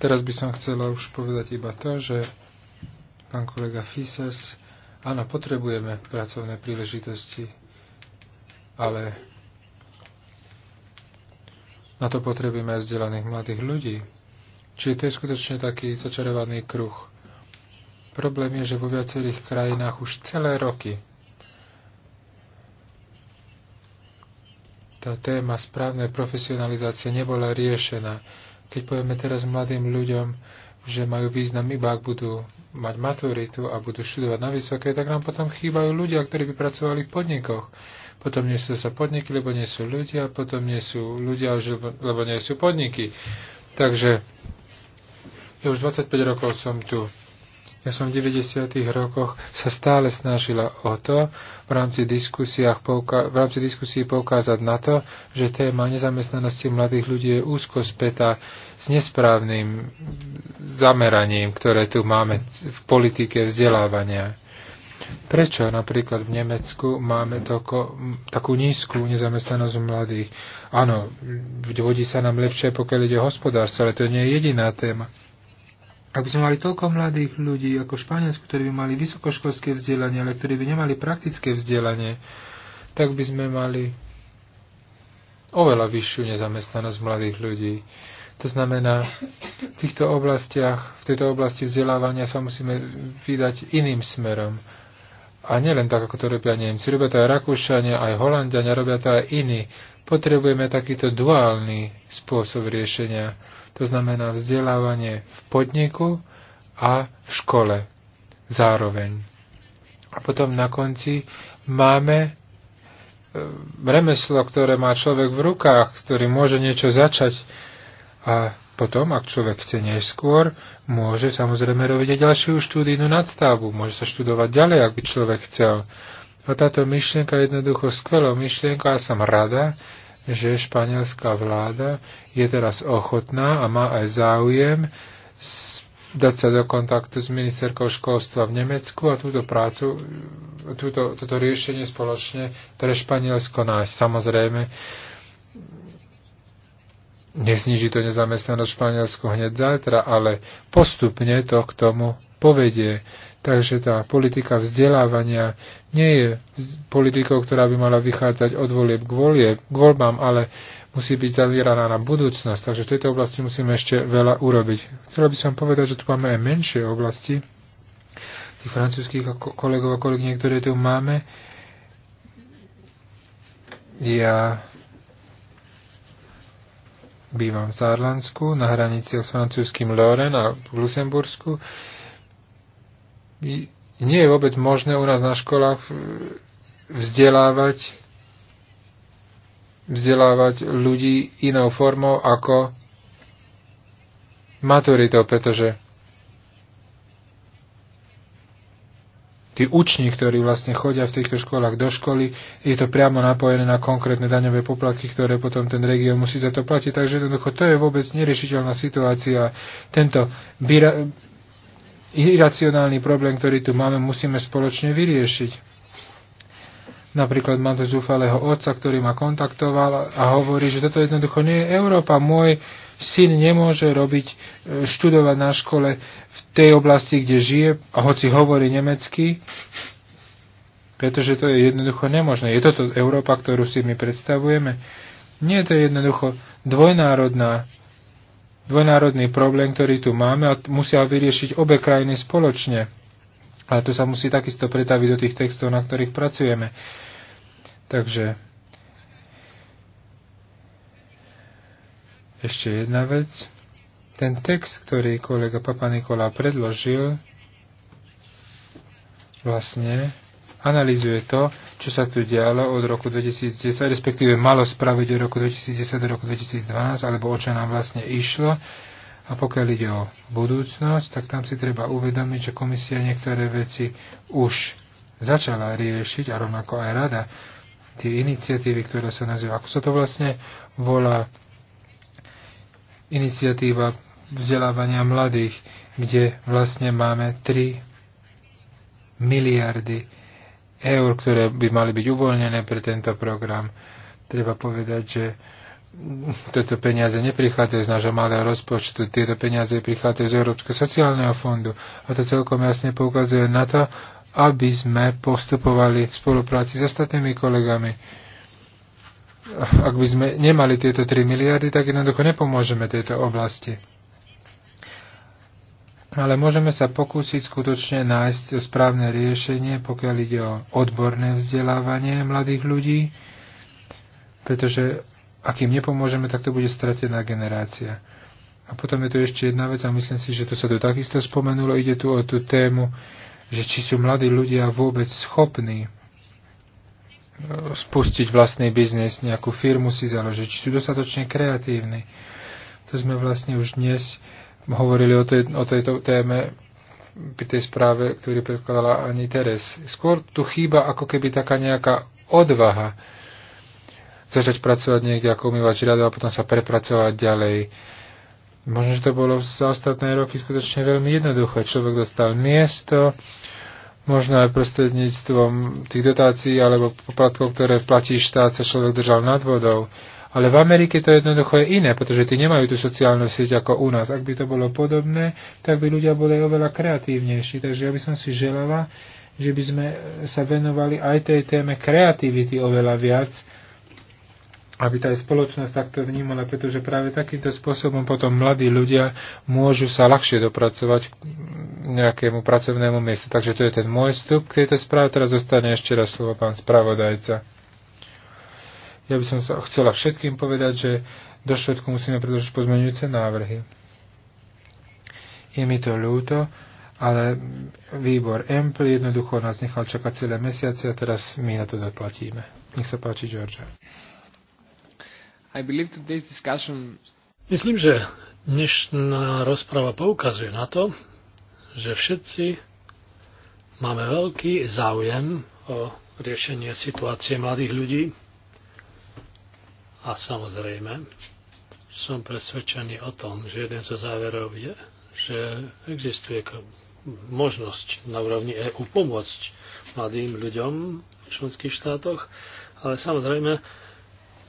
Teraz by som chcela už povedať iba to, že pán kolega Fises, áno, potrebujeme pracovné príležitosti, ale na to potrebujeme aj vzdelaných mladých ľudí. Čiže to je skutočne taký začarovaný kruh. Problém je, že vo viacerých krajinách už celé roky tá téma správnej profesionalizácie nebola riešená. Keď povieme teraz mladým ľuďom, že majú význam iba ak budú mať maturitu a budú študovať na vysoké, tak nám potom chýbajú ľudia, ktorí by pracovali v podnikoch potom nie sú sa podniky, lebo nie sú ľudia, potom nie sú ľudia, lebo nie sú podniky. Takže ja už 25 rokov som tu. Ja som v 90. rokoch sa stále snažila o to, v rámci, pouka- v rámci diskusí poukázať na to, že téma nezamestnanosti mladých ľudí je úzko spätá s nesprávnym zameraním, ktoré tu máme v politike vzdelávania. Prečo napríklad v Nemecku máme toko, takú nízku nezamestnanosť mladých? Áno, vodí sa nám lepšie, pokiaľ ide o hospodárstvo, ale to nie je jediná téma. Ak by sme mali toľko mladých ľudí ako v Španielsku, ktorí by mali vysokoškolské vzdelanie, ale ktorí by nemali praktické vzdelanie, tak by sme mali oveľa vyššiu nezamestnanosť mladých ľudí. To znamená, v týchto oblastiach, v tejto oblasti vzdelávania sa musíme vydať iným smerom. A nielen tak, ako to robia Nemci, robia to aj Rakúšania, aj Holandiania, robia to aj iní. Potrebujeme takýto duálny spôsob riešenia. To znamená vzdelávanie v podniku a v škole zároveň. A potom na konci máme e, remeslo, ktoré má človek v rukách, ktorý môže niečo začať a potom, ak človek chce neskôr, môže samozrejme robiť aj ďalšiu štúdijnú nadstavbu, môže sa študovať ďalej, ak by človek chcel. A no, táto myšlienka je jednoducho skvelá myšlienka a som rada, že španielská vláda je teraz ochotná a má aj záujem dať sa do kontaktu s ministerkou školstva v Nemecku a túto prácu, túto, toto riešenie spoločne pre Španielsko nájsť. Samozrejme, nezniží to nezamestnanosť Španielsku hneď zajtra, ale postupne to k tomu povedie. Takže tá politika vzdelávania nie je politikou, ktorá by mala vychádzať od volieb k, volieb, k voľbám, ale musí byť zavieraná na budúcnosť. Takže v tejto oblasti musíme ešte veľa urobiť. Chcela by som povedať, že tu máme aj menšie oblasti. Tých francúzských kolegov a kolegyne, ktoré tu máme. Ja bývam v Zárlandsku, na hranici s francúzským Loren a v Lusembursku. Nie je vôbec možné u nás na školách e, vzdelávať vzdelávať ľudí inou formou ako maturitou, pretože tí uční, ktorí vlastne chodia v týchto školách do školy, je to priamo napojené na konkrétne daňové poplatky, ktoré potom ten región musí za to platiť. Takže jednoducho to je vôbec neriešiteľná situácia. Tento iracionálny problém, ktorý tu máme, musíme spoločne vyriešiť. Napríklad mám to zúfalého otca, ktorý ma kontaktoval a hovorí, že toto jednoducho nie je Európa. Môj syn nemôže robiť, e, študovať na škole v tej oblasti, kde žije, a hoci hovorí nemecky, pretože to je jednoducho nemožné. Je toto Európa, ktorú si my predstavujeme? Nie, to je jednoducho dvojnárodná, dvojnárodný problém, ktorý tu máme a musia vyriešiť obe krajiny spoločne. Ale to sa musí takisto pretaviť do tých textov, na ktorých pracujeme. Takže ešte jedna vec. Ten text, ktorý kolega Papa Nikola predložil, vlastne analizuje to, čo sa tu dialo od roku 2010, respektíve malo spraviť od roku 2010 do roku 2012, alebo o čo nám vlastne išlo. A pokiaľ ide o budúcnosť, tak tam si treba uvedomiť, že komisia niektoré veci už začala riešiť a rovnako aj rada tie iniciatívy, ktoré sa nazýva, ako sa to vlastne volá, iniciatíva vzdelávania mladých, kde vlastne máme 3 miliardy eur, ktoré by mali byť uvoľnené pre tento program. Treba povedať, že tieto peniaze neprichádzajú z nášho malého rozpočtu, tieto peniaze prichádzajú z Európskeho sociálneho fondu a to celkom jasne poukazuje na to, aby sme postupovali v spolupráci s ostatnými kolegami. Ak by sme nemali tieto 3 miliardy, tak jednoducho nepomôžeme tejto oblasti. Ale môžeme sa pokúsiť skutočne nájsť správne riešenie, pokiaľ ide o odborné vzdelávanie mladých ľudí, pretože ak im nepomôžeme, tak to bude stratená generácia. A potom je tu ešte jedna vec a myslím si, že to sa tu takisto spomenulo. Ide tu o tú tému, že či sú mladí ľudia vôbec schopní e, spustiť vlastný biznes, nejakú firmu si založiť, či sú dostatočne kreatívni. To sme vlastne už dnes hovorili o, tej, o tejto téme pri tej správe, ktorú predkladala Ani Teres. Skôr tu chýba ako keby taká nejaká odvaha, začať pracovať niekde ako umývať žiadov a potom sa prepracovať ďalej. Možno, že to bolo za ostatné roky skutočne veľmi jednoduché. Človek dostal miesto, možno aj prostredníctvom tých dotácií alebo poplatkov, ktoré platí štát, sa človek držal nad vodou. Ale v Amerike to jednoducho je iné, pretože tí nemajú tú sociálnu sieť ako u nás. Ak by to bolo podobné, tak by ľudia boli oveľa kreatívnejší. Takže ja by som si želala, že by sme sa venovali aj tej téme kreativity oveľa viac, aby tá spoločnosť takto vnímala, pretože práve takýmto spôsobom potom mladí ľudia môžu sa ľahšie dopracovať k nejakému pracovnému miestu. Takže to je ten môj vstup k tejto správe. Teraz zostane ešte raz slovo pán spravodajca. Ja by som sa chcela všetkým povedať, že do všetku musíme predložiť pozmeňujúce návrhy. Je mi to ľúto, ale výbor EMPL jednoducho nás nechal čakať celé mesiace a teraz my na to doplatíme. Nech sa páči, Georgia. Myslím, že dnešná rozprava poukazuje na to, že všetci máme veľký záujem o riešenie situácie mladých ľudí a samozrejme som presvedčený o tom, že jeden zo záverov je, že existuje možnosť na úrovni EU pomôcť mladým ľuďom v členských štátoch, ale samozrejme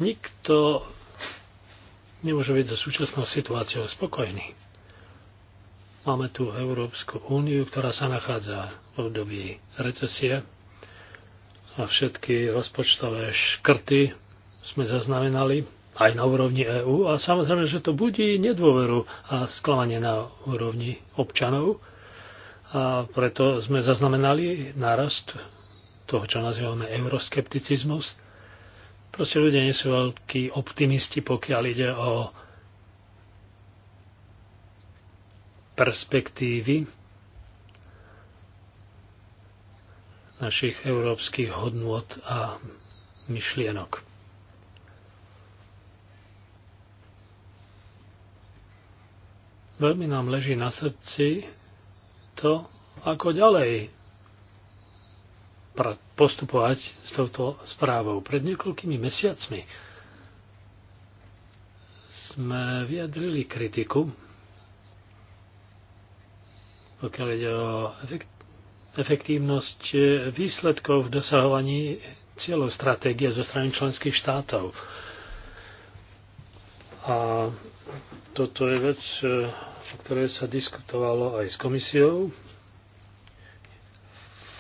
Nikto nemôže byť za súčasnou situáciou spokojný. Máme tu Európsku úniu, ktorá sa nachádza v období recesie a všetky rozpočtové škrty sme zaznamenali aj na úrovni EÚ a samozrejme, že to budí nedôveru a sklamanie na úrovni občanov a preto sme zaznamenali nárast toho, čo nazývame euroskepticizmus Proste ľudia nie sú veľkí optimisti, pokiaľ ide o perspektívy našich európskych hodnôt a myšlienok. Veľmi nám leží na srdci to, ako ďalej postupovať s touto správou. Pred niekoľkými mesiacmi sme vyjadrili kritiku, pokiaľ ide o efektívnosť výsledkov v dosahovaní cieľov stratégie zo strany členských štátov. A toto je vec, o ktorej sa diskutovalo aj s komisiou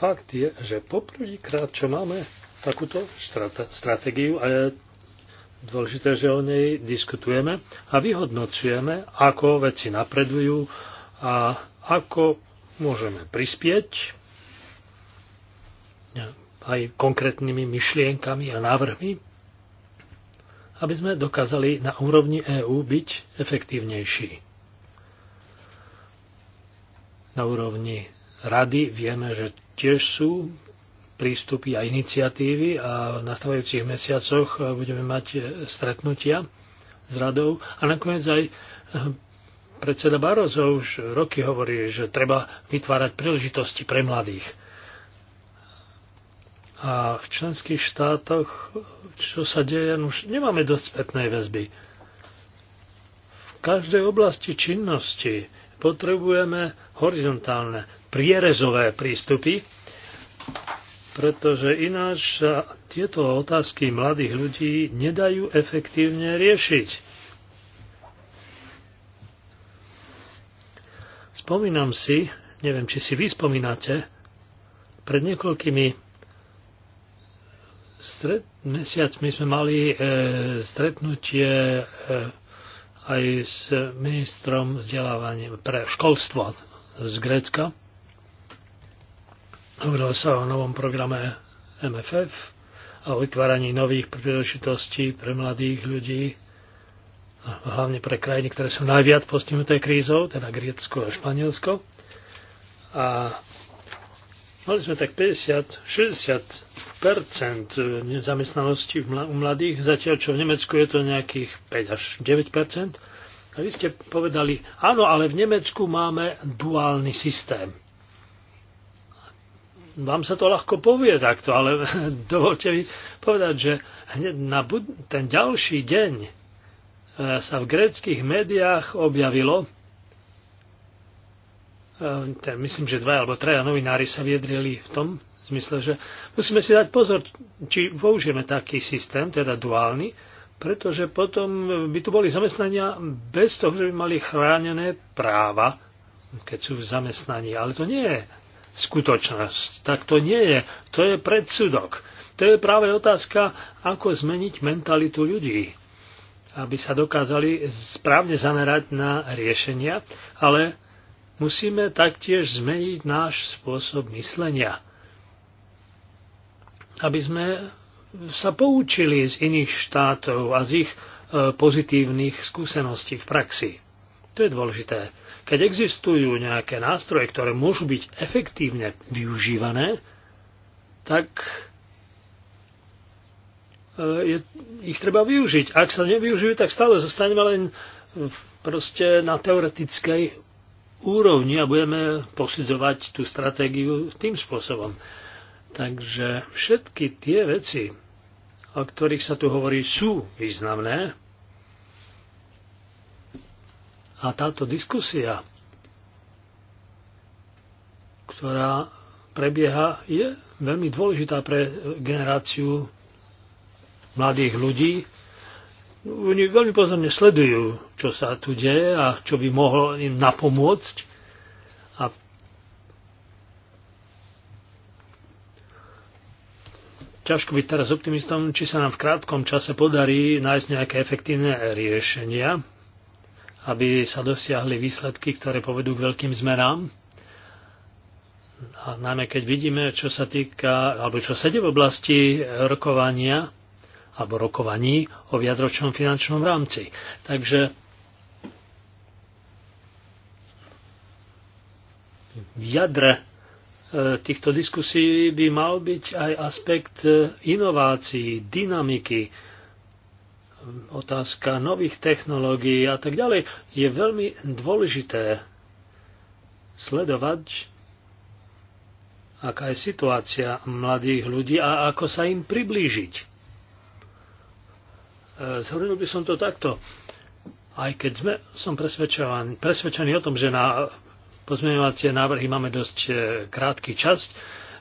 fakt je, že poprvýkrát, čo máme takúto stratégiu a je dôležité, že o nej diskutujeme a vyhodnocujeme, ako veci napredujú a ako môžeme prispieť aj konkrétnymi myšlienkami a návrhmi, aby sme dokázali na úrovni EÚ byť efektívnejší. Na úrovni rady vieme, že tiež sú prístupy a iniciatívy a v nastávajúcich mesiacoch eh, budeme mať eh, stretnutia s radou a nakoniec aj eh, predseda Barozo už roky hovorí, že treba vytvárať príležitosti pre mladých. A v členských štátoch, čo sa deje, no už nemáme dosť spätnej väzby. V každej oblasti činnosti potrebujeme horizontálne, prierezové prístupy, pretože ináč sa tieto otázky mladých ľudí nedajú efektívne riešiť. Spomínam si, neviem, či si vy spomínate, pred niekoľkými stret, mesiacmi sme mali e, stretnutie e, aj s ministrom vzdelávania pre školstvo z Grécka. Hovorilo sa o novom programe MFF a o vytváraní nových príležitostí pre mladých ľudí, hlavne pre krajiny, ktoré sú najviac postihnuté krízou, teda Grécko a Španielsko. A mali sme tak 50-60 E, nezamestnanosti u mladých, zatiaľ čo v Nemecku je to nejakých 5 až 9 A vy ste povedali, áno, ale v Nemecku máme duálny systém. Vám sa to ľahko povie takto, ale dovolte mi povedať, že hneď na ten ďalší deň e, sa v gréckých médiách objavilo, e, myslím, že dva alebo traja novinári sa viedrili v tom, zmysle, že musíme si dať pozor, či použijeme taký systém, teda duálny, pretože potom by tu boli zamestnania bez toho, že by mali chránené práva, keď sú v zamestnaní. Ale to nie je skutočnosť. Tak to nie je. To je predsudok. To je práve otázka, ako zmeniť mentalitu ľudí, aby sa dokázali správne zamerať na riešenia, ale musíme taktiež zmeniť náš spôsob myslenia aby sme sa poučili z iných štátov a z ich e, pozitívnych skúseností v praxi. To je dôležité. Keď existujú nejaké nástroje, ktoré môžu byť efektívne využívané, tak e, je, ich treba využiť. Ak sa nevyužijú, tak stále zostaneme len proste na teoretickej úrovni a budeme posudzovať tú stratégiu tým spôsobom. Takže všetky tie veci, o ktorých sa tu hovorí, sú významné. A táto diskusia, ktorá prebieha, je veľmi dôležitá pre generáciu mladých ľudí. Oni veľmi pozorne sledujú, čo sa tu deje a čo by mohlo im napomôcť. ťažko byť teraz optimistom, či sa nám v krátkom čase podarí nájsť nejaké efektívne riešenia, aby sa dosiahli výsledky, ktoré povedú k veľkým zmerám. A najmä keď vidíme, čo sa týka, alebo čo sedie v oblasti rokovania, alebo rokovaní o viadročnom finančnom rámci. Takže v jadre E, týchto diskusí by mal byť aj aspekt e, inovácií, dynamiky, otázka nových technológií a tak ďalej. Je veľmi dôležité sledovať, aká je situácia mladých ľudí a ako sa im priblížiť. E, zhrnul by som to takto. Aj keď sme, som presvedčený, presvedčený o tom, že na pozmeňovacie návrhy, máme dosť e, krátky čas.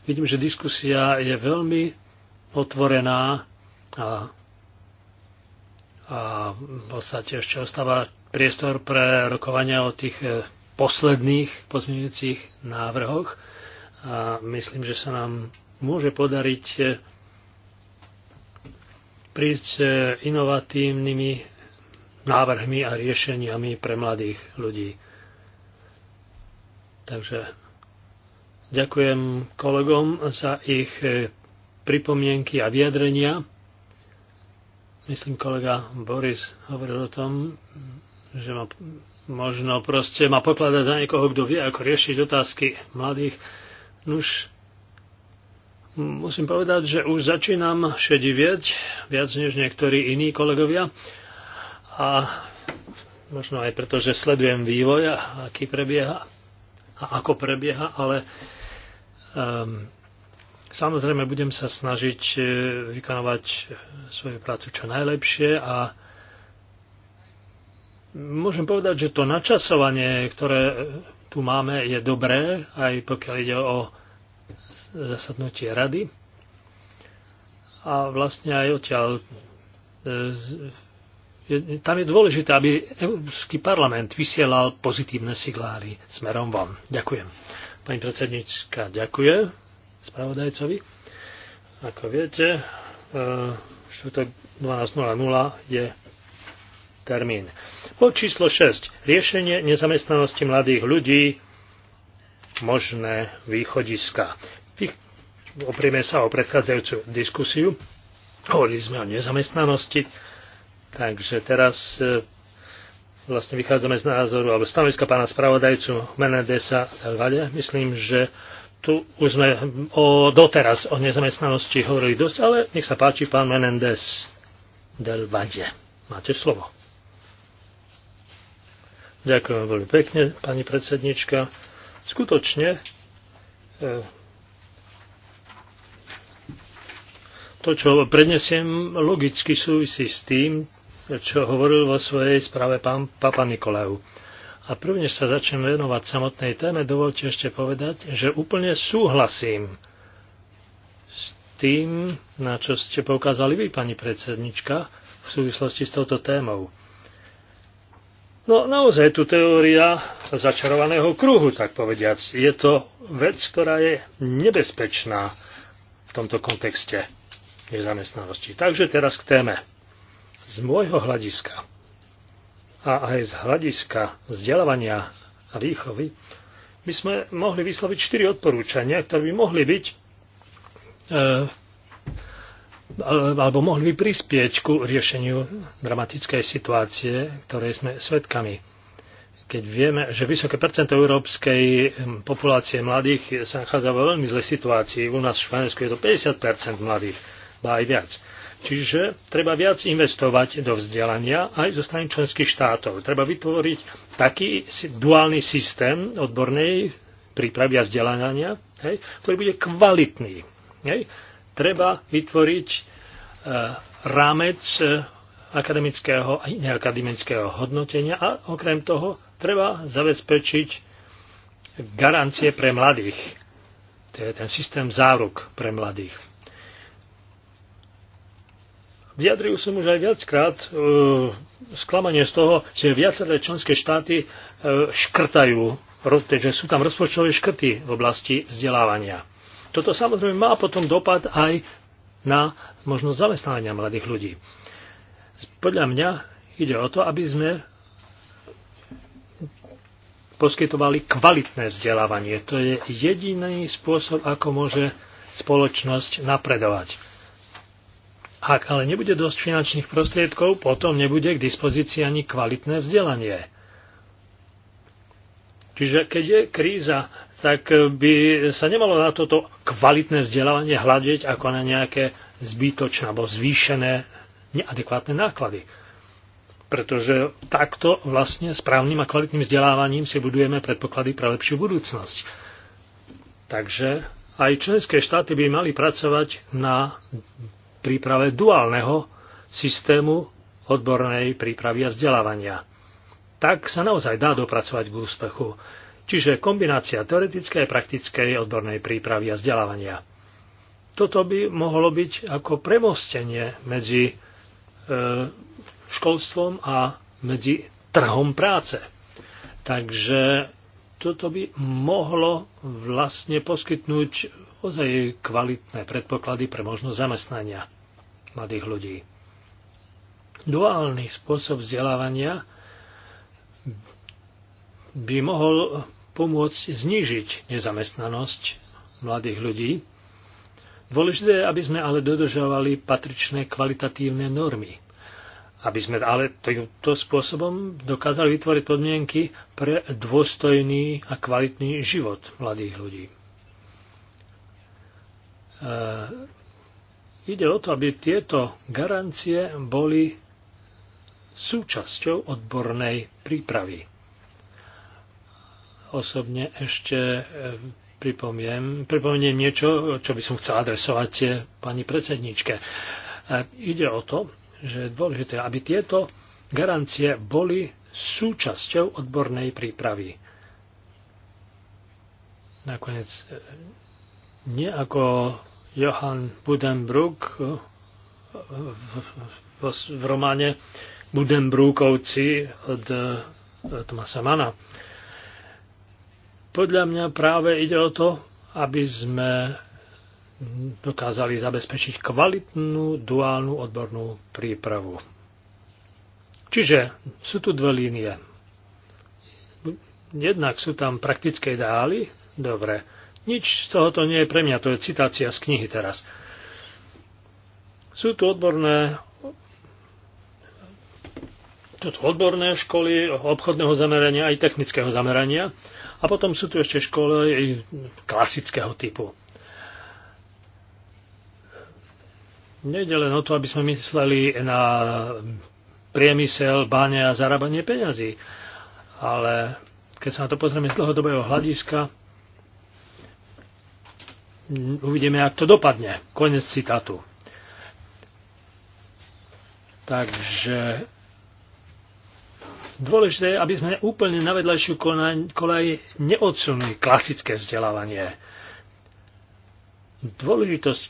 Vidím, že diskusia je veľmi otvorená a, a v podstate ešte ostáva priestor pre rokovania o tých e, posledných pozmeňujúcich návrhoch a myslím, že sa nám môže podariť e, prísť inovatívnymi návrhmi a riešeniami pre mladých ľudí. Takže ďakujem kolegom za ich e, pripomienky a vyjadrenia. Myslím, kolega Boris hovoril o tom, že ma, možno proste ma pokladať za niekoho, kto vie, ako riešiť otázky mladých. Nuž, musím povedať, že už začínam šedivieť viac než niektorí iní kolegovia a možno aj preto, že sledujem vývoj, aký prebieha a ako prebieha, ale um, samozrejme budem sa snažiť e, vykonávať svoju prácu čo najlepšie a môžem povedať, že to načasovanie, ktoré tu máme, je dobré, aj pokiaľ ide o zasadnutie rady. A vlastne aj odtiaľ e, tam je dôležité, aby Európsky parlament vysielal pozitívne signály smerom von. Ďakujem. Pani predsednička, ďakujem spravodajcovi. Ako viete, eh, štvrtok 12.00 je termín. Pod číslo 6. Riešenie nezamestnanosti mladých ľudí možné východiska. Oprieme sa o predchádzajúcu diskusiu. Hovorili sme o nezamestnanosti Takže teraz e, vlastne vychádzame z názoru alebo stanoviska pána spravodajcu Menendesa Delvade. Myslím, že tu už sme o, doteraz o nezamestnanosti hovorili dosť, ale nech sa páči pán Menendez del Valle. Máte slovo. Ďakujem veľmi pekne, pani predsednička. Skutočne e, to, čo prednesiem, logicky súvisí s tým, čo hovoril vo svojej správe pán Papa Nikolaju. A prvne sa začnem venovať samotnej téme, dovolte ešte povedať, že úplne súhlasím s tým, na čo ste poukázali vy, pani predsednička, v súvislosti s touto témou. No naozaj tu teória začarovaného kruhu, tak povediac. Je to vec, ktorá je nebezpečná v tomto kontexte nezamestnanosti. Takže teraz k téme z môjho hľadiska a aj z hľadiska vzdelávania a výchovy by sme mohli vysloviť 4 odporúčania, ktoré by mohli byť e, alebo mohli by prispieť ku riešeniu dramatickej situácie, ktorej sme svedkami. Keď vieme, že vysoké percento európskej populácie mladých sa nachádza vo veľmi zlej situácii, u nás v Španielsku je to 50 mladých, ba aj viac. Čiže treba viac investovať do vzdelania aj zo strany členských štátov. Treba vytvoriť taký duálny systém odbornej prípravy a vzdelania, hej, ktorý bude kvalitný. Hej. Treba vytvoriť e, rámec e, akademického a neakademického hodnotenia a okrem toho treba zabezpečiť garancie pre mladých. To je ten systém záruk pre mladých. Vyjadril som už aj viackrát e, sklamanie z toho, že viaceré členské štáty e, škrtajú, že sú tam rozpočtové škrty v oblasti vzdelávania. Toto samozrejme má potom dopad aj na možnosť zamestnávania mladých ľudí. Podľa mňa ide o to, aby sme poskytovali kvalitné vzdelávanie. To je jediný spôsob, ako môže spoločnosť napredovať ak ale nebude dosť finančných prostriedkov, potom nebude k dispozícii ani kvalitné vzdelanie. Čiže keď je kríza, tak eh, by sa nemalo na toto kvalitné vzdelávanie hľadiť ako na nejaké zbytočné alebo zvýšené neadekvátne náklady. Pretože takto vlastne správnym a kvalitným vzdelávaním si budujeme predpoklady pre lepšiu budúcnosť. Takže aj členské štáty by mali pracovať na príprave duálneho systému odbornej prípravy a vzdelávania. Tak sa naozaj dá dopracovať k úspechu, čiže kombinácia teoretickej a praktickej odbornej prípravy a vzdelávania. Toto by mohlo byť ako premostenie medzi e, školstvom a medzi trhom práce. Takže toto by mohlo vlastne poskytnúť ozaj kvalitné predpoklady pre možnosť zamestnania mladých ľudí. Duálny spôsob vzdelávania by mohol pomôcť znížiť nezamestnanosť mladých ľudí. Dôležité je, aby sme ale dodržovali patričné kvalitatívne normy aby sme ale týmto spôsobom dokázali vytvoriť podmienky pre dôstojný a kvalitný život mladých ľudí. E, ide o to, aby tieto garancie boli súčasťou odbornej prípravy. Osobne ešte e, pripomiem, pripomiem niečo, čo by som chcel adresovať e, pani predsedničke. E, ide o to, že je dôležité, aby tieto garancie boli súčasťou odbornej prípravy. Nakoniec e, nie ako Johann Budenbrook e, v, v románe Budenbrookovci od e, Tomasa Mana. Podľa mňa práve ide o to, aby sme dokázali zabezpečiť kvalitnú duálnu odbornú prípravu. Čiže sú tu dve línie. Jednak sú tam praktické ideály, dobre. Nič z tohoto nie je pre mňa, to je citácia z knihy teraz. Sú tu odborné sú tu odborné školy obchodného zamerania aj technického zamerania a potom sú tu ešte školy klasického typu. Nejde len o to, aby sme mysleli na priemysel, báne a zarábanie peňazí. Ale keď sa na to pozrieme z dlhodobého hľadiska, uvidíme, ak to dopadne. Konec citátu. Takže dôležité je, aby sme úplne na vedľajšiu kolej neodsunuli klasické vzdelávanie. Dôležitosť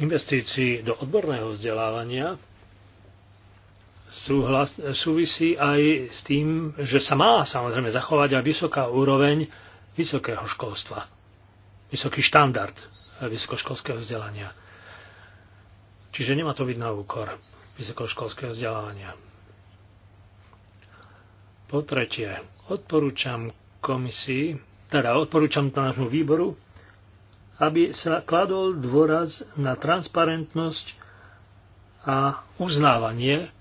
investícií do odborného vzdelávania súhlas, súvisí aj s tým, že sa má samozrejme zachovať aj vysoká úroveň vysokého školstva, vysoký štandard vysokoškolského vzdelania. Čiže nemá to byť na úkor vysokoškolského vzdelávania. Po tretie, odporúčam komisii, teda odporúčam nášmu výboru, aby sa kladol dôraz na transparentnosť a uznávanie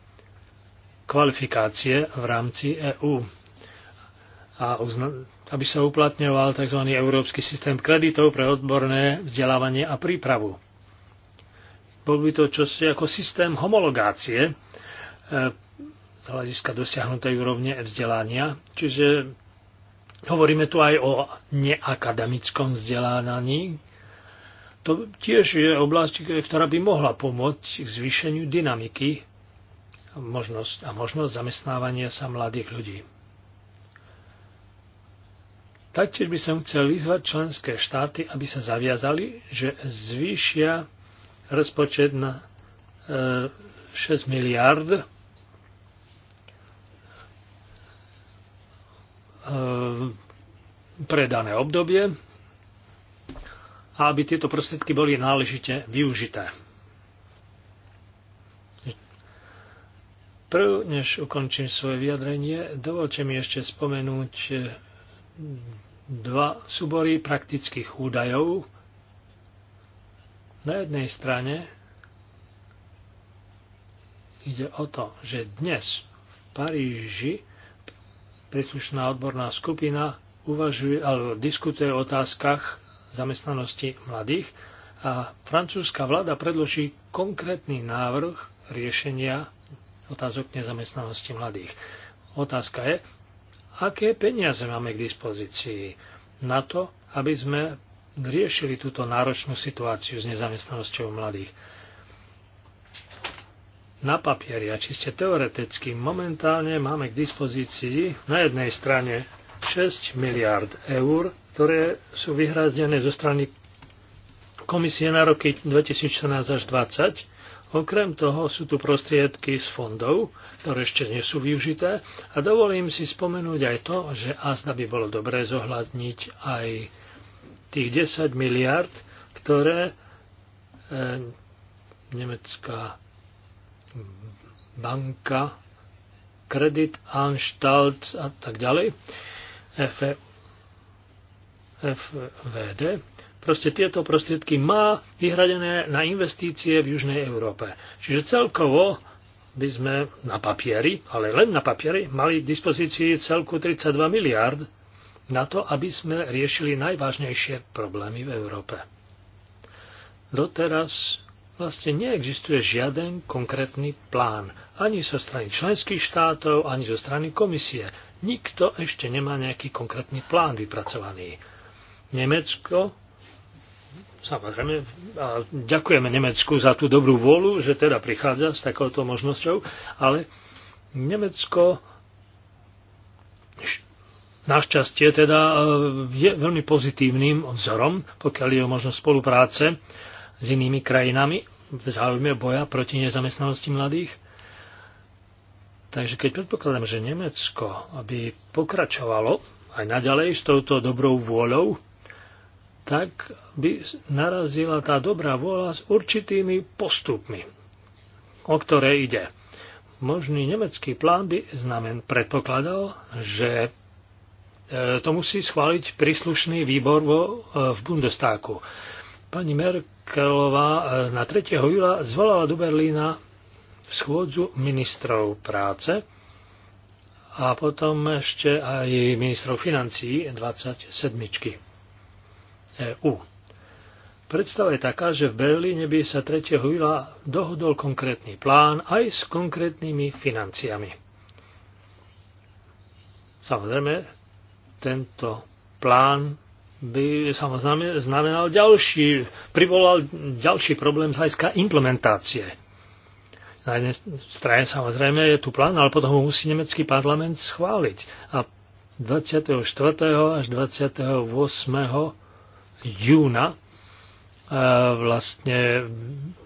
kvalifikácie v rámci EÚ a aby sa uplatňoval tzv. európsky systém kreditov pre odborné vzdelávanie a prípravu. Bol by to čosi ako systém homologácie e, z hľadiska dosiahnutej úrovne vzdelania, čiže hovoríme tu aj o neakademickom vzdelávaní, to tiež je oblasť, ktorá by mohla pomôcť k zvýšeniu dynamiky a možnosť, a možnosť zamestnávania sa mladých ľudí. Taktiež by som chcel vyzvať členské štáty, aby sa zaviazali, že zvýšia rozpočet na e, 6 miliard. E, pre dané obdobie a aby tieto prostriedky boli náležite využité. Prv, než ukončím svoje vyjadrenie, dovolte mi ešte spomenúť e, dva súbory praktických údajov. Na jednej strane ide o to, že dnes v Paríži príslušná odborná skupina uvažuje alebo diskutuje o otázkach zamestnanosti mladých a francúzska vláda predloží konkrétny návrh riešenia otázok nezamestnanosti mladých. Otázka je, aké peniaze máme k dispozícii na to, aby sme riešili túto náročnú situáciu s nezamestnanosťou mladých. Na papieri a čiste teoreticky momentálne máme k dispozícii na jednej strane 6 miliard eur, ktoré sú vyhrázdené zo strany komisie na roky 2014 až 2020. Okrem toho sú tu prostriedky z fondov, ktoré ešte nie sú využité a dovolím si spomenúť aj to, že azda by bolo dobré zohľadniť aj tých 10 miliard, ktoré e, nemecká banka, kredit, Anstalt a tak ďalej, FVD, proste tieto prostriedky má vyhradené na investície v Južnej Európe. Čiže celkovo by sme na papieri, ale len na papieri, mali k dispozícii celku 32 miliard na to, aby sme riešili najvážnejšie problémy v Európe. Doteraz vlastne neexistuje žiaden konkrétny plán, ani zo strany členských štátov, ani zo strany komisie, nikto ešte nemá nejaký konkrétny plán vypracovaný. Nemecko, samozrejme, a ďakujeme Nemecku za tú dobrú vôľu, že teda prichádza s takouto možnosťou, ale Nemecko našťastie teda e, je veľmi pozitívnym vzorom, pokiaľ je o možnosť spolupráce s inými krajinami v záujme boja proti nezamestnanosti mladých. Takže keď predpokladám, že Nemecko aby pokračovalo aj naďalej s touto dobrou vôľou, tak by narazila tá dobrá vôľa s určitými postupmi, o ktoré ide. Možný nemecký plán by znamen predpokladal, že e, to musí schváliť príslušný výbor vo, e, v Bundestáku. Pani Merkelová e, na 3. júla zvolala do Berlína schôdzu ministrov práce a potom ešte aj ministrov financí 27. EU. Predstava je taká, že v Berlíne by sa 3. júla dohodol konkrétny plán aj s konkrétnymi financiami. Samozrejme, tento plán by samozrejme znamenal ďalší, privolal ďalší problém z hľadiska implementácie na jednej strane samozrejme je tu plán, ale potom ho musí nemecký parlament schváliť. A 24. až 28. júna e, vlastne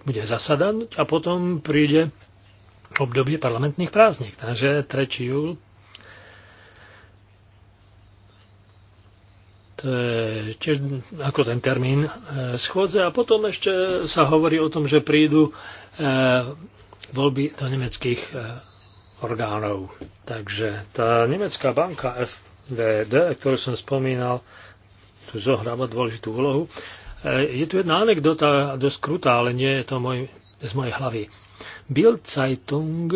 bude zasadať a potom príde obdobie parlamentných prázdnik. Takže 3. júl to je tiež ako ten termín e, schôdze a potom ešte sa hovorí o tom, že prídu e, voľby do nemeckých e, orgánov. Takže tá nemecká banka FVD, ktorú som spomínal, tu zohráva dôležitú úlohu. E, je tu jedna anekdota dosť krutá, ale nie je to môj, z mojej hlavy. Bild Zeitung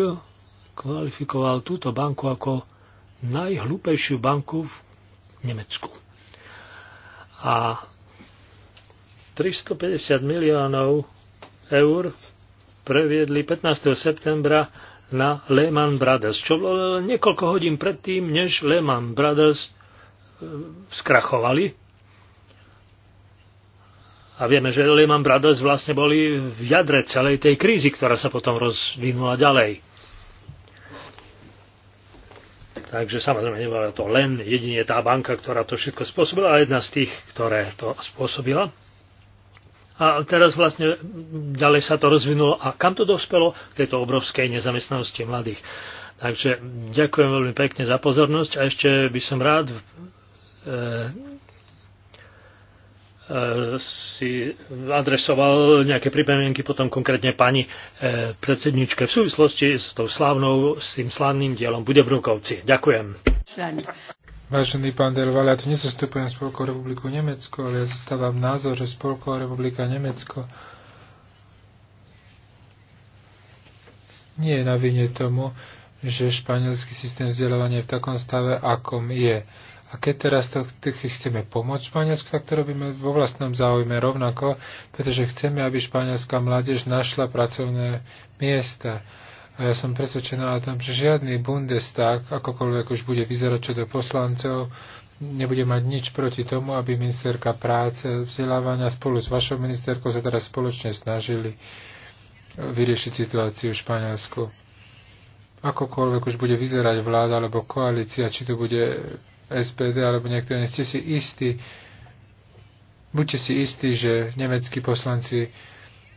kvalifikoval túto banku ako najhlúpejšiu banku v Nemecku. A 350 miliónov eur previedli 15. septembra na Lehman Brothers, čo bolo niekoľko hodín predtým, než Lehman Brothers e, skrachovali. A vieme, že Lehman Brothers vlastne boli v jadre celej tej krízy, ktorá sa potom rozvinula ďalej. Takže samozrejme nebola to len jedine tá banka, ktorá to všetko spôsobila, ale jedna z tých, ktoré to spôsobila a teraz vlastne ďalej sa to rozvinulo a kam to dospelo? K tejto obrovskej nezamestnanosti mladých. Takže ďakujem veľmi pekne za pozornosť a ešte by som rád e, e si adresoval nejaké pripomienky potom konkrétne pani e, predsedničke v súvislosti s, tou slávnou, s tým slávnym dielom Budebrukovci. Ďakujem. Vážený pán Delvala, ja tu nezastupujem Spolkovú republiku Nemecko, ale ja zastávam názor, že Spolková republika Nemecko nie je na vine tomu, že španielský systém vzdelávania je v takom stave, akom je. A keď teraz to, chceme pomôcť Španielsku, tak to robíme vo vlastnom záujme rovnako, pretože chceme, aby španielská mládež našla pracovné miesta. A ja som presvedčená o tom, že žiadny Bundestag, akokoľvek už bude vyzerať čo do poslancov, nebude mať nič proti tomu, aby ministerka práce, vzdelávania spolu s vašou ministerkou sa teraz spoločne snažili vyriešiť situáciu v Španielsku. Akokoľvek už bude vyzerať vláda alebo koalícia, či to bude SPD alebo niekto iný, ste si istí, buďte si istí, že nemeckí poslanci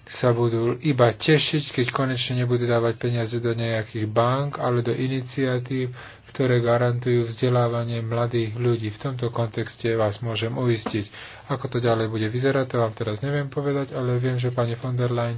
sa budú iba tešiť, keď konečne nebudú dávať peniaze do nejakých bank, ale do iniciatív, ktoré garantujú vzdelávanie mladých ľudí. V tomto kontexte vás môžem uistiť. Ako to ďalej bude vyzerať, to vám teraz neviem povedať, ale viem, že pani von der Leyen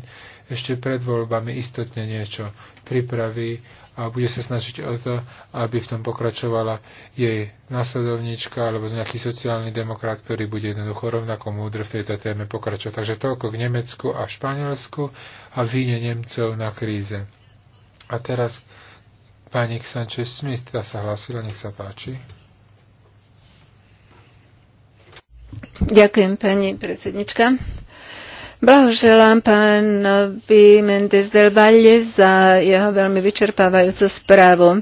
ešte pred voľbami istotne niečo pripraví a bude sa snažiť o to, aby v tom pokračovala jej nasledovníčka alebo nejaký sociálny demokrat, ktorý bude jednoducho rovnako múdr v tejto téme pokračovať. Takže toľko k Nemecku a Španielsku a víne Nemcov na kríze. A teraz pani Sanchez Smith, tá sa hlásila, nech sa páči. Ďakujem, pani predsednička. Blahoželám pánovi Mendes del Valle za jeho veľmi vyčerpávajúcu správu.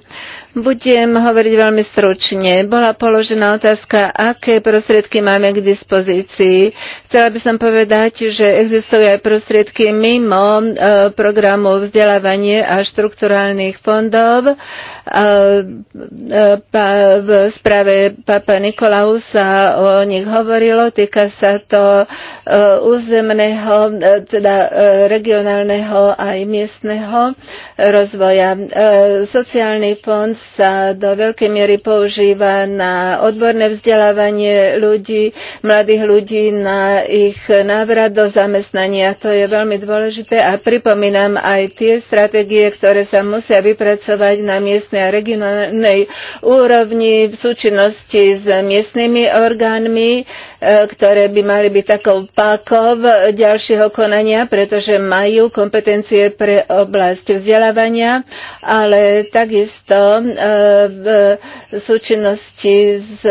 Budem hovoriť veľmi stručne. Bola položená otázka, aké prostriedky máme k dispozícii. Chcela by som povedať, že existujú aj prostriedky mimo e, programu vzdelávanie a štrukturálnych fondov. E, e, v správe Papa Nikolau sa o nich hovorilo. Týka sa to územného, teda regionálneho aj miestneho rozvoja. Sociálny fond sa do veľkej miery používa na odborné vzdelávanie ľudí, mladých ľudí, na ich návrat do zamestnania. To je veľmi dôležité a pripomínam aj tie stratégie, ktoré sa musia vypracovať na miestnej a regionálnej úrovni v súčinnosti s miestnymi orgánmi E, ktoré by mali byť takou pákov ďalšieho konania, pretože majú kompetencie pre oblasť vzdelávania, ale takisto e, v súčinnosti s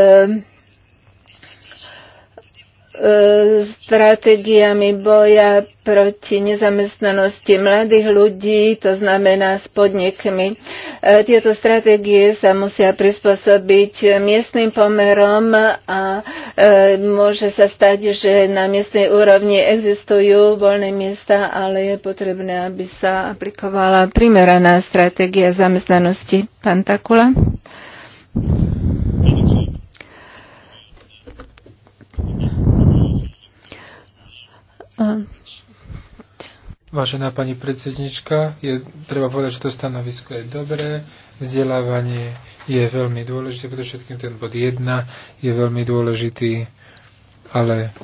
E, stratégiami boja proti nezamestnanosti mladých ľudí, to znamená s podnikmi. E, tieto stratégie sa musia prispôsobiť miestnym pomerom a e, môže sa stať, že na miestnej úrovni existujú voľné miesta, ale je potrebné, aby sa aplikovala primeraná stratégia zamestnanosti. Pán Takula? Vážená pani predsednička, je, treba povedať, že to stanovisko je dobré. Vzdelávanie je veľmi dôležité, všetkým ten bod 1 je veľmi dôležitý, ale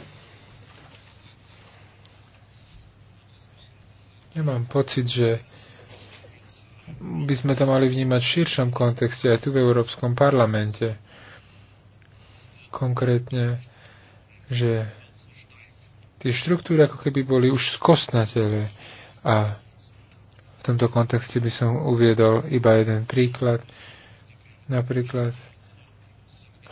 ja mám pocit, že by sme to mali vnímať v širšom kontexte aj tu v Európskom parlamente. Konkrétne, že tie štruktúry ako keby boli už skosnatele. A v tomto kontexte by som uviedol iba jeden príklad. Napríklad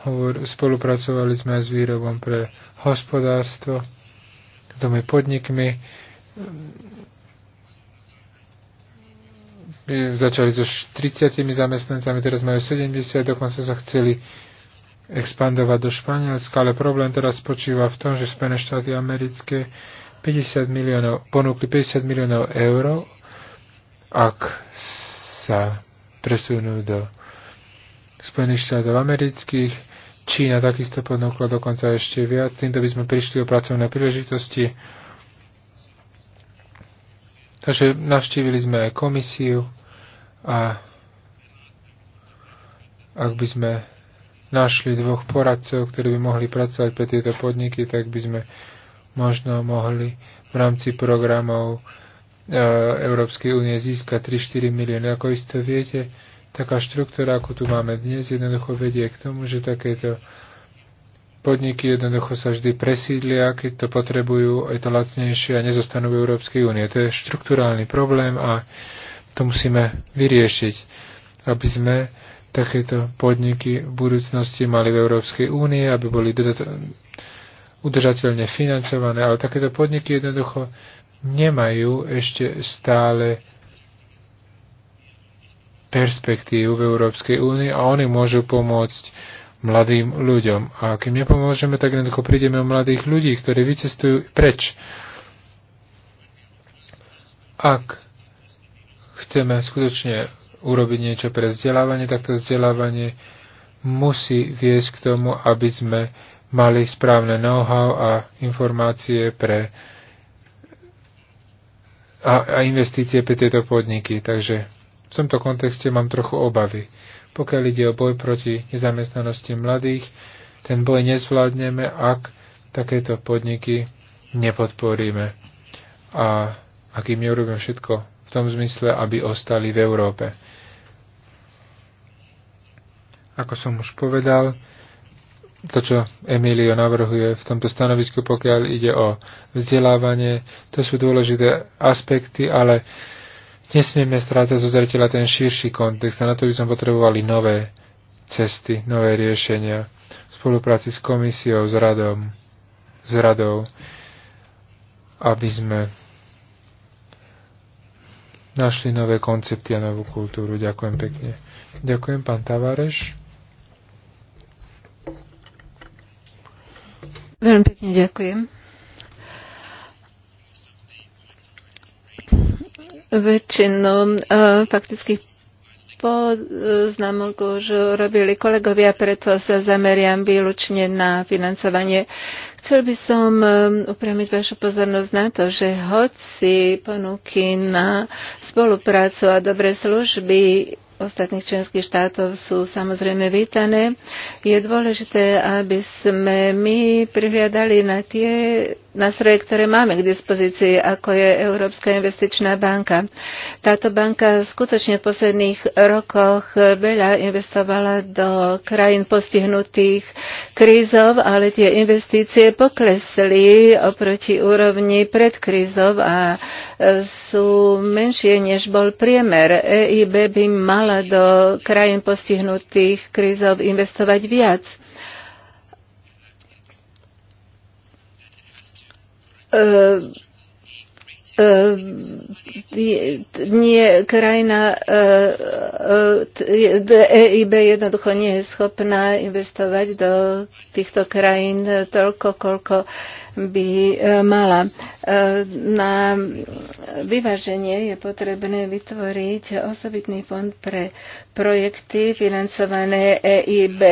hovor, spolupracovali sme aj s výrobom pre hospodárstvo, s domy podnikmi. Začali so 30 zamestnancami, teraz majú 70, dokonca sa chceli expandovať do Španielska, ale problém teraz spočíva v tom, že Spojené štáty americké 50 miliónov, ponúkli 50 miliónov eur, ak sa presunú do Spojených štátov amerických. Čína takisto ponúkla dokonca ešte viac. Týmto by sme prišli o pracovné príležitosti. Takže navštívili sme aj komisiu a ak by sme našli dvoch poradcov, ktorí by mohli pracovať pre tieto podniky, tak by sme možno mohli v rámci programov e, Európskej únie získať 3-4 milióny. Ako isto viete, taká štruktúra, ako tu máme dnes, jednoducho vedie k tomu, že takéto podniky jednoducho sa vždy presídlia, keď to potrebujú, je to lacnejšie a nezostanú v Európskej únie. To je štruktúrálny problém a to musíme vyriešiť, aby sme takéto podniky v budúcnosti mali v Európskej únie, aby boli udržateľne financované, ale takéto podniky jednoducho nemajú ešte stále perspektívu v Európskej únii a oni môžu pomôcť mladým ľuďom. A keď nepomôžeme, tak jednoducho prídeme o mladých ľudí, ktorí vycestujú preč. Ak chceme skutočne urobiť niečo pre vzdelávanie, tak to vzdelávanie musí viesť k tomu, aby sme mali správne know-how a informácie pre a, a investície pre tieto podniky. Takže v tomto kontexte mám trochu obavy. Pokiaľ ide o boj proti nezamestnanosti mladých, ten boj nezvládneme, ak takéto podniky nepodporíme. A ak im neurobím všetko v tom zmysle, aby ostali v Európe. Ako som už povedal, to, čo Emilio navrhuje v tomto stanovisku, pokiaľ ide o vzdelávanie, to sú dôležité aspekty, ale nesmieme strácať zo zretela ten širší kontext a na to by sme potrebovali nové cesty, nové riešenia v spolupráci s komisiou, s radom, s radou, aby sme našli nové koncepty a novú kultúru. Ďakujem pekne. Ďakujem, pán Tavareš. Veľmi pekne ďakujem. Väčšinu uh, e, faktických poznámok už robili kolegovia, preto sa zameriam výlučne na financovanie. Chcel by som e, upriamiť vašu pozornosť na to, že hoci ponuky na spoluprácu a dobré služby ostatných členských štátov sú samozrejme vítané. Je dôležité, aby sme my prihliadali na tie nástroje, ktoré máme k dispozícii, ako je Európska investičná banka. Táto banka skutočne v posledných rokoch veľa investovala do krajín postihnutých krízov, ale tie investície poklesli oproti úrovni pred krízov a e, sú menšie, než bol priemer. EIB by mala do krajín postihnutých krízov investovať viac. E, e, e, nie, krajina EIB jednoducho nie je schopná investovať do týchto krajín toľko, koľko uh, by e, mala. E, na vyváženie je potrebné vytvoriť osobitný fond pre projekty financované EIB.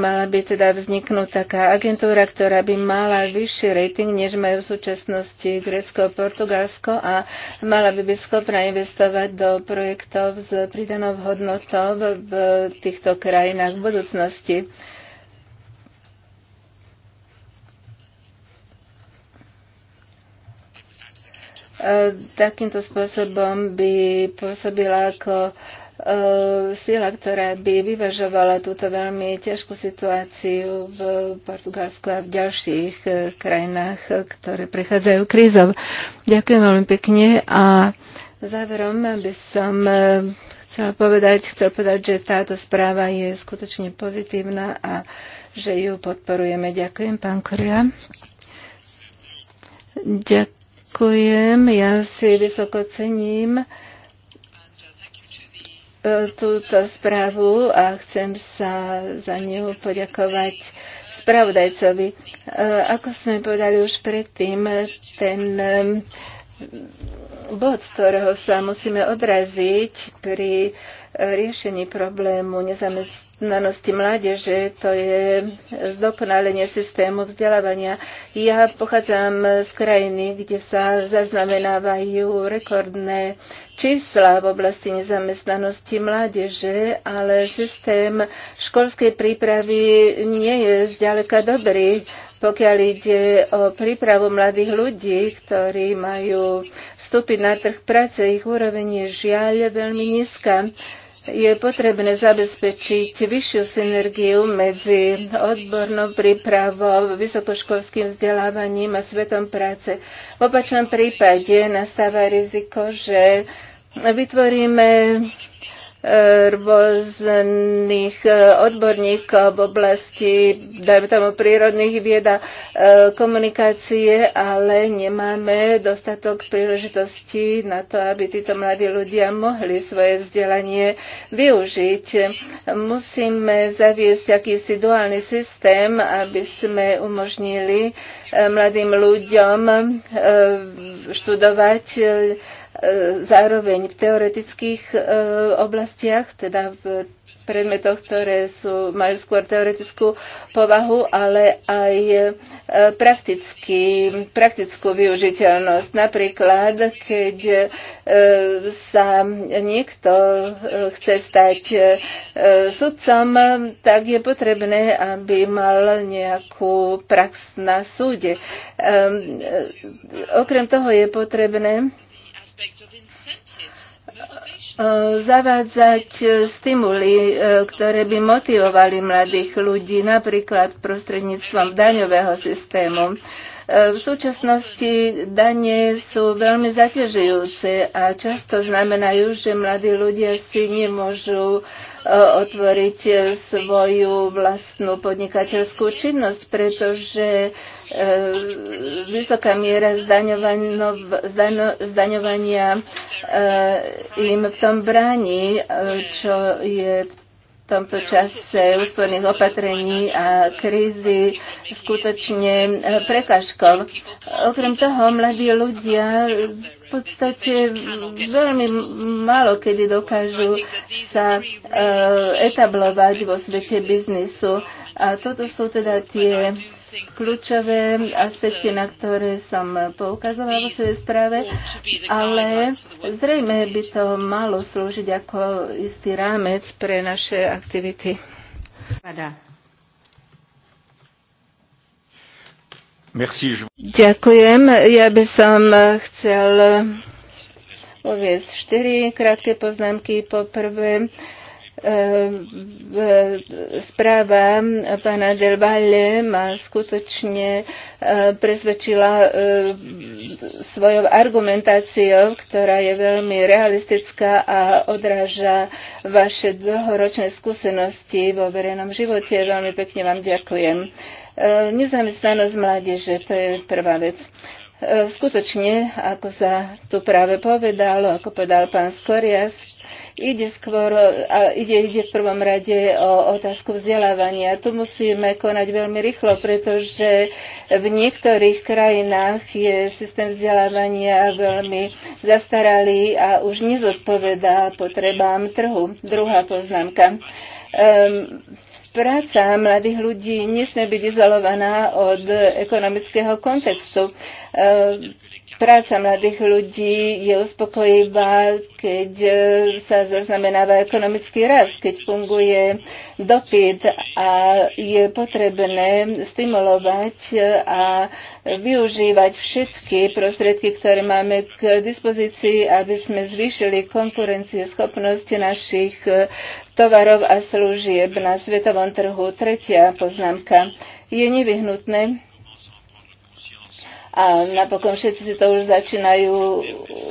Mala by teda vzniknúť taká agentúra, ktorá by mala vyšší rating, než majú v súčasnosti Grécko a Portugalsko a mala by byť schopná investovať do projektov s pridanou hodnotou v týchto krajinách v budúcnosti. E, takýmto spôsobom by pôsobila ako e, sila, ktorá by vyvažovala túto veľmi ťažkú situáciu v Portugalsku a v ďalších e, krajinách, ktoré prechádzajú krízov. Ďakujem veľmi pekne a záverom by som chcela povedať, chcel povedať, že táto správa je skutočne pozitívna a že ju podporujeme. Ďakujem, pán Koria. Ďakujem. Ďakujem, ja si vysoko cením e, túto správu a chcem sa za ňu poďakovať spravodajcovi. E, ako sme povedali už predtým, ten bod, z ktorého sa musíme odraziť pri e, riešení problému nezamestnanosti mládeže, to je zdokonalenie systému vzdelávania. Ja pochádzam z krajiny, kde sa zaznamenávajú rekordné čísla v oblasti nezamestnanosti mládeže, ale systém školskej prípravy nie je zďaleka dobrý, pokiaľ ide o prípravu mladých ľudí, ktorí majú vstúpiť na trh práce. Ich úroveň je žiaľ veľmi nízka je potrebné zabezpečiť vyššiu synergiu medzi odbornou prípravou, vysokoškolským vzdelávaním a svetom práce. V opačnom prípade nastáva riziko, že vytvoríme rôznych e, odborníkov v oblasti, dajme tomu, prírodných vied a e, komunikácie, ale nemáme dostatok príležitostí na to, aby títo mladí ľudia mohli svoje vzdelanie využiť. Musíme zaviesť akýsi duálny systém, aby sme umožnili mladým ľuďom e, študovať e, e, zároveň v teoretických oblastiach, teda v predmetoch, ktoré sú, majú skôr teoretickú povahu, ale aj e, praktický, praktickú využiteľnosť. Napríklad, keď e, sa niekto chce stať e, sudcom, tak je potrebné, aby mal nejakú prax na súde. Ehm, okrem toho je potrebné E, zavádzať e, stimuly, e, ktoré by motivovali mladých ľudí, napríklad prostredníctvom daňového systému. V súčasnosti dane sú veľmi zaťažujúce a často znamenajú, že mladí ľudia si nemôžu otvoriť svoju vlastnú podnikateľskú činnosť, pretože eh, vysoká miera zdaňovania eh, im v tom bráni, eh, čo je v tomto čase úsporných opatrení a krízy skutočne eh, prekažkov. Okrem toho, mladí ľudia v podstate veľmi málo kedy dokážu sa eh, etablovať vo svete biznisu. A toto sú teda tie kľúčové aspekty, na ktoré som poukazovala vo svojej správe, ale zrejme by to malo slúžiť ako istý rámec pre naše aktivity. Ďakujem. Ja by som chcel uviezť štyri krátke poznámky. Po prvé, E, e, správa pána Del Valle ma skutočne e, presvedčila svojou argumentáciou, ktorá je veľmi realistická a odráža vaše dlhoročné skúsenosti vo verejnom živote. Veľmi pekne vám ďakujem. Nezamestnanosť mládeže, to je prvá vec skutočne, ako sa tu práve povedalo, ako povedal pán Skorias, Ide, skôr, a ide, ide v prvom rade o otázku vzdelávania. Tu musíme konať veľmi rýchlo, pretože v niektorých krajinách je systém vzdelávania veľmi zastaralý a už nezodpovedá potrebám trhu. Druhá poznámka. Um, práca mladých ľudí nesmie byť izolovaná od ekonomického kontextu. Ehm, práca mladých ľudí je uspokojivá, keď e, sa zaznamenáva ekonomický rast, keď funguje dopyt a je potrebné stimulovať a využívať všetky prostriedky, ktoré máme k dispozícii, aby sme zvýšili konkurencieschopnosť našich e, tovarov a služieb na svetovom trhu. Tretia poznámka. Je nevyhnutné, a napokon všetci si to už začínajú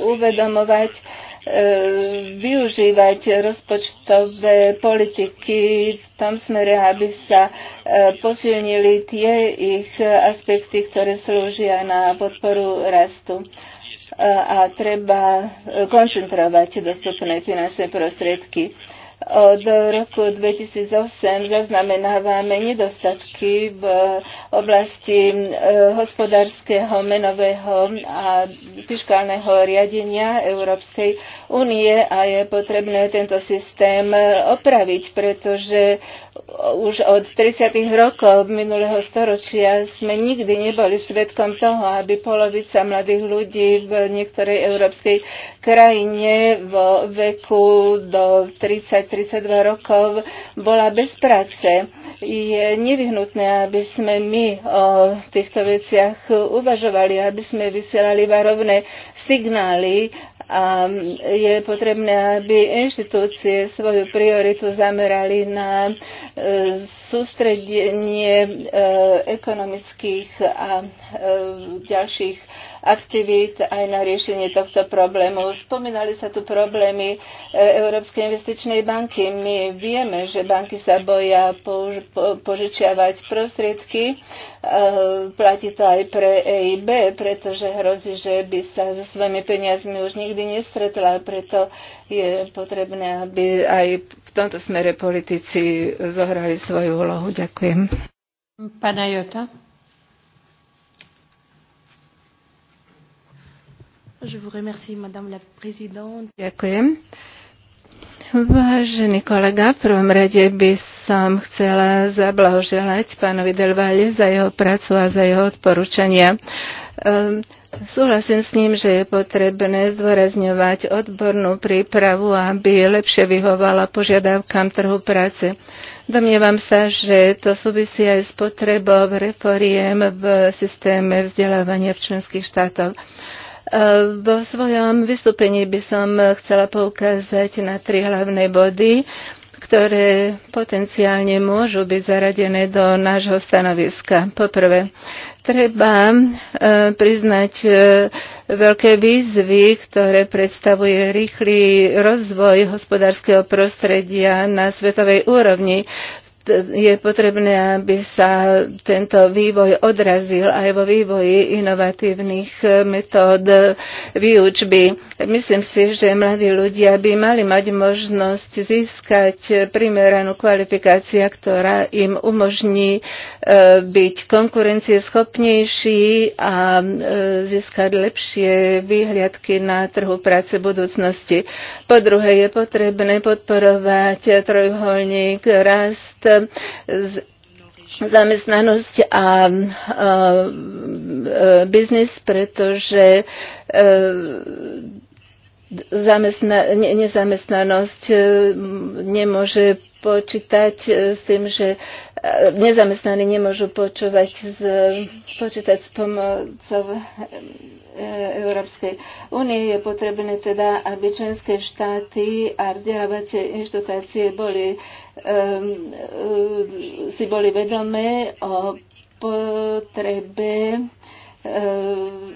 uvedomovať, e, využívať rozpočtové politiky v tom smere, aby sa e, posilnili tie ich aspekty, ktoré slúžia na podporu rastu e, a treba koncentrovať dostupné finančné prostriedky. Od roku 2008 zaznamenávame nedostatky v oblasti e, hospodárskeho, menového a fiskálneho riadenia Európskej únie a je potrebné tento systém opraviť, pretože už od 30. rokov minulého storočia sme nikdy neboli svetkom toho, aby polovica mladých ľudí v niektorej európskej krajine vo veku do 30 32 rokov bola bez práce. Je nevyhnutné, aby sme my o týchto veciach uvažovali, aby sme vysielali varovné signály a je potrebné, aby inštitúcie svoju prioritu zamerali na e, sústredenie e, ekonomických a e, ďalších aktivít aj na riešenie tohto problému. Spomínali sa tu problémy e, Európskej investičnej banky. My vieme, že banky sa boja požičiavať prostriedky. E, platí to aj pre EIB, pretože hrozí, že by sa so svojimi peniazmi už nikdy nestretla. Preto je potrebné, aby aj v tomto smere politici zohrali svoju úlohu. Ďakujem. Pana Jota. Je vous remercie, madame la présidente. Ďakujem. Vážený kolega, v prvom rade by som chcela zablahoželať pánovi Delvali za jeho prácu a za jeho odporúčania. Um, Súhlasím s ním, že je potrebné zdôrazňovať odbornú prípravu, aby lepšie vyhovala požiadavkám trhu práce. Domnievam sa, že to súvisí aj s potrebou reforiem v systéme vzdelávania v členských štátoch. E, vo svojom vystúpení by som chcela poukázať na tri hlavné body, ktoré potenciálne môžu byť zaradené do nášho stanoviska. Poprvé, treba e, priznať e, veľké výzvy, ktoré predstavuje rýchly rozvoj hospodárskeho prostredia na svetovej úrovni. V je potrebné, aby sa tento vývoj odrazil aj vo vývoji inovatívnych metód výučby. Myslím si, že mladí ľudia by mali mať možnosť získať primeranú kvalifikáciu, ktorá im umožní e, byť konkurencieschopnejší a e, získať lepšie výhľadky na trhu práce budúcnosti. Po druhé, je potrebné podporovať trojuholník rast zamestnanosť a e, biznis, pretože e, nezamestnanosť e, nemôže počítať s tým, že nezamestnaní nemôžu počúvať z, počítať s pomocou Európskej únie. Je potrebné teda, aby členské štáty a vzdelávacie inštitúcie boli Ehm, ehm, si boli vedomé o potrebe ehm,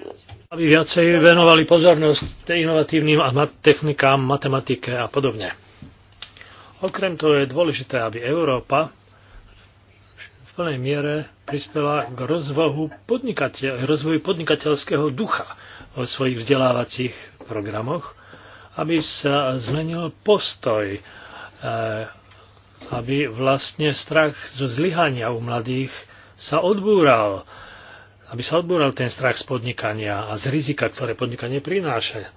aby viacej venovali pozornosť inovatívnym technikám, matematike a podobne. Okrem toho je dôležité, aby Európa v plnej miere prispela k rozvoju, podnikateľ, rozvoju podnikateľského ducha vo svojich vzdelávacích programoch, aby sa zmenil postoj eh, aby vlastne strach zo zlyhania u mladých sa odbúral, aby sa odbúral ten strach z podnikania a z rizika, ktoré podnikanie prináša.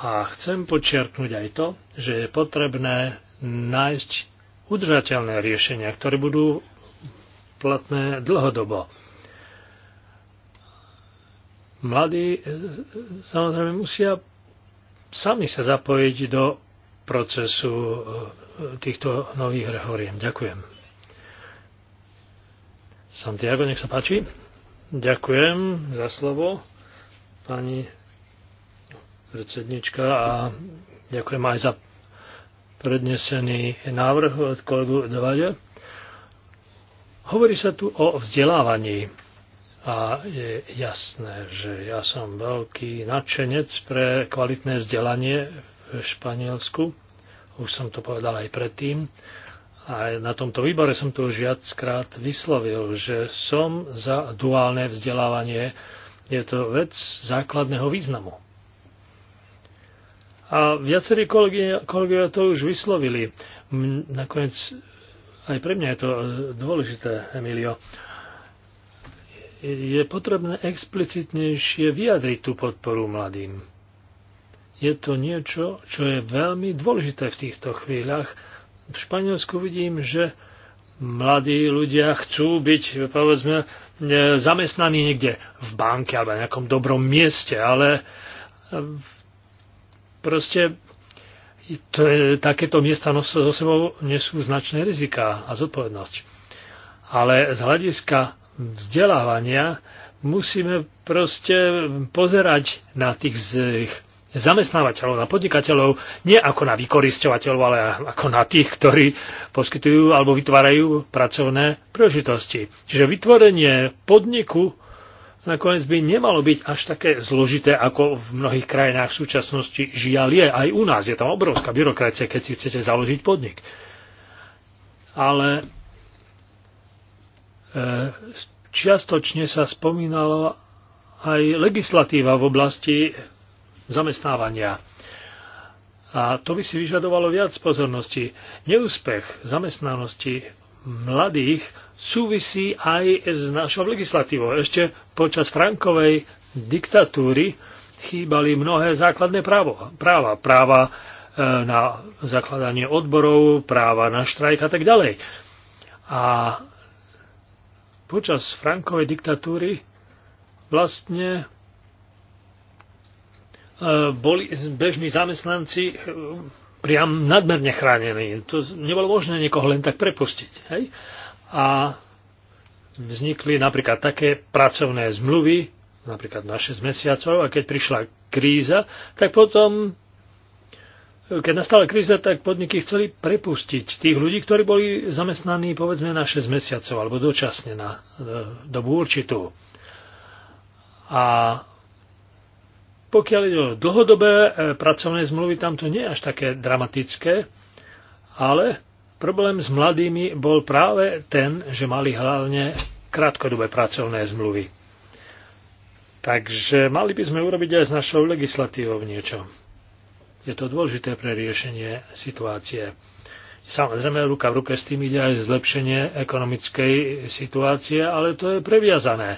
A chcem počiarknúť aj to, že je potrebné nájsť udržateľné riešenia, ktoré budú platné dlhodobo mladí e, e, samozrejme musia sami sa zapojiť do procesu e, týchto nových reforiem. Ďakujem. Santiago, nech sa páči. Ďakujem za slovo, pani predsednička, a ďakujem aj za prednesený návrh od kolegu Dovade. Hovorí sa tu o vzdelávaní a je jasné, že ja som veľký nadšenec pre kvalitné vzdelanie v Španielsku. Už som to povedal aj predtým. A na tomto výbore som to už viackrát vyslovil, že som za duálne vzdelávanie. Je to vec základného významu. A viacerí kolegovia to už vyslovili. Nakoniec aj pre mňa je to e, dôležité, Emilio je potrebné explicitnejšie vyjadriť tú podporu mladým je to niečo, čo je veľmi dôležité v týchto chvíľach. V Španielsku vidím, že mladí ľudia chcú byť, povedzme, e, zamestnaní niekde v banke alebo na nejakom dobrom mieste, ale e, proste to je, takéto miesta nosú so sebou nesú značné riziká a zodpovednosť. Ale z hľadiska vzdelávania musíme proste pozerať na tých z zamestnávateľov, na podnikateľov, nie ako na vykoristovateľov, ale ako na tých, ktorí poskytujú alebo vytvárajú pracovné príležitosti. Čiže vytvorenie podniku nakoniec by nemalo byť až také zložité, ako v mnohých krajinách v súčasnosti žiaľ je. Aj u nás je tam obrovská byrokracia, keď si chcete založiť podnik. Ale e, čiastočne sa spomínala aj legislatíva v oblasti zamestnávania. A to by si vyžadovalo viac pozornosti. Neúspech zamestnanosti mladých súvisí aj s našou legislatívou. Ešte počas Frankovej diktatúry chýbali mnohé základné právo, práva. Práva e, na zakladanie odborov, práva na štrajk a tak ďalej. A počas Frankovej diktatúry vlastne boli bežní zamestnanci e, priam nadmerne chránení. To nebolo možné niekoho len tak prepustiť. Hej? A vznikli napríklad také pracovné zmluvy, napríklad na 6 mesiacov, a keď prišla kríza, tak potom, e, keď nastala kríza, tak podniky chceli prepustiť tých ľudí, ktorí boli zamestnaní povedzme na 6 mesiacov alebo dočasne na e, dobu určitú. A pokiaľ ide o dlhodobé e, pracovné zmluvy, tam to nie je až také dramatické, ale problém s mladými bol práve ten, že mali hlavne krátkodobé pracovné zmluvy. Takže mali by sme urobiť aj s našou legislatívou niečo. Je to dôležité pre riešenie situácie. Samozrejme, ruka v ruke s tým ide aj zlepšenie ekonomickej situácie, ale to je previazané.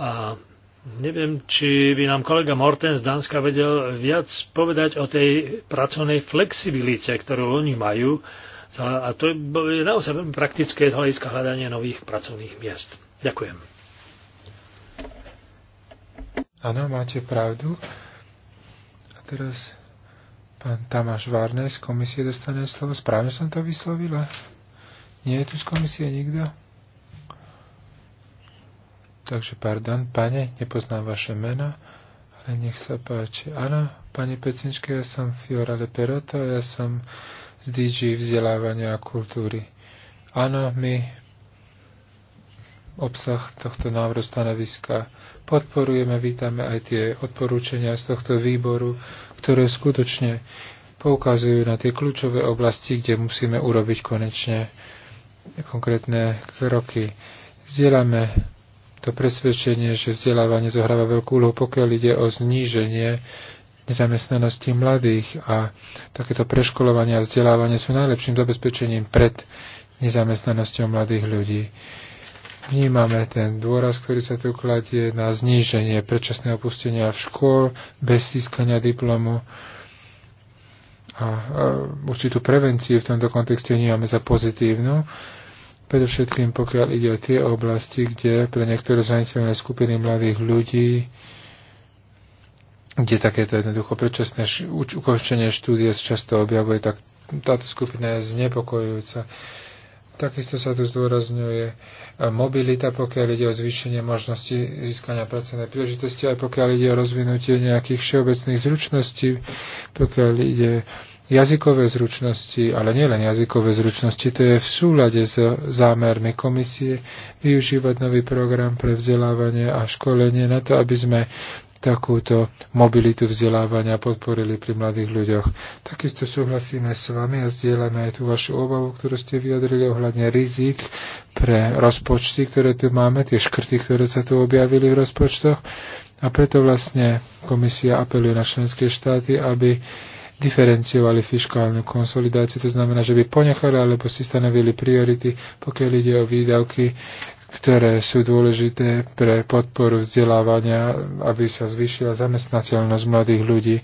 A Neviem, či by nám kolega Morten z Dánska vedel viac povedať o tej pracovnej flexibilite, ktorú oni majú. A to je naozaj veľmi praktické z hľadiska hľadania nových pracovných miest. Ďakujem. Áno, máte pravdu. A teraz pán Tamáš Várne z komisie dostane slovo. Správne som to vyslovila? Nie je tu z komisie nikto? Takže, pardon, pane, nepoznám vaše meno, ale nech sa páči. Áno, pani Pecnička, ja som Fiora Leperoto, ja som z DG vzdelávania a kultúry. Áno, my obsah tohto návrhu stanoviska podporujeme, vítame aj tie odporúčania z tohto výboru, ktoré skutočne poukazujú na tie kľúčové oblasti, kde musíme urobiť konečne konkrétne kroky. Zdieľame to presvedčenie, že vzdelávanie zohráva veľkú úlohu, pokiaľ ide o zníženie nezamestnanosti mladých a takéto preškolovanie a vzdelávanie sú najlepším zabezpečením pred nezamestnanosťou mladých ľudí. Vnímame ten dôraz, ktorý sa tu kladie na zníženie predčasného opustenia v škôl bez získania diplomu a, a určitú prevenciu v tomto kontexte vnímame za pozitívnu Predovšetkým pokiaľ ide o tie oblasti, kde pre niektoré zraniteľné skupiny mladých ľudí kde takéto jednoducho predčasné š- ukončenie štúdie často objavuje, tak táto skupina je znepokojujúca. Takisto sa tu zdôrazňuje e, mobilita, pokiaľ ide o zvýšenie možnosti získania pracovnej príležitosti, aj pokiaľ ide o rozvinutie nejakých všeobecných zručností, pokiaľ ide Jazykové zručnosti, ale nielen jazykové zručnosti, to je v súlade s zámermi komisie využívať nový program pre vzdelávanie a školenie na to, aby sme takúto mobilitu vzdelávania podporili pri mladých ľuďoch. Takisto súhlasíme s vami a zdieľame aj tú vašu obavu, ktorú ste vyjadrili ohľadne rizik pre rozpočty, ktoré tu máme, tie škrty, ktoré sa tu objavili v rozpočtoch. A preto vlastne komisia apeluje na členské štáty, aby diferenciovali fiskálnu konsolidáciu. To znamená, že by ponechali alebo si stanovili priority, pokiaľ ide o výdavky, ktoré sú dôležité pre podporu vzdelávania, aby sa zvýšila zamestnateľnosť mladých ľudí.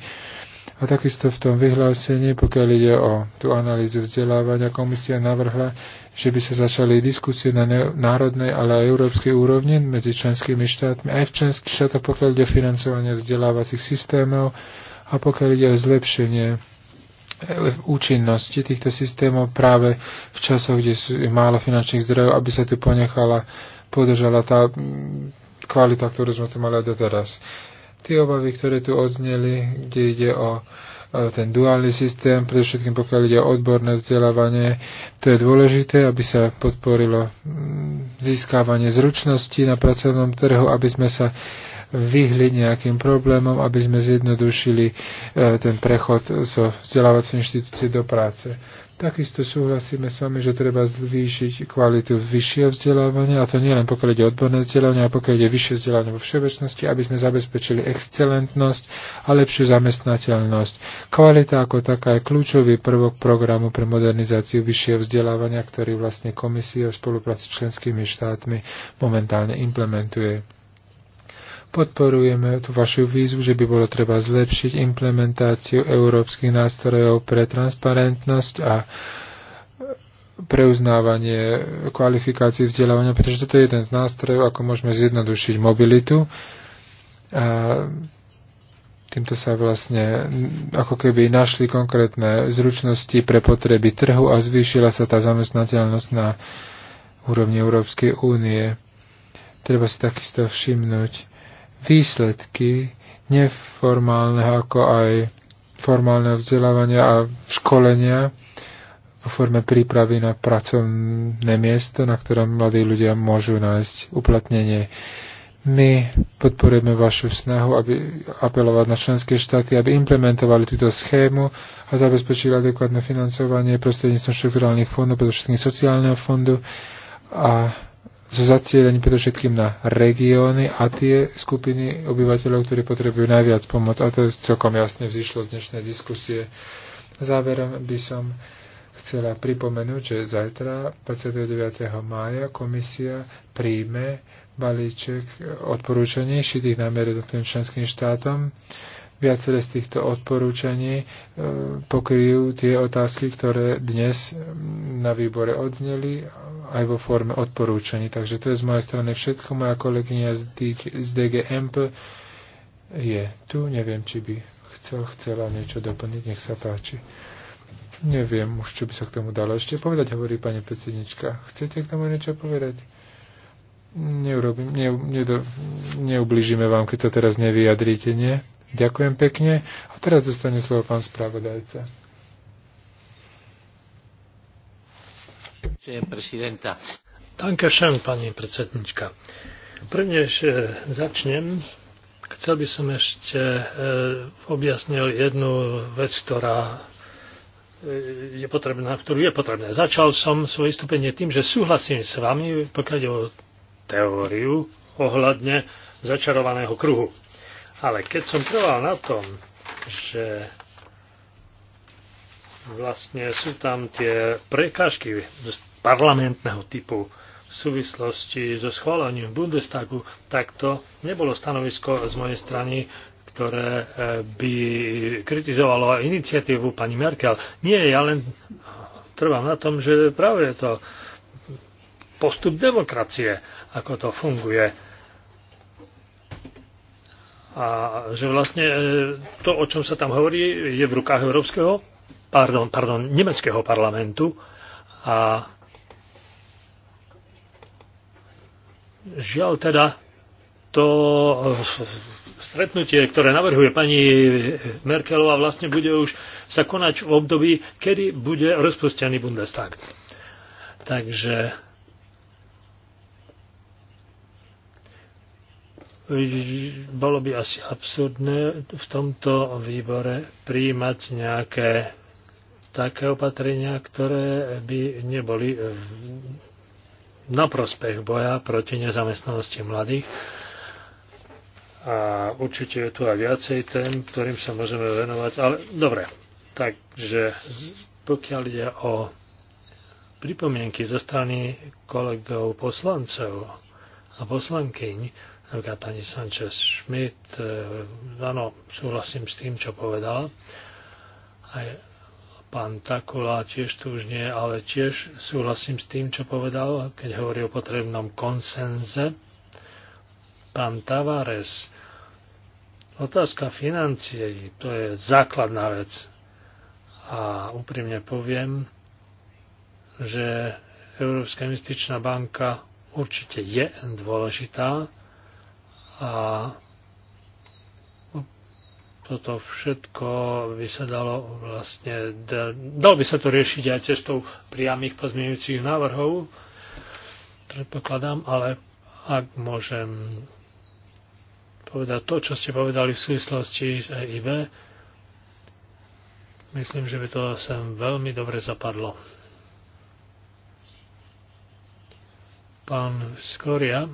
A takisto v tom vyhlásení, pokiaľ ide o tú analýzu vzdelávania, komisia navrhla, že by sa začali diskusie na národnej, ale aj európskej úrovni medzi členskými štátmi, aj v členských štátoch, pokiaľ ide o financovanie vzdelávacích systémov, a pokiaľ ide o zlepšenie e, účinnosti týchto systémov práve v časoch, kde sú málo finančných zdrojov, aby sa tu ponechala, podržala tá kvalita, ktorú sme tu mali doteraz. Tie obavy, ktoré tu odzneli, kde ide o e, ten duálny systém, predovšetkým pokiaľ ide o odborné vzdelávanie, to je dôležité, aby sa podporilo získávanie zručnosti na pracovnom trhu, aby sme sa vyhli nejakým problémom, aby sme zjednodušili e, ten prechod zo vzdelávacej inštitúcie do práce. Takisto súhlasíme s vami, že treba zvýšiť kvalitu vyššieho vzdelávania, a to nie len pokiaľ ide odborné vzdelávanie, ale pokiaľ ide vyššie vzdelávanie vo všeobecnosti, aby sme zabezpečili excelentnosť a lepšiu zamestnateľnosť. Kvalita ako taká je kľúčový prvok programu pre modernizáciu vyššieho vzdelávania, ktorý vlastne komisia v spolupráci s členskými štátmi momentálne implementuje. Podporujeme tú vašu výzvu, že by bolo treba zlepšiť implementáciu európskych nástrojov pre transparentnosť a preuznávanie kvalifikácií vzdelávania, pretože toto je jeden z nástrojov, ako môžeme zjednodušiť mobilitu. A týmto sa vlastne ako keby našli konkrétne zručnosti pre potreby trhu a zvýšila sa tá zamestnateľnosť na úrovni Európskej únie. Treba si takisto všimnúť, výsledky neformálneho ako aj formálneho vzdelávania a školenia vo forme prípravy na pracovné miesto, na ktorom mladí ľudia môžu nájsť uplatnenie. My podporujeme vašu snahu, aby apelovať na členské štáty, aby implementovali túto schému a zabezpečili adekvátne financovanie prostredníctvom štrukturálnych fondov, predovšetkým sociálneho fondu a so zacielením predovšetkým na regióny a tie skupiny obyvateľov, ktorí potrebujú najviac pomoc. A to celkom jasne vzýšlo z dnešnej diskusie. Záverom by som chcela pripomenúť, že zajtra 29. mája komisia príjme balíček odporúčaní šitých námer jednotlivým členským štátom Viaceré z týchto odporúčaní e, pokryjú tie otázky, ktoré dnes na výbore odzneli aj vo forme odporúčaní. Takže to je z mojej strany všetko. Moja kolegyňa z DG je tu. Neviem, či by chcel, chcela niečo doplniť. Nech sa páči. Neviem už, čo by sa k tomu dalo ešte povedať, hovorí pani predsednička. Chcete k tomu niečo povedať? Neurobím, ne, ne, neublížime vám, keď sa teraz nevyjadríte, nie? Ďakujem pekne. A teraz dostane slovo pán spravodajca. schön, pani predsednička. Prvne, že začnem, chcel by som ešte e, objasnil jednu vec, ktorá e, je potrebná, ktorú je potrebné. Začal som svoje vystúpenie tým, že súhlasím s vami, pokiaľ o teóriu ohľadne začarovaného kruhu. Ale keď som trval na tom, že vlastne sú tam tie prekážky parlamentného typu v súvislosti so schválením Bundestagu, tak to nebolo stanovisko z mojej strany, ktoré eh, by kritizovalo iniciatívu pani Merkel. Nie, ja len trvám na tom, že práve je to postup demokracie, ako to funguje a že vlastne e, to, o čom sa tam hovorí, je v rukách Európskeho, pardon, pardon, nemeckého parlamentu. A žiaľ teda to stretnutie, ktoré navrhuje pani Merkelová, vlastne bude už sa konať v období, kedy bude rozpustený Bundestag. Takže bolo by asi absurdné v tomto výbore príjmať nejaké také opatrenia, ktoré by neboli na prospech boja proti nezamestnanosti mladých. A určite je tu aj viacej tém, ktorým sa môžeme venovať. Ale dobre, takže pokiaľ ide o pripomienky zo strany kolegov poslancov a poslankyň, Veľká pani Sanchez Schmidt, e, áno, súhlasím s tým, čo povedala. Aj pán Takula tiež tu už nie, ale tiež súhlasím s tým, čo povedal, keď hovorí o potrebnom konsenze. Pán Tavares, otázka financie, to je základná vec. A úprimne poviem, že Európska investičná banka určite je dôležitá, a toto všetko by sa dalo vlastne, Dal by sa to riešiť aj cestou priamých pozmeňujúcich návrhov, predpokladám, ale ak môžem povedať to, čo ste povedali v súvislosti s EIB, myslím, že by to sem veľmi dobre zapadlo. Pán Skoria,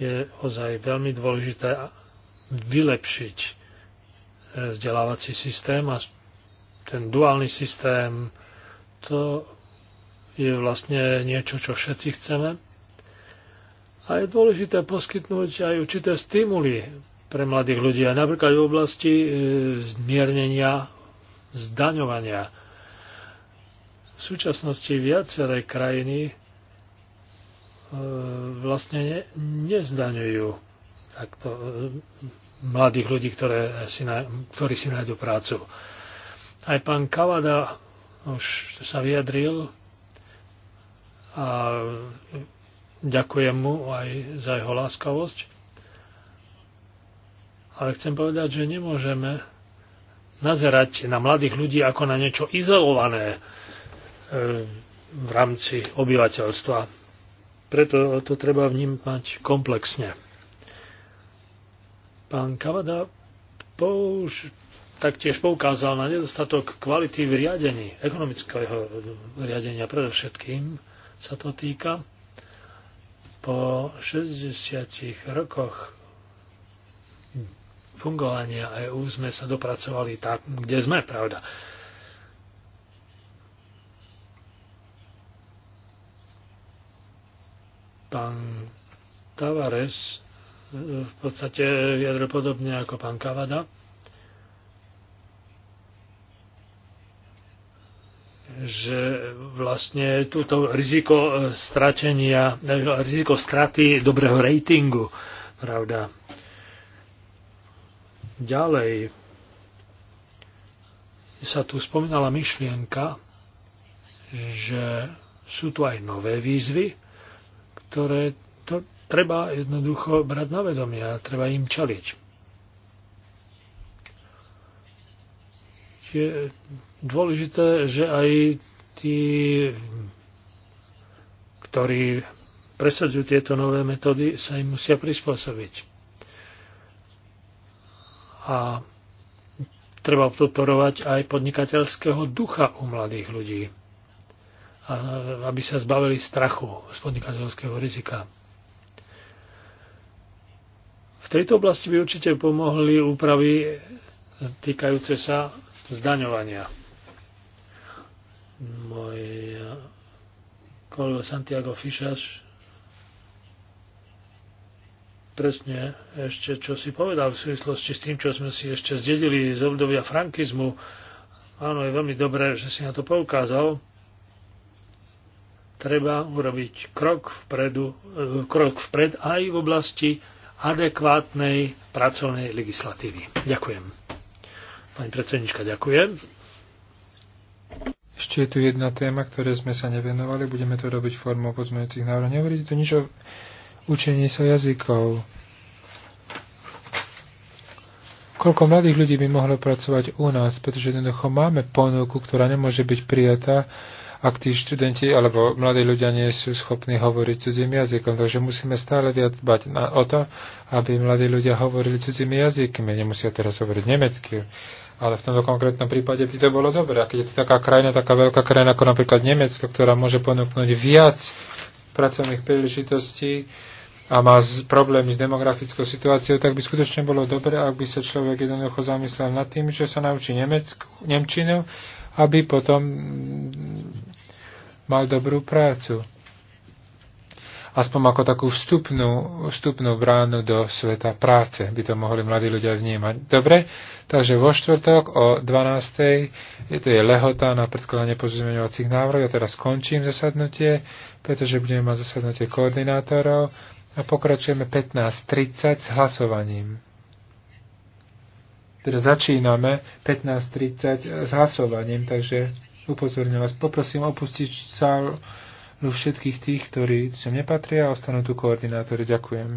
je ozaj veľmi dôležité vylepšiť e, vzdelávací systém a ten duálny systém to je vlastne niečo, čo všetci chceme. A je dôležité poskytnúť aj určité stimuly pre mladých ľudí, aj napríklad v oblasti e, zmiernenia zdaňovania. V súčasnosti viaceré krajiny E, vlastne nezdaňujú takto e, mladých ľudí, ktoré si na, ktorí si nájdu prácu. Aj pán Kavada už sa vyjadril a ďakujem mu aj za jeho láskavosť. Ale chcem povedať, že nemôžeme nazerať na mladých ľudí ako na niečo izolované e, v rámci obyvateľstva preto to treba vnímať komplexne. Pán Kavada použ, taktiež poukázal na nedostatok kvality v riadení, ekonomického riadenia predovšetkým sa to týka. Po 60 rokoch fungovania EÚ sme sa dopracovali tak, kde sme, pravda. Pán Tavares e, v podstate vyjadril podobne ako pán Kavada. že vlastne túto riziko stratenia, e, riziko straty dobrého rejtingu, pravda. Ďalej sa tu spomínala myšlienka, že sú tu aj nové výzvy, ktoré to treba jednoducho brať na vedomie a treba im čeliť. Je dôležité, že aj tí, ktorí presadzujú tieto nové metódy, sa im musia prispôsobiť. A treba podporovať aj podnikateľského ducha u mladých ľudí aby sa zbavili strachu z podnikateľského rizika. V tejto oblasti by určite pomohli úpravy týkajúce sa zdaňovania. Môj kolega Santiago Fišaš presne ešte čo si povedal v súvislosti s tým, čo sme si ešte zdedili z obdobia frankizmu. Áno, je veľmi dobré, že si na to poukázal treba urobiť krok, vpredu, krok vpred aj v oblasti adekvátnej pracovnej legislatívy. Ďakujem. Pani predsednička, ďakujem. Ešte je tu jedna téma, ktoré sme sa nevenovali. Budeme to robiť formou pozmeňujúcich návrhov. Nehovoríte to nič o učení sa jazykov. Koľko mladých ľudí by mohlo pracovať u nás, pretože jednoducho máme ponuku, ktorá nemôže byť prijatá ak tí študenti alebo mladí ľudia nie sú schopní hovoriť cudzím jazykom. Takže musíme stále viac dbať na, o to, aby mladí ľudia hovorili cudzími jazykmi. Nemusia teraz hovoriť nemecky, ale v tomto konkrétnom prípade by to bolo dobré. A keď je to taká krajina, taká veľká krajina ako napríklad Nemecko, ktorá môže ponúknuť viac pracovných príležitostí, a má z, problémy s demografickou situáciou, tak by skutočne bolo dobre, ak by sa človek jednoducho zamyslel nad tým, že sa naučí Nemecku, Nemčinu aby potom mal dobrú prácu. Aspoň ako takú vstupnú, vstupnú bránu do sveta práce by to mohli mladí ľudia vnímať. Dobre, takže vo štvrtok o 12.00 je to je lehota na predkladanie pozmeňovacích návrhov. Ja teraz končím zasadnutie, pretože budeme mať zasadnutie koordinátorov a pokračujeme 15.30 s hlasovaním teda začíname 15.30 e, s hlasovaním, takže upozorňujem vás. Poprosím opustiť sálu všetkých tých, ktorí sa nepatria a ostanú tu koordinátori. Ďakujem.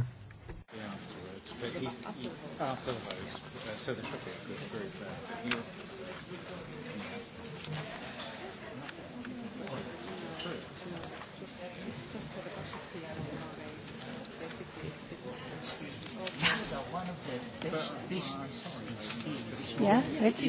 Yeah, let's.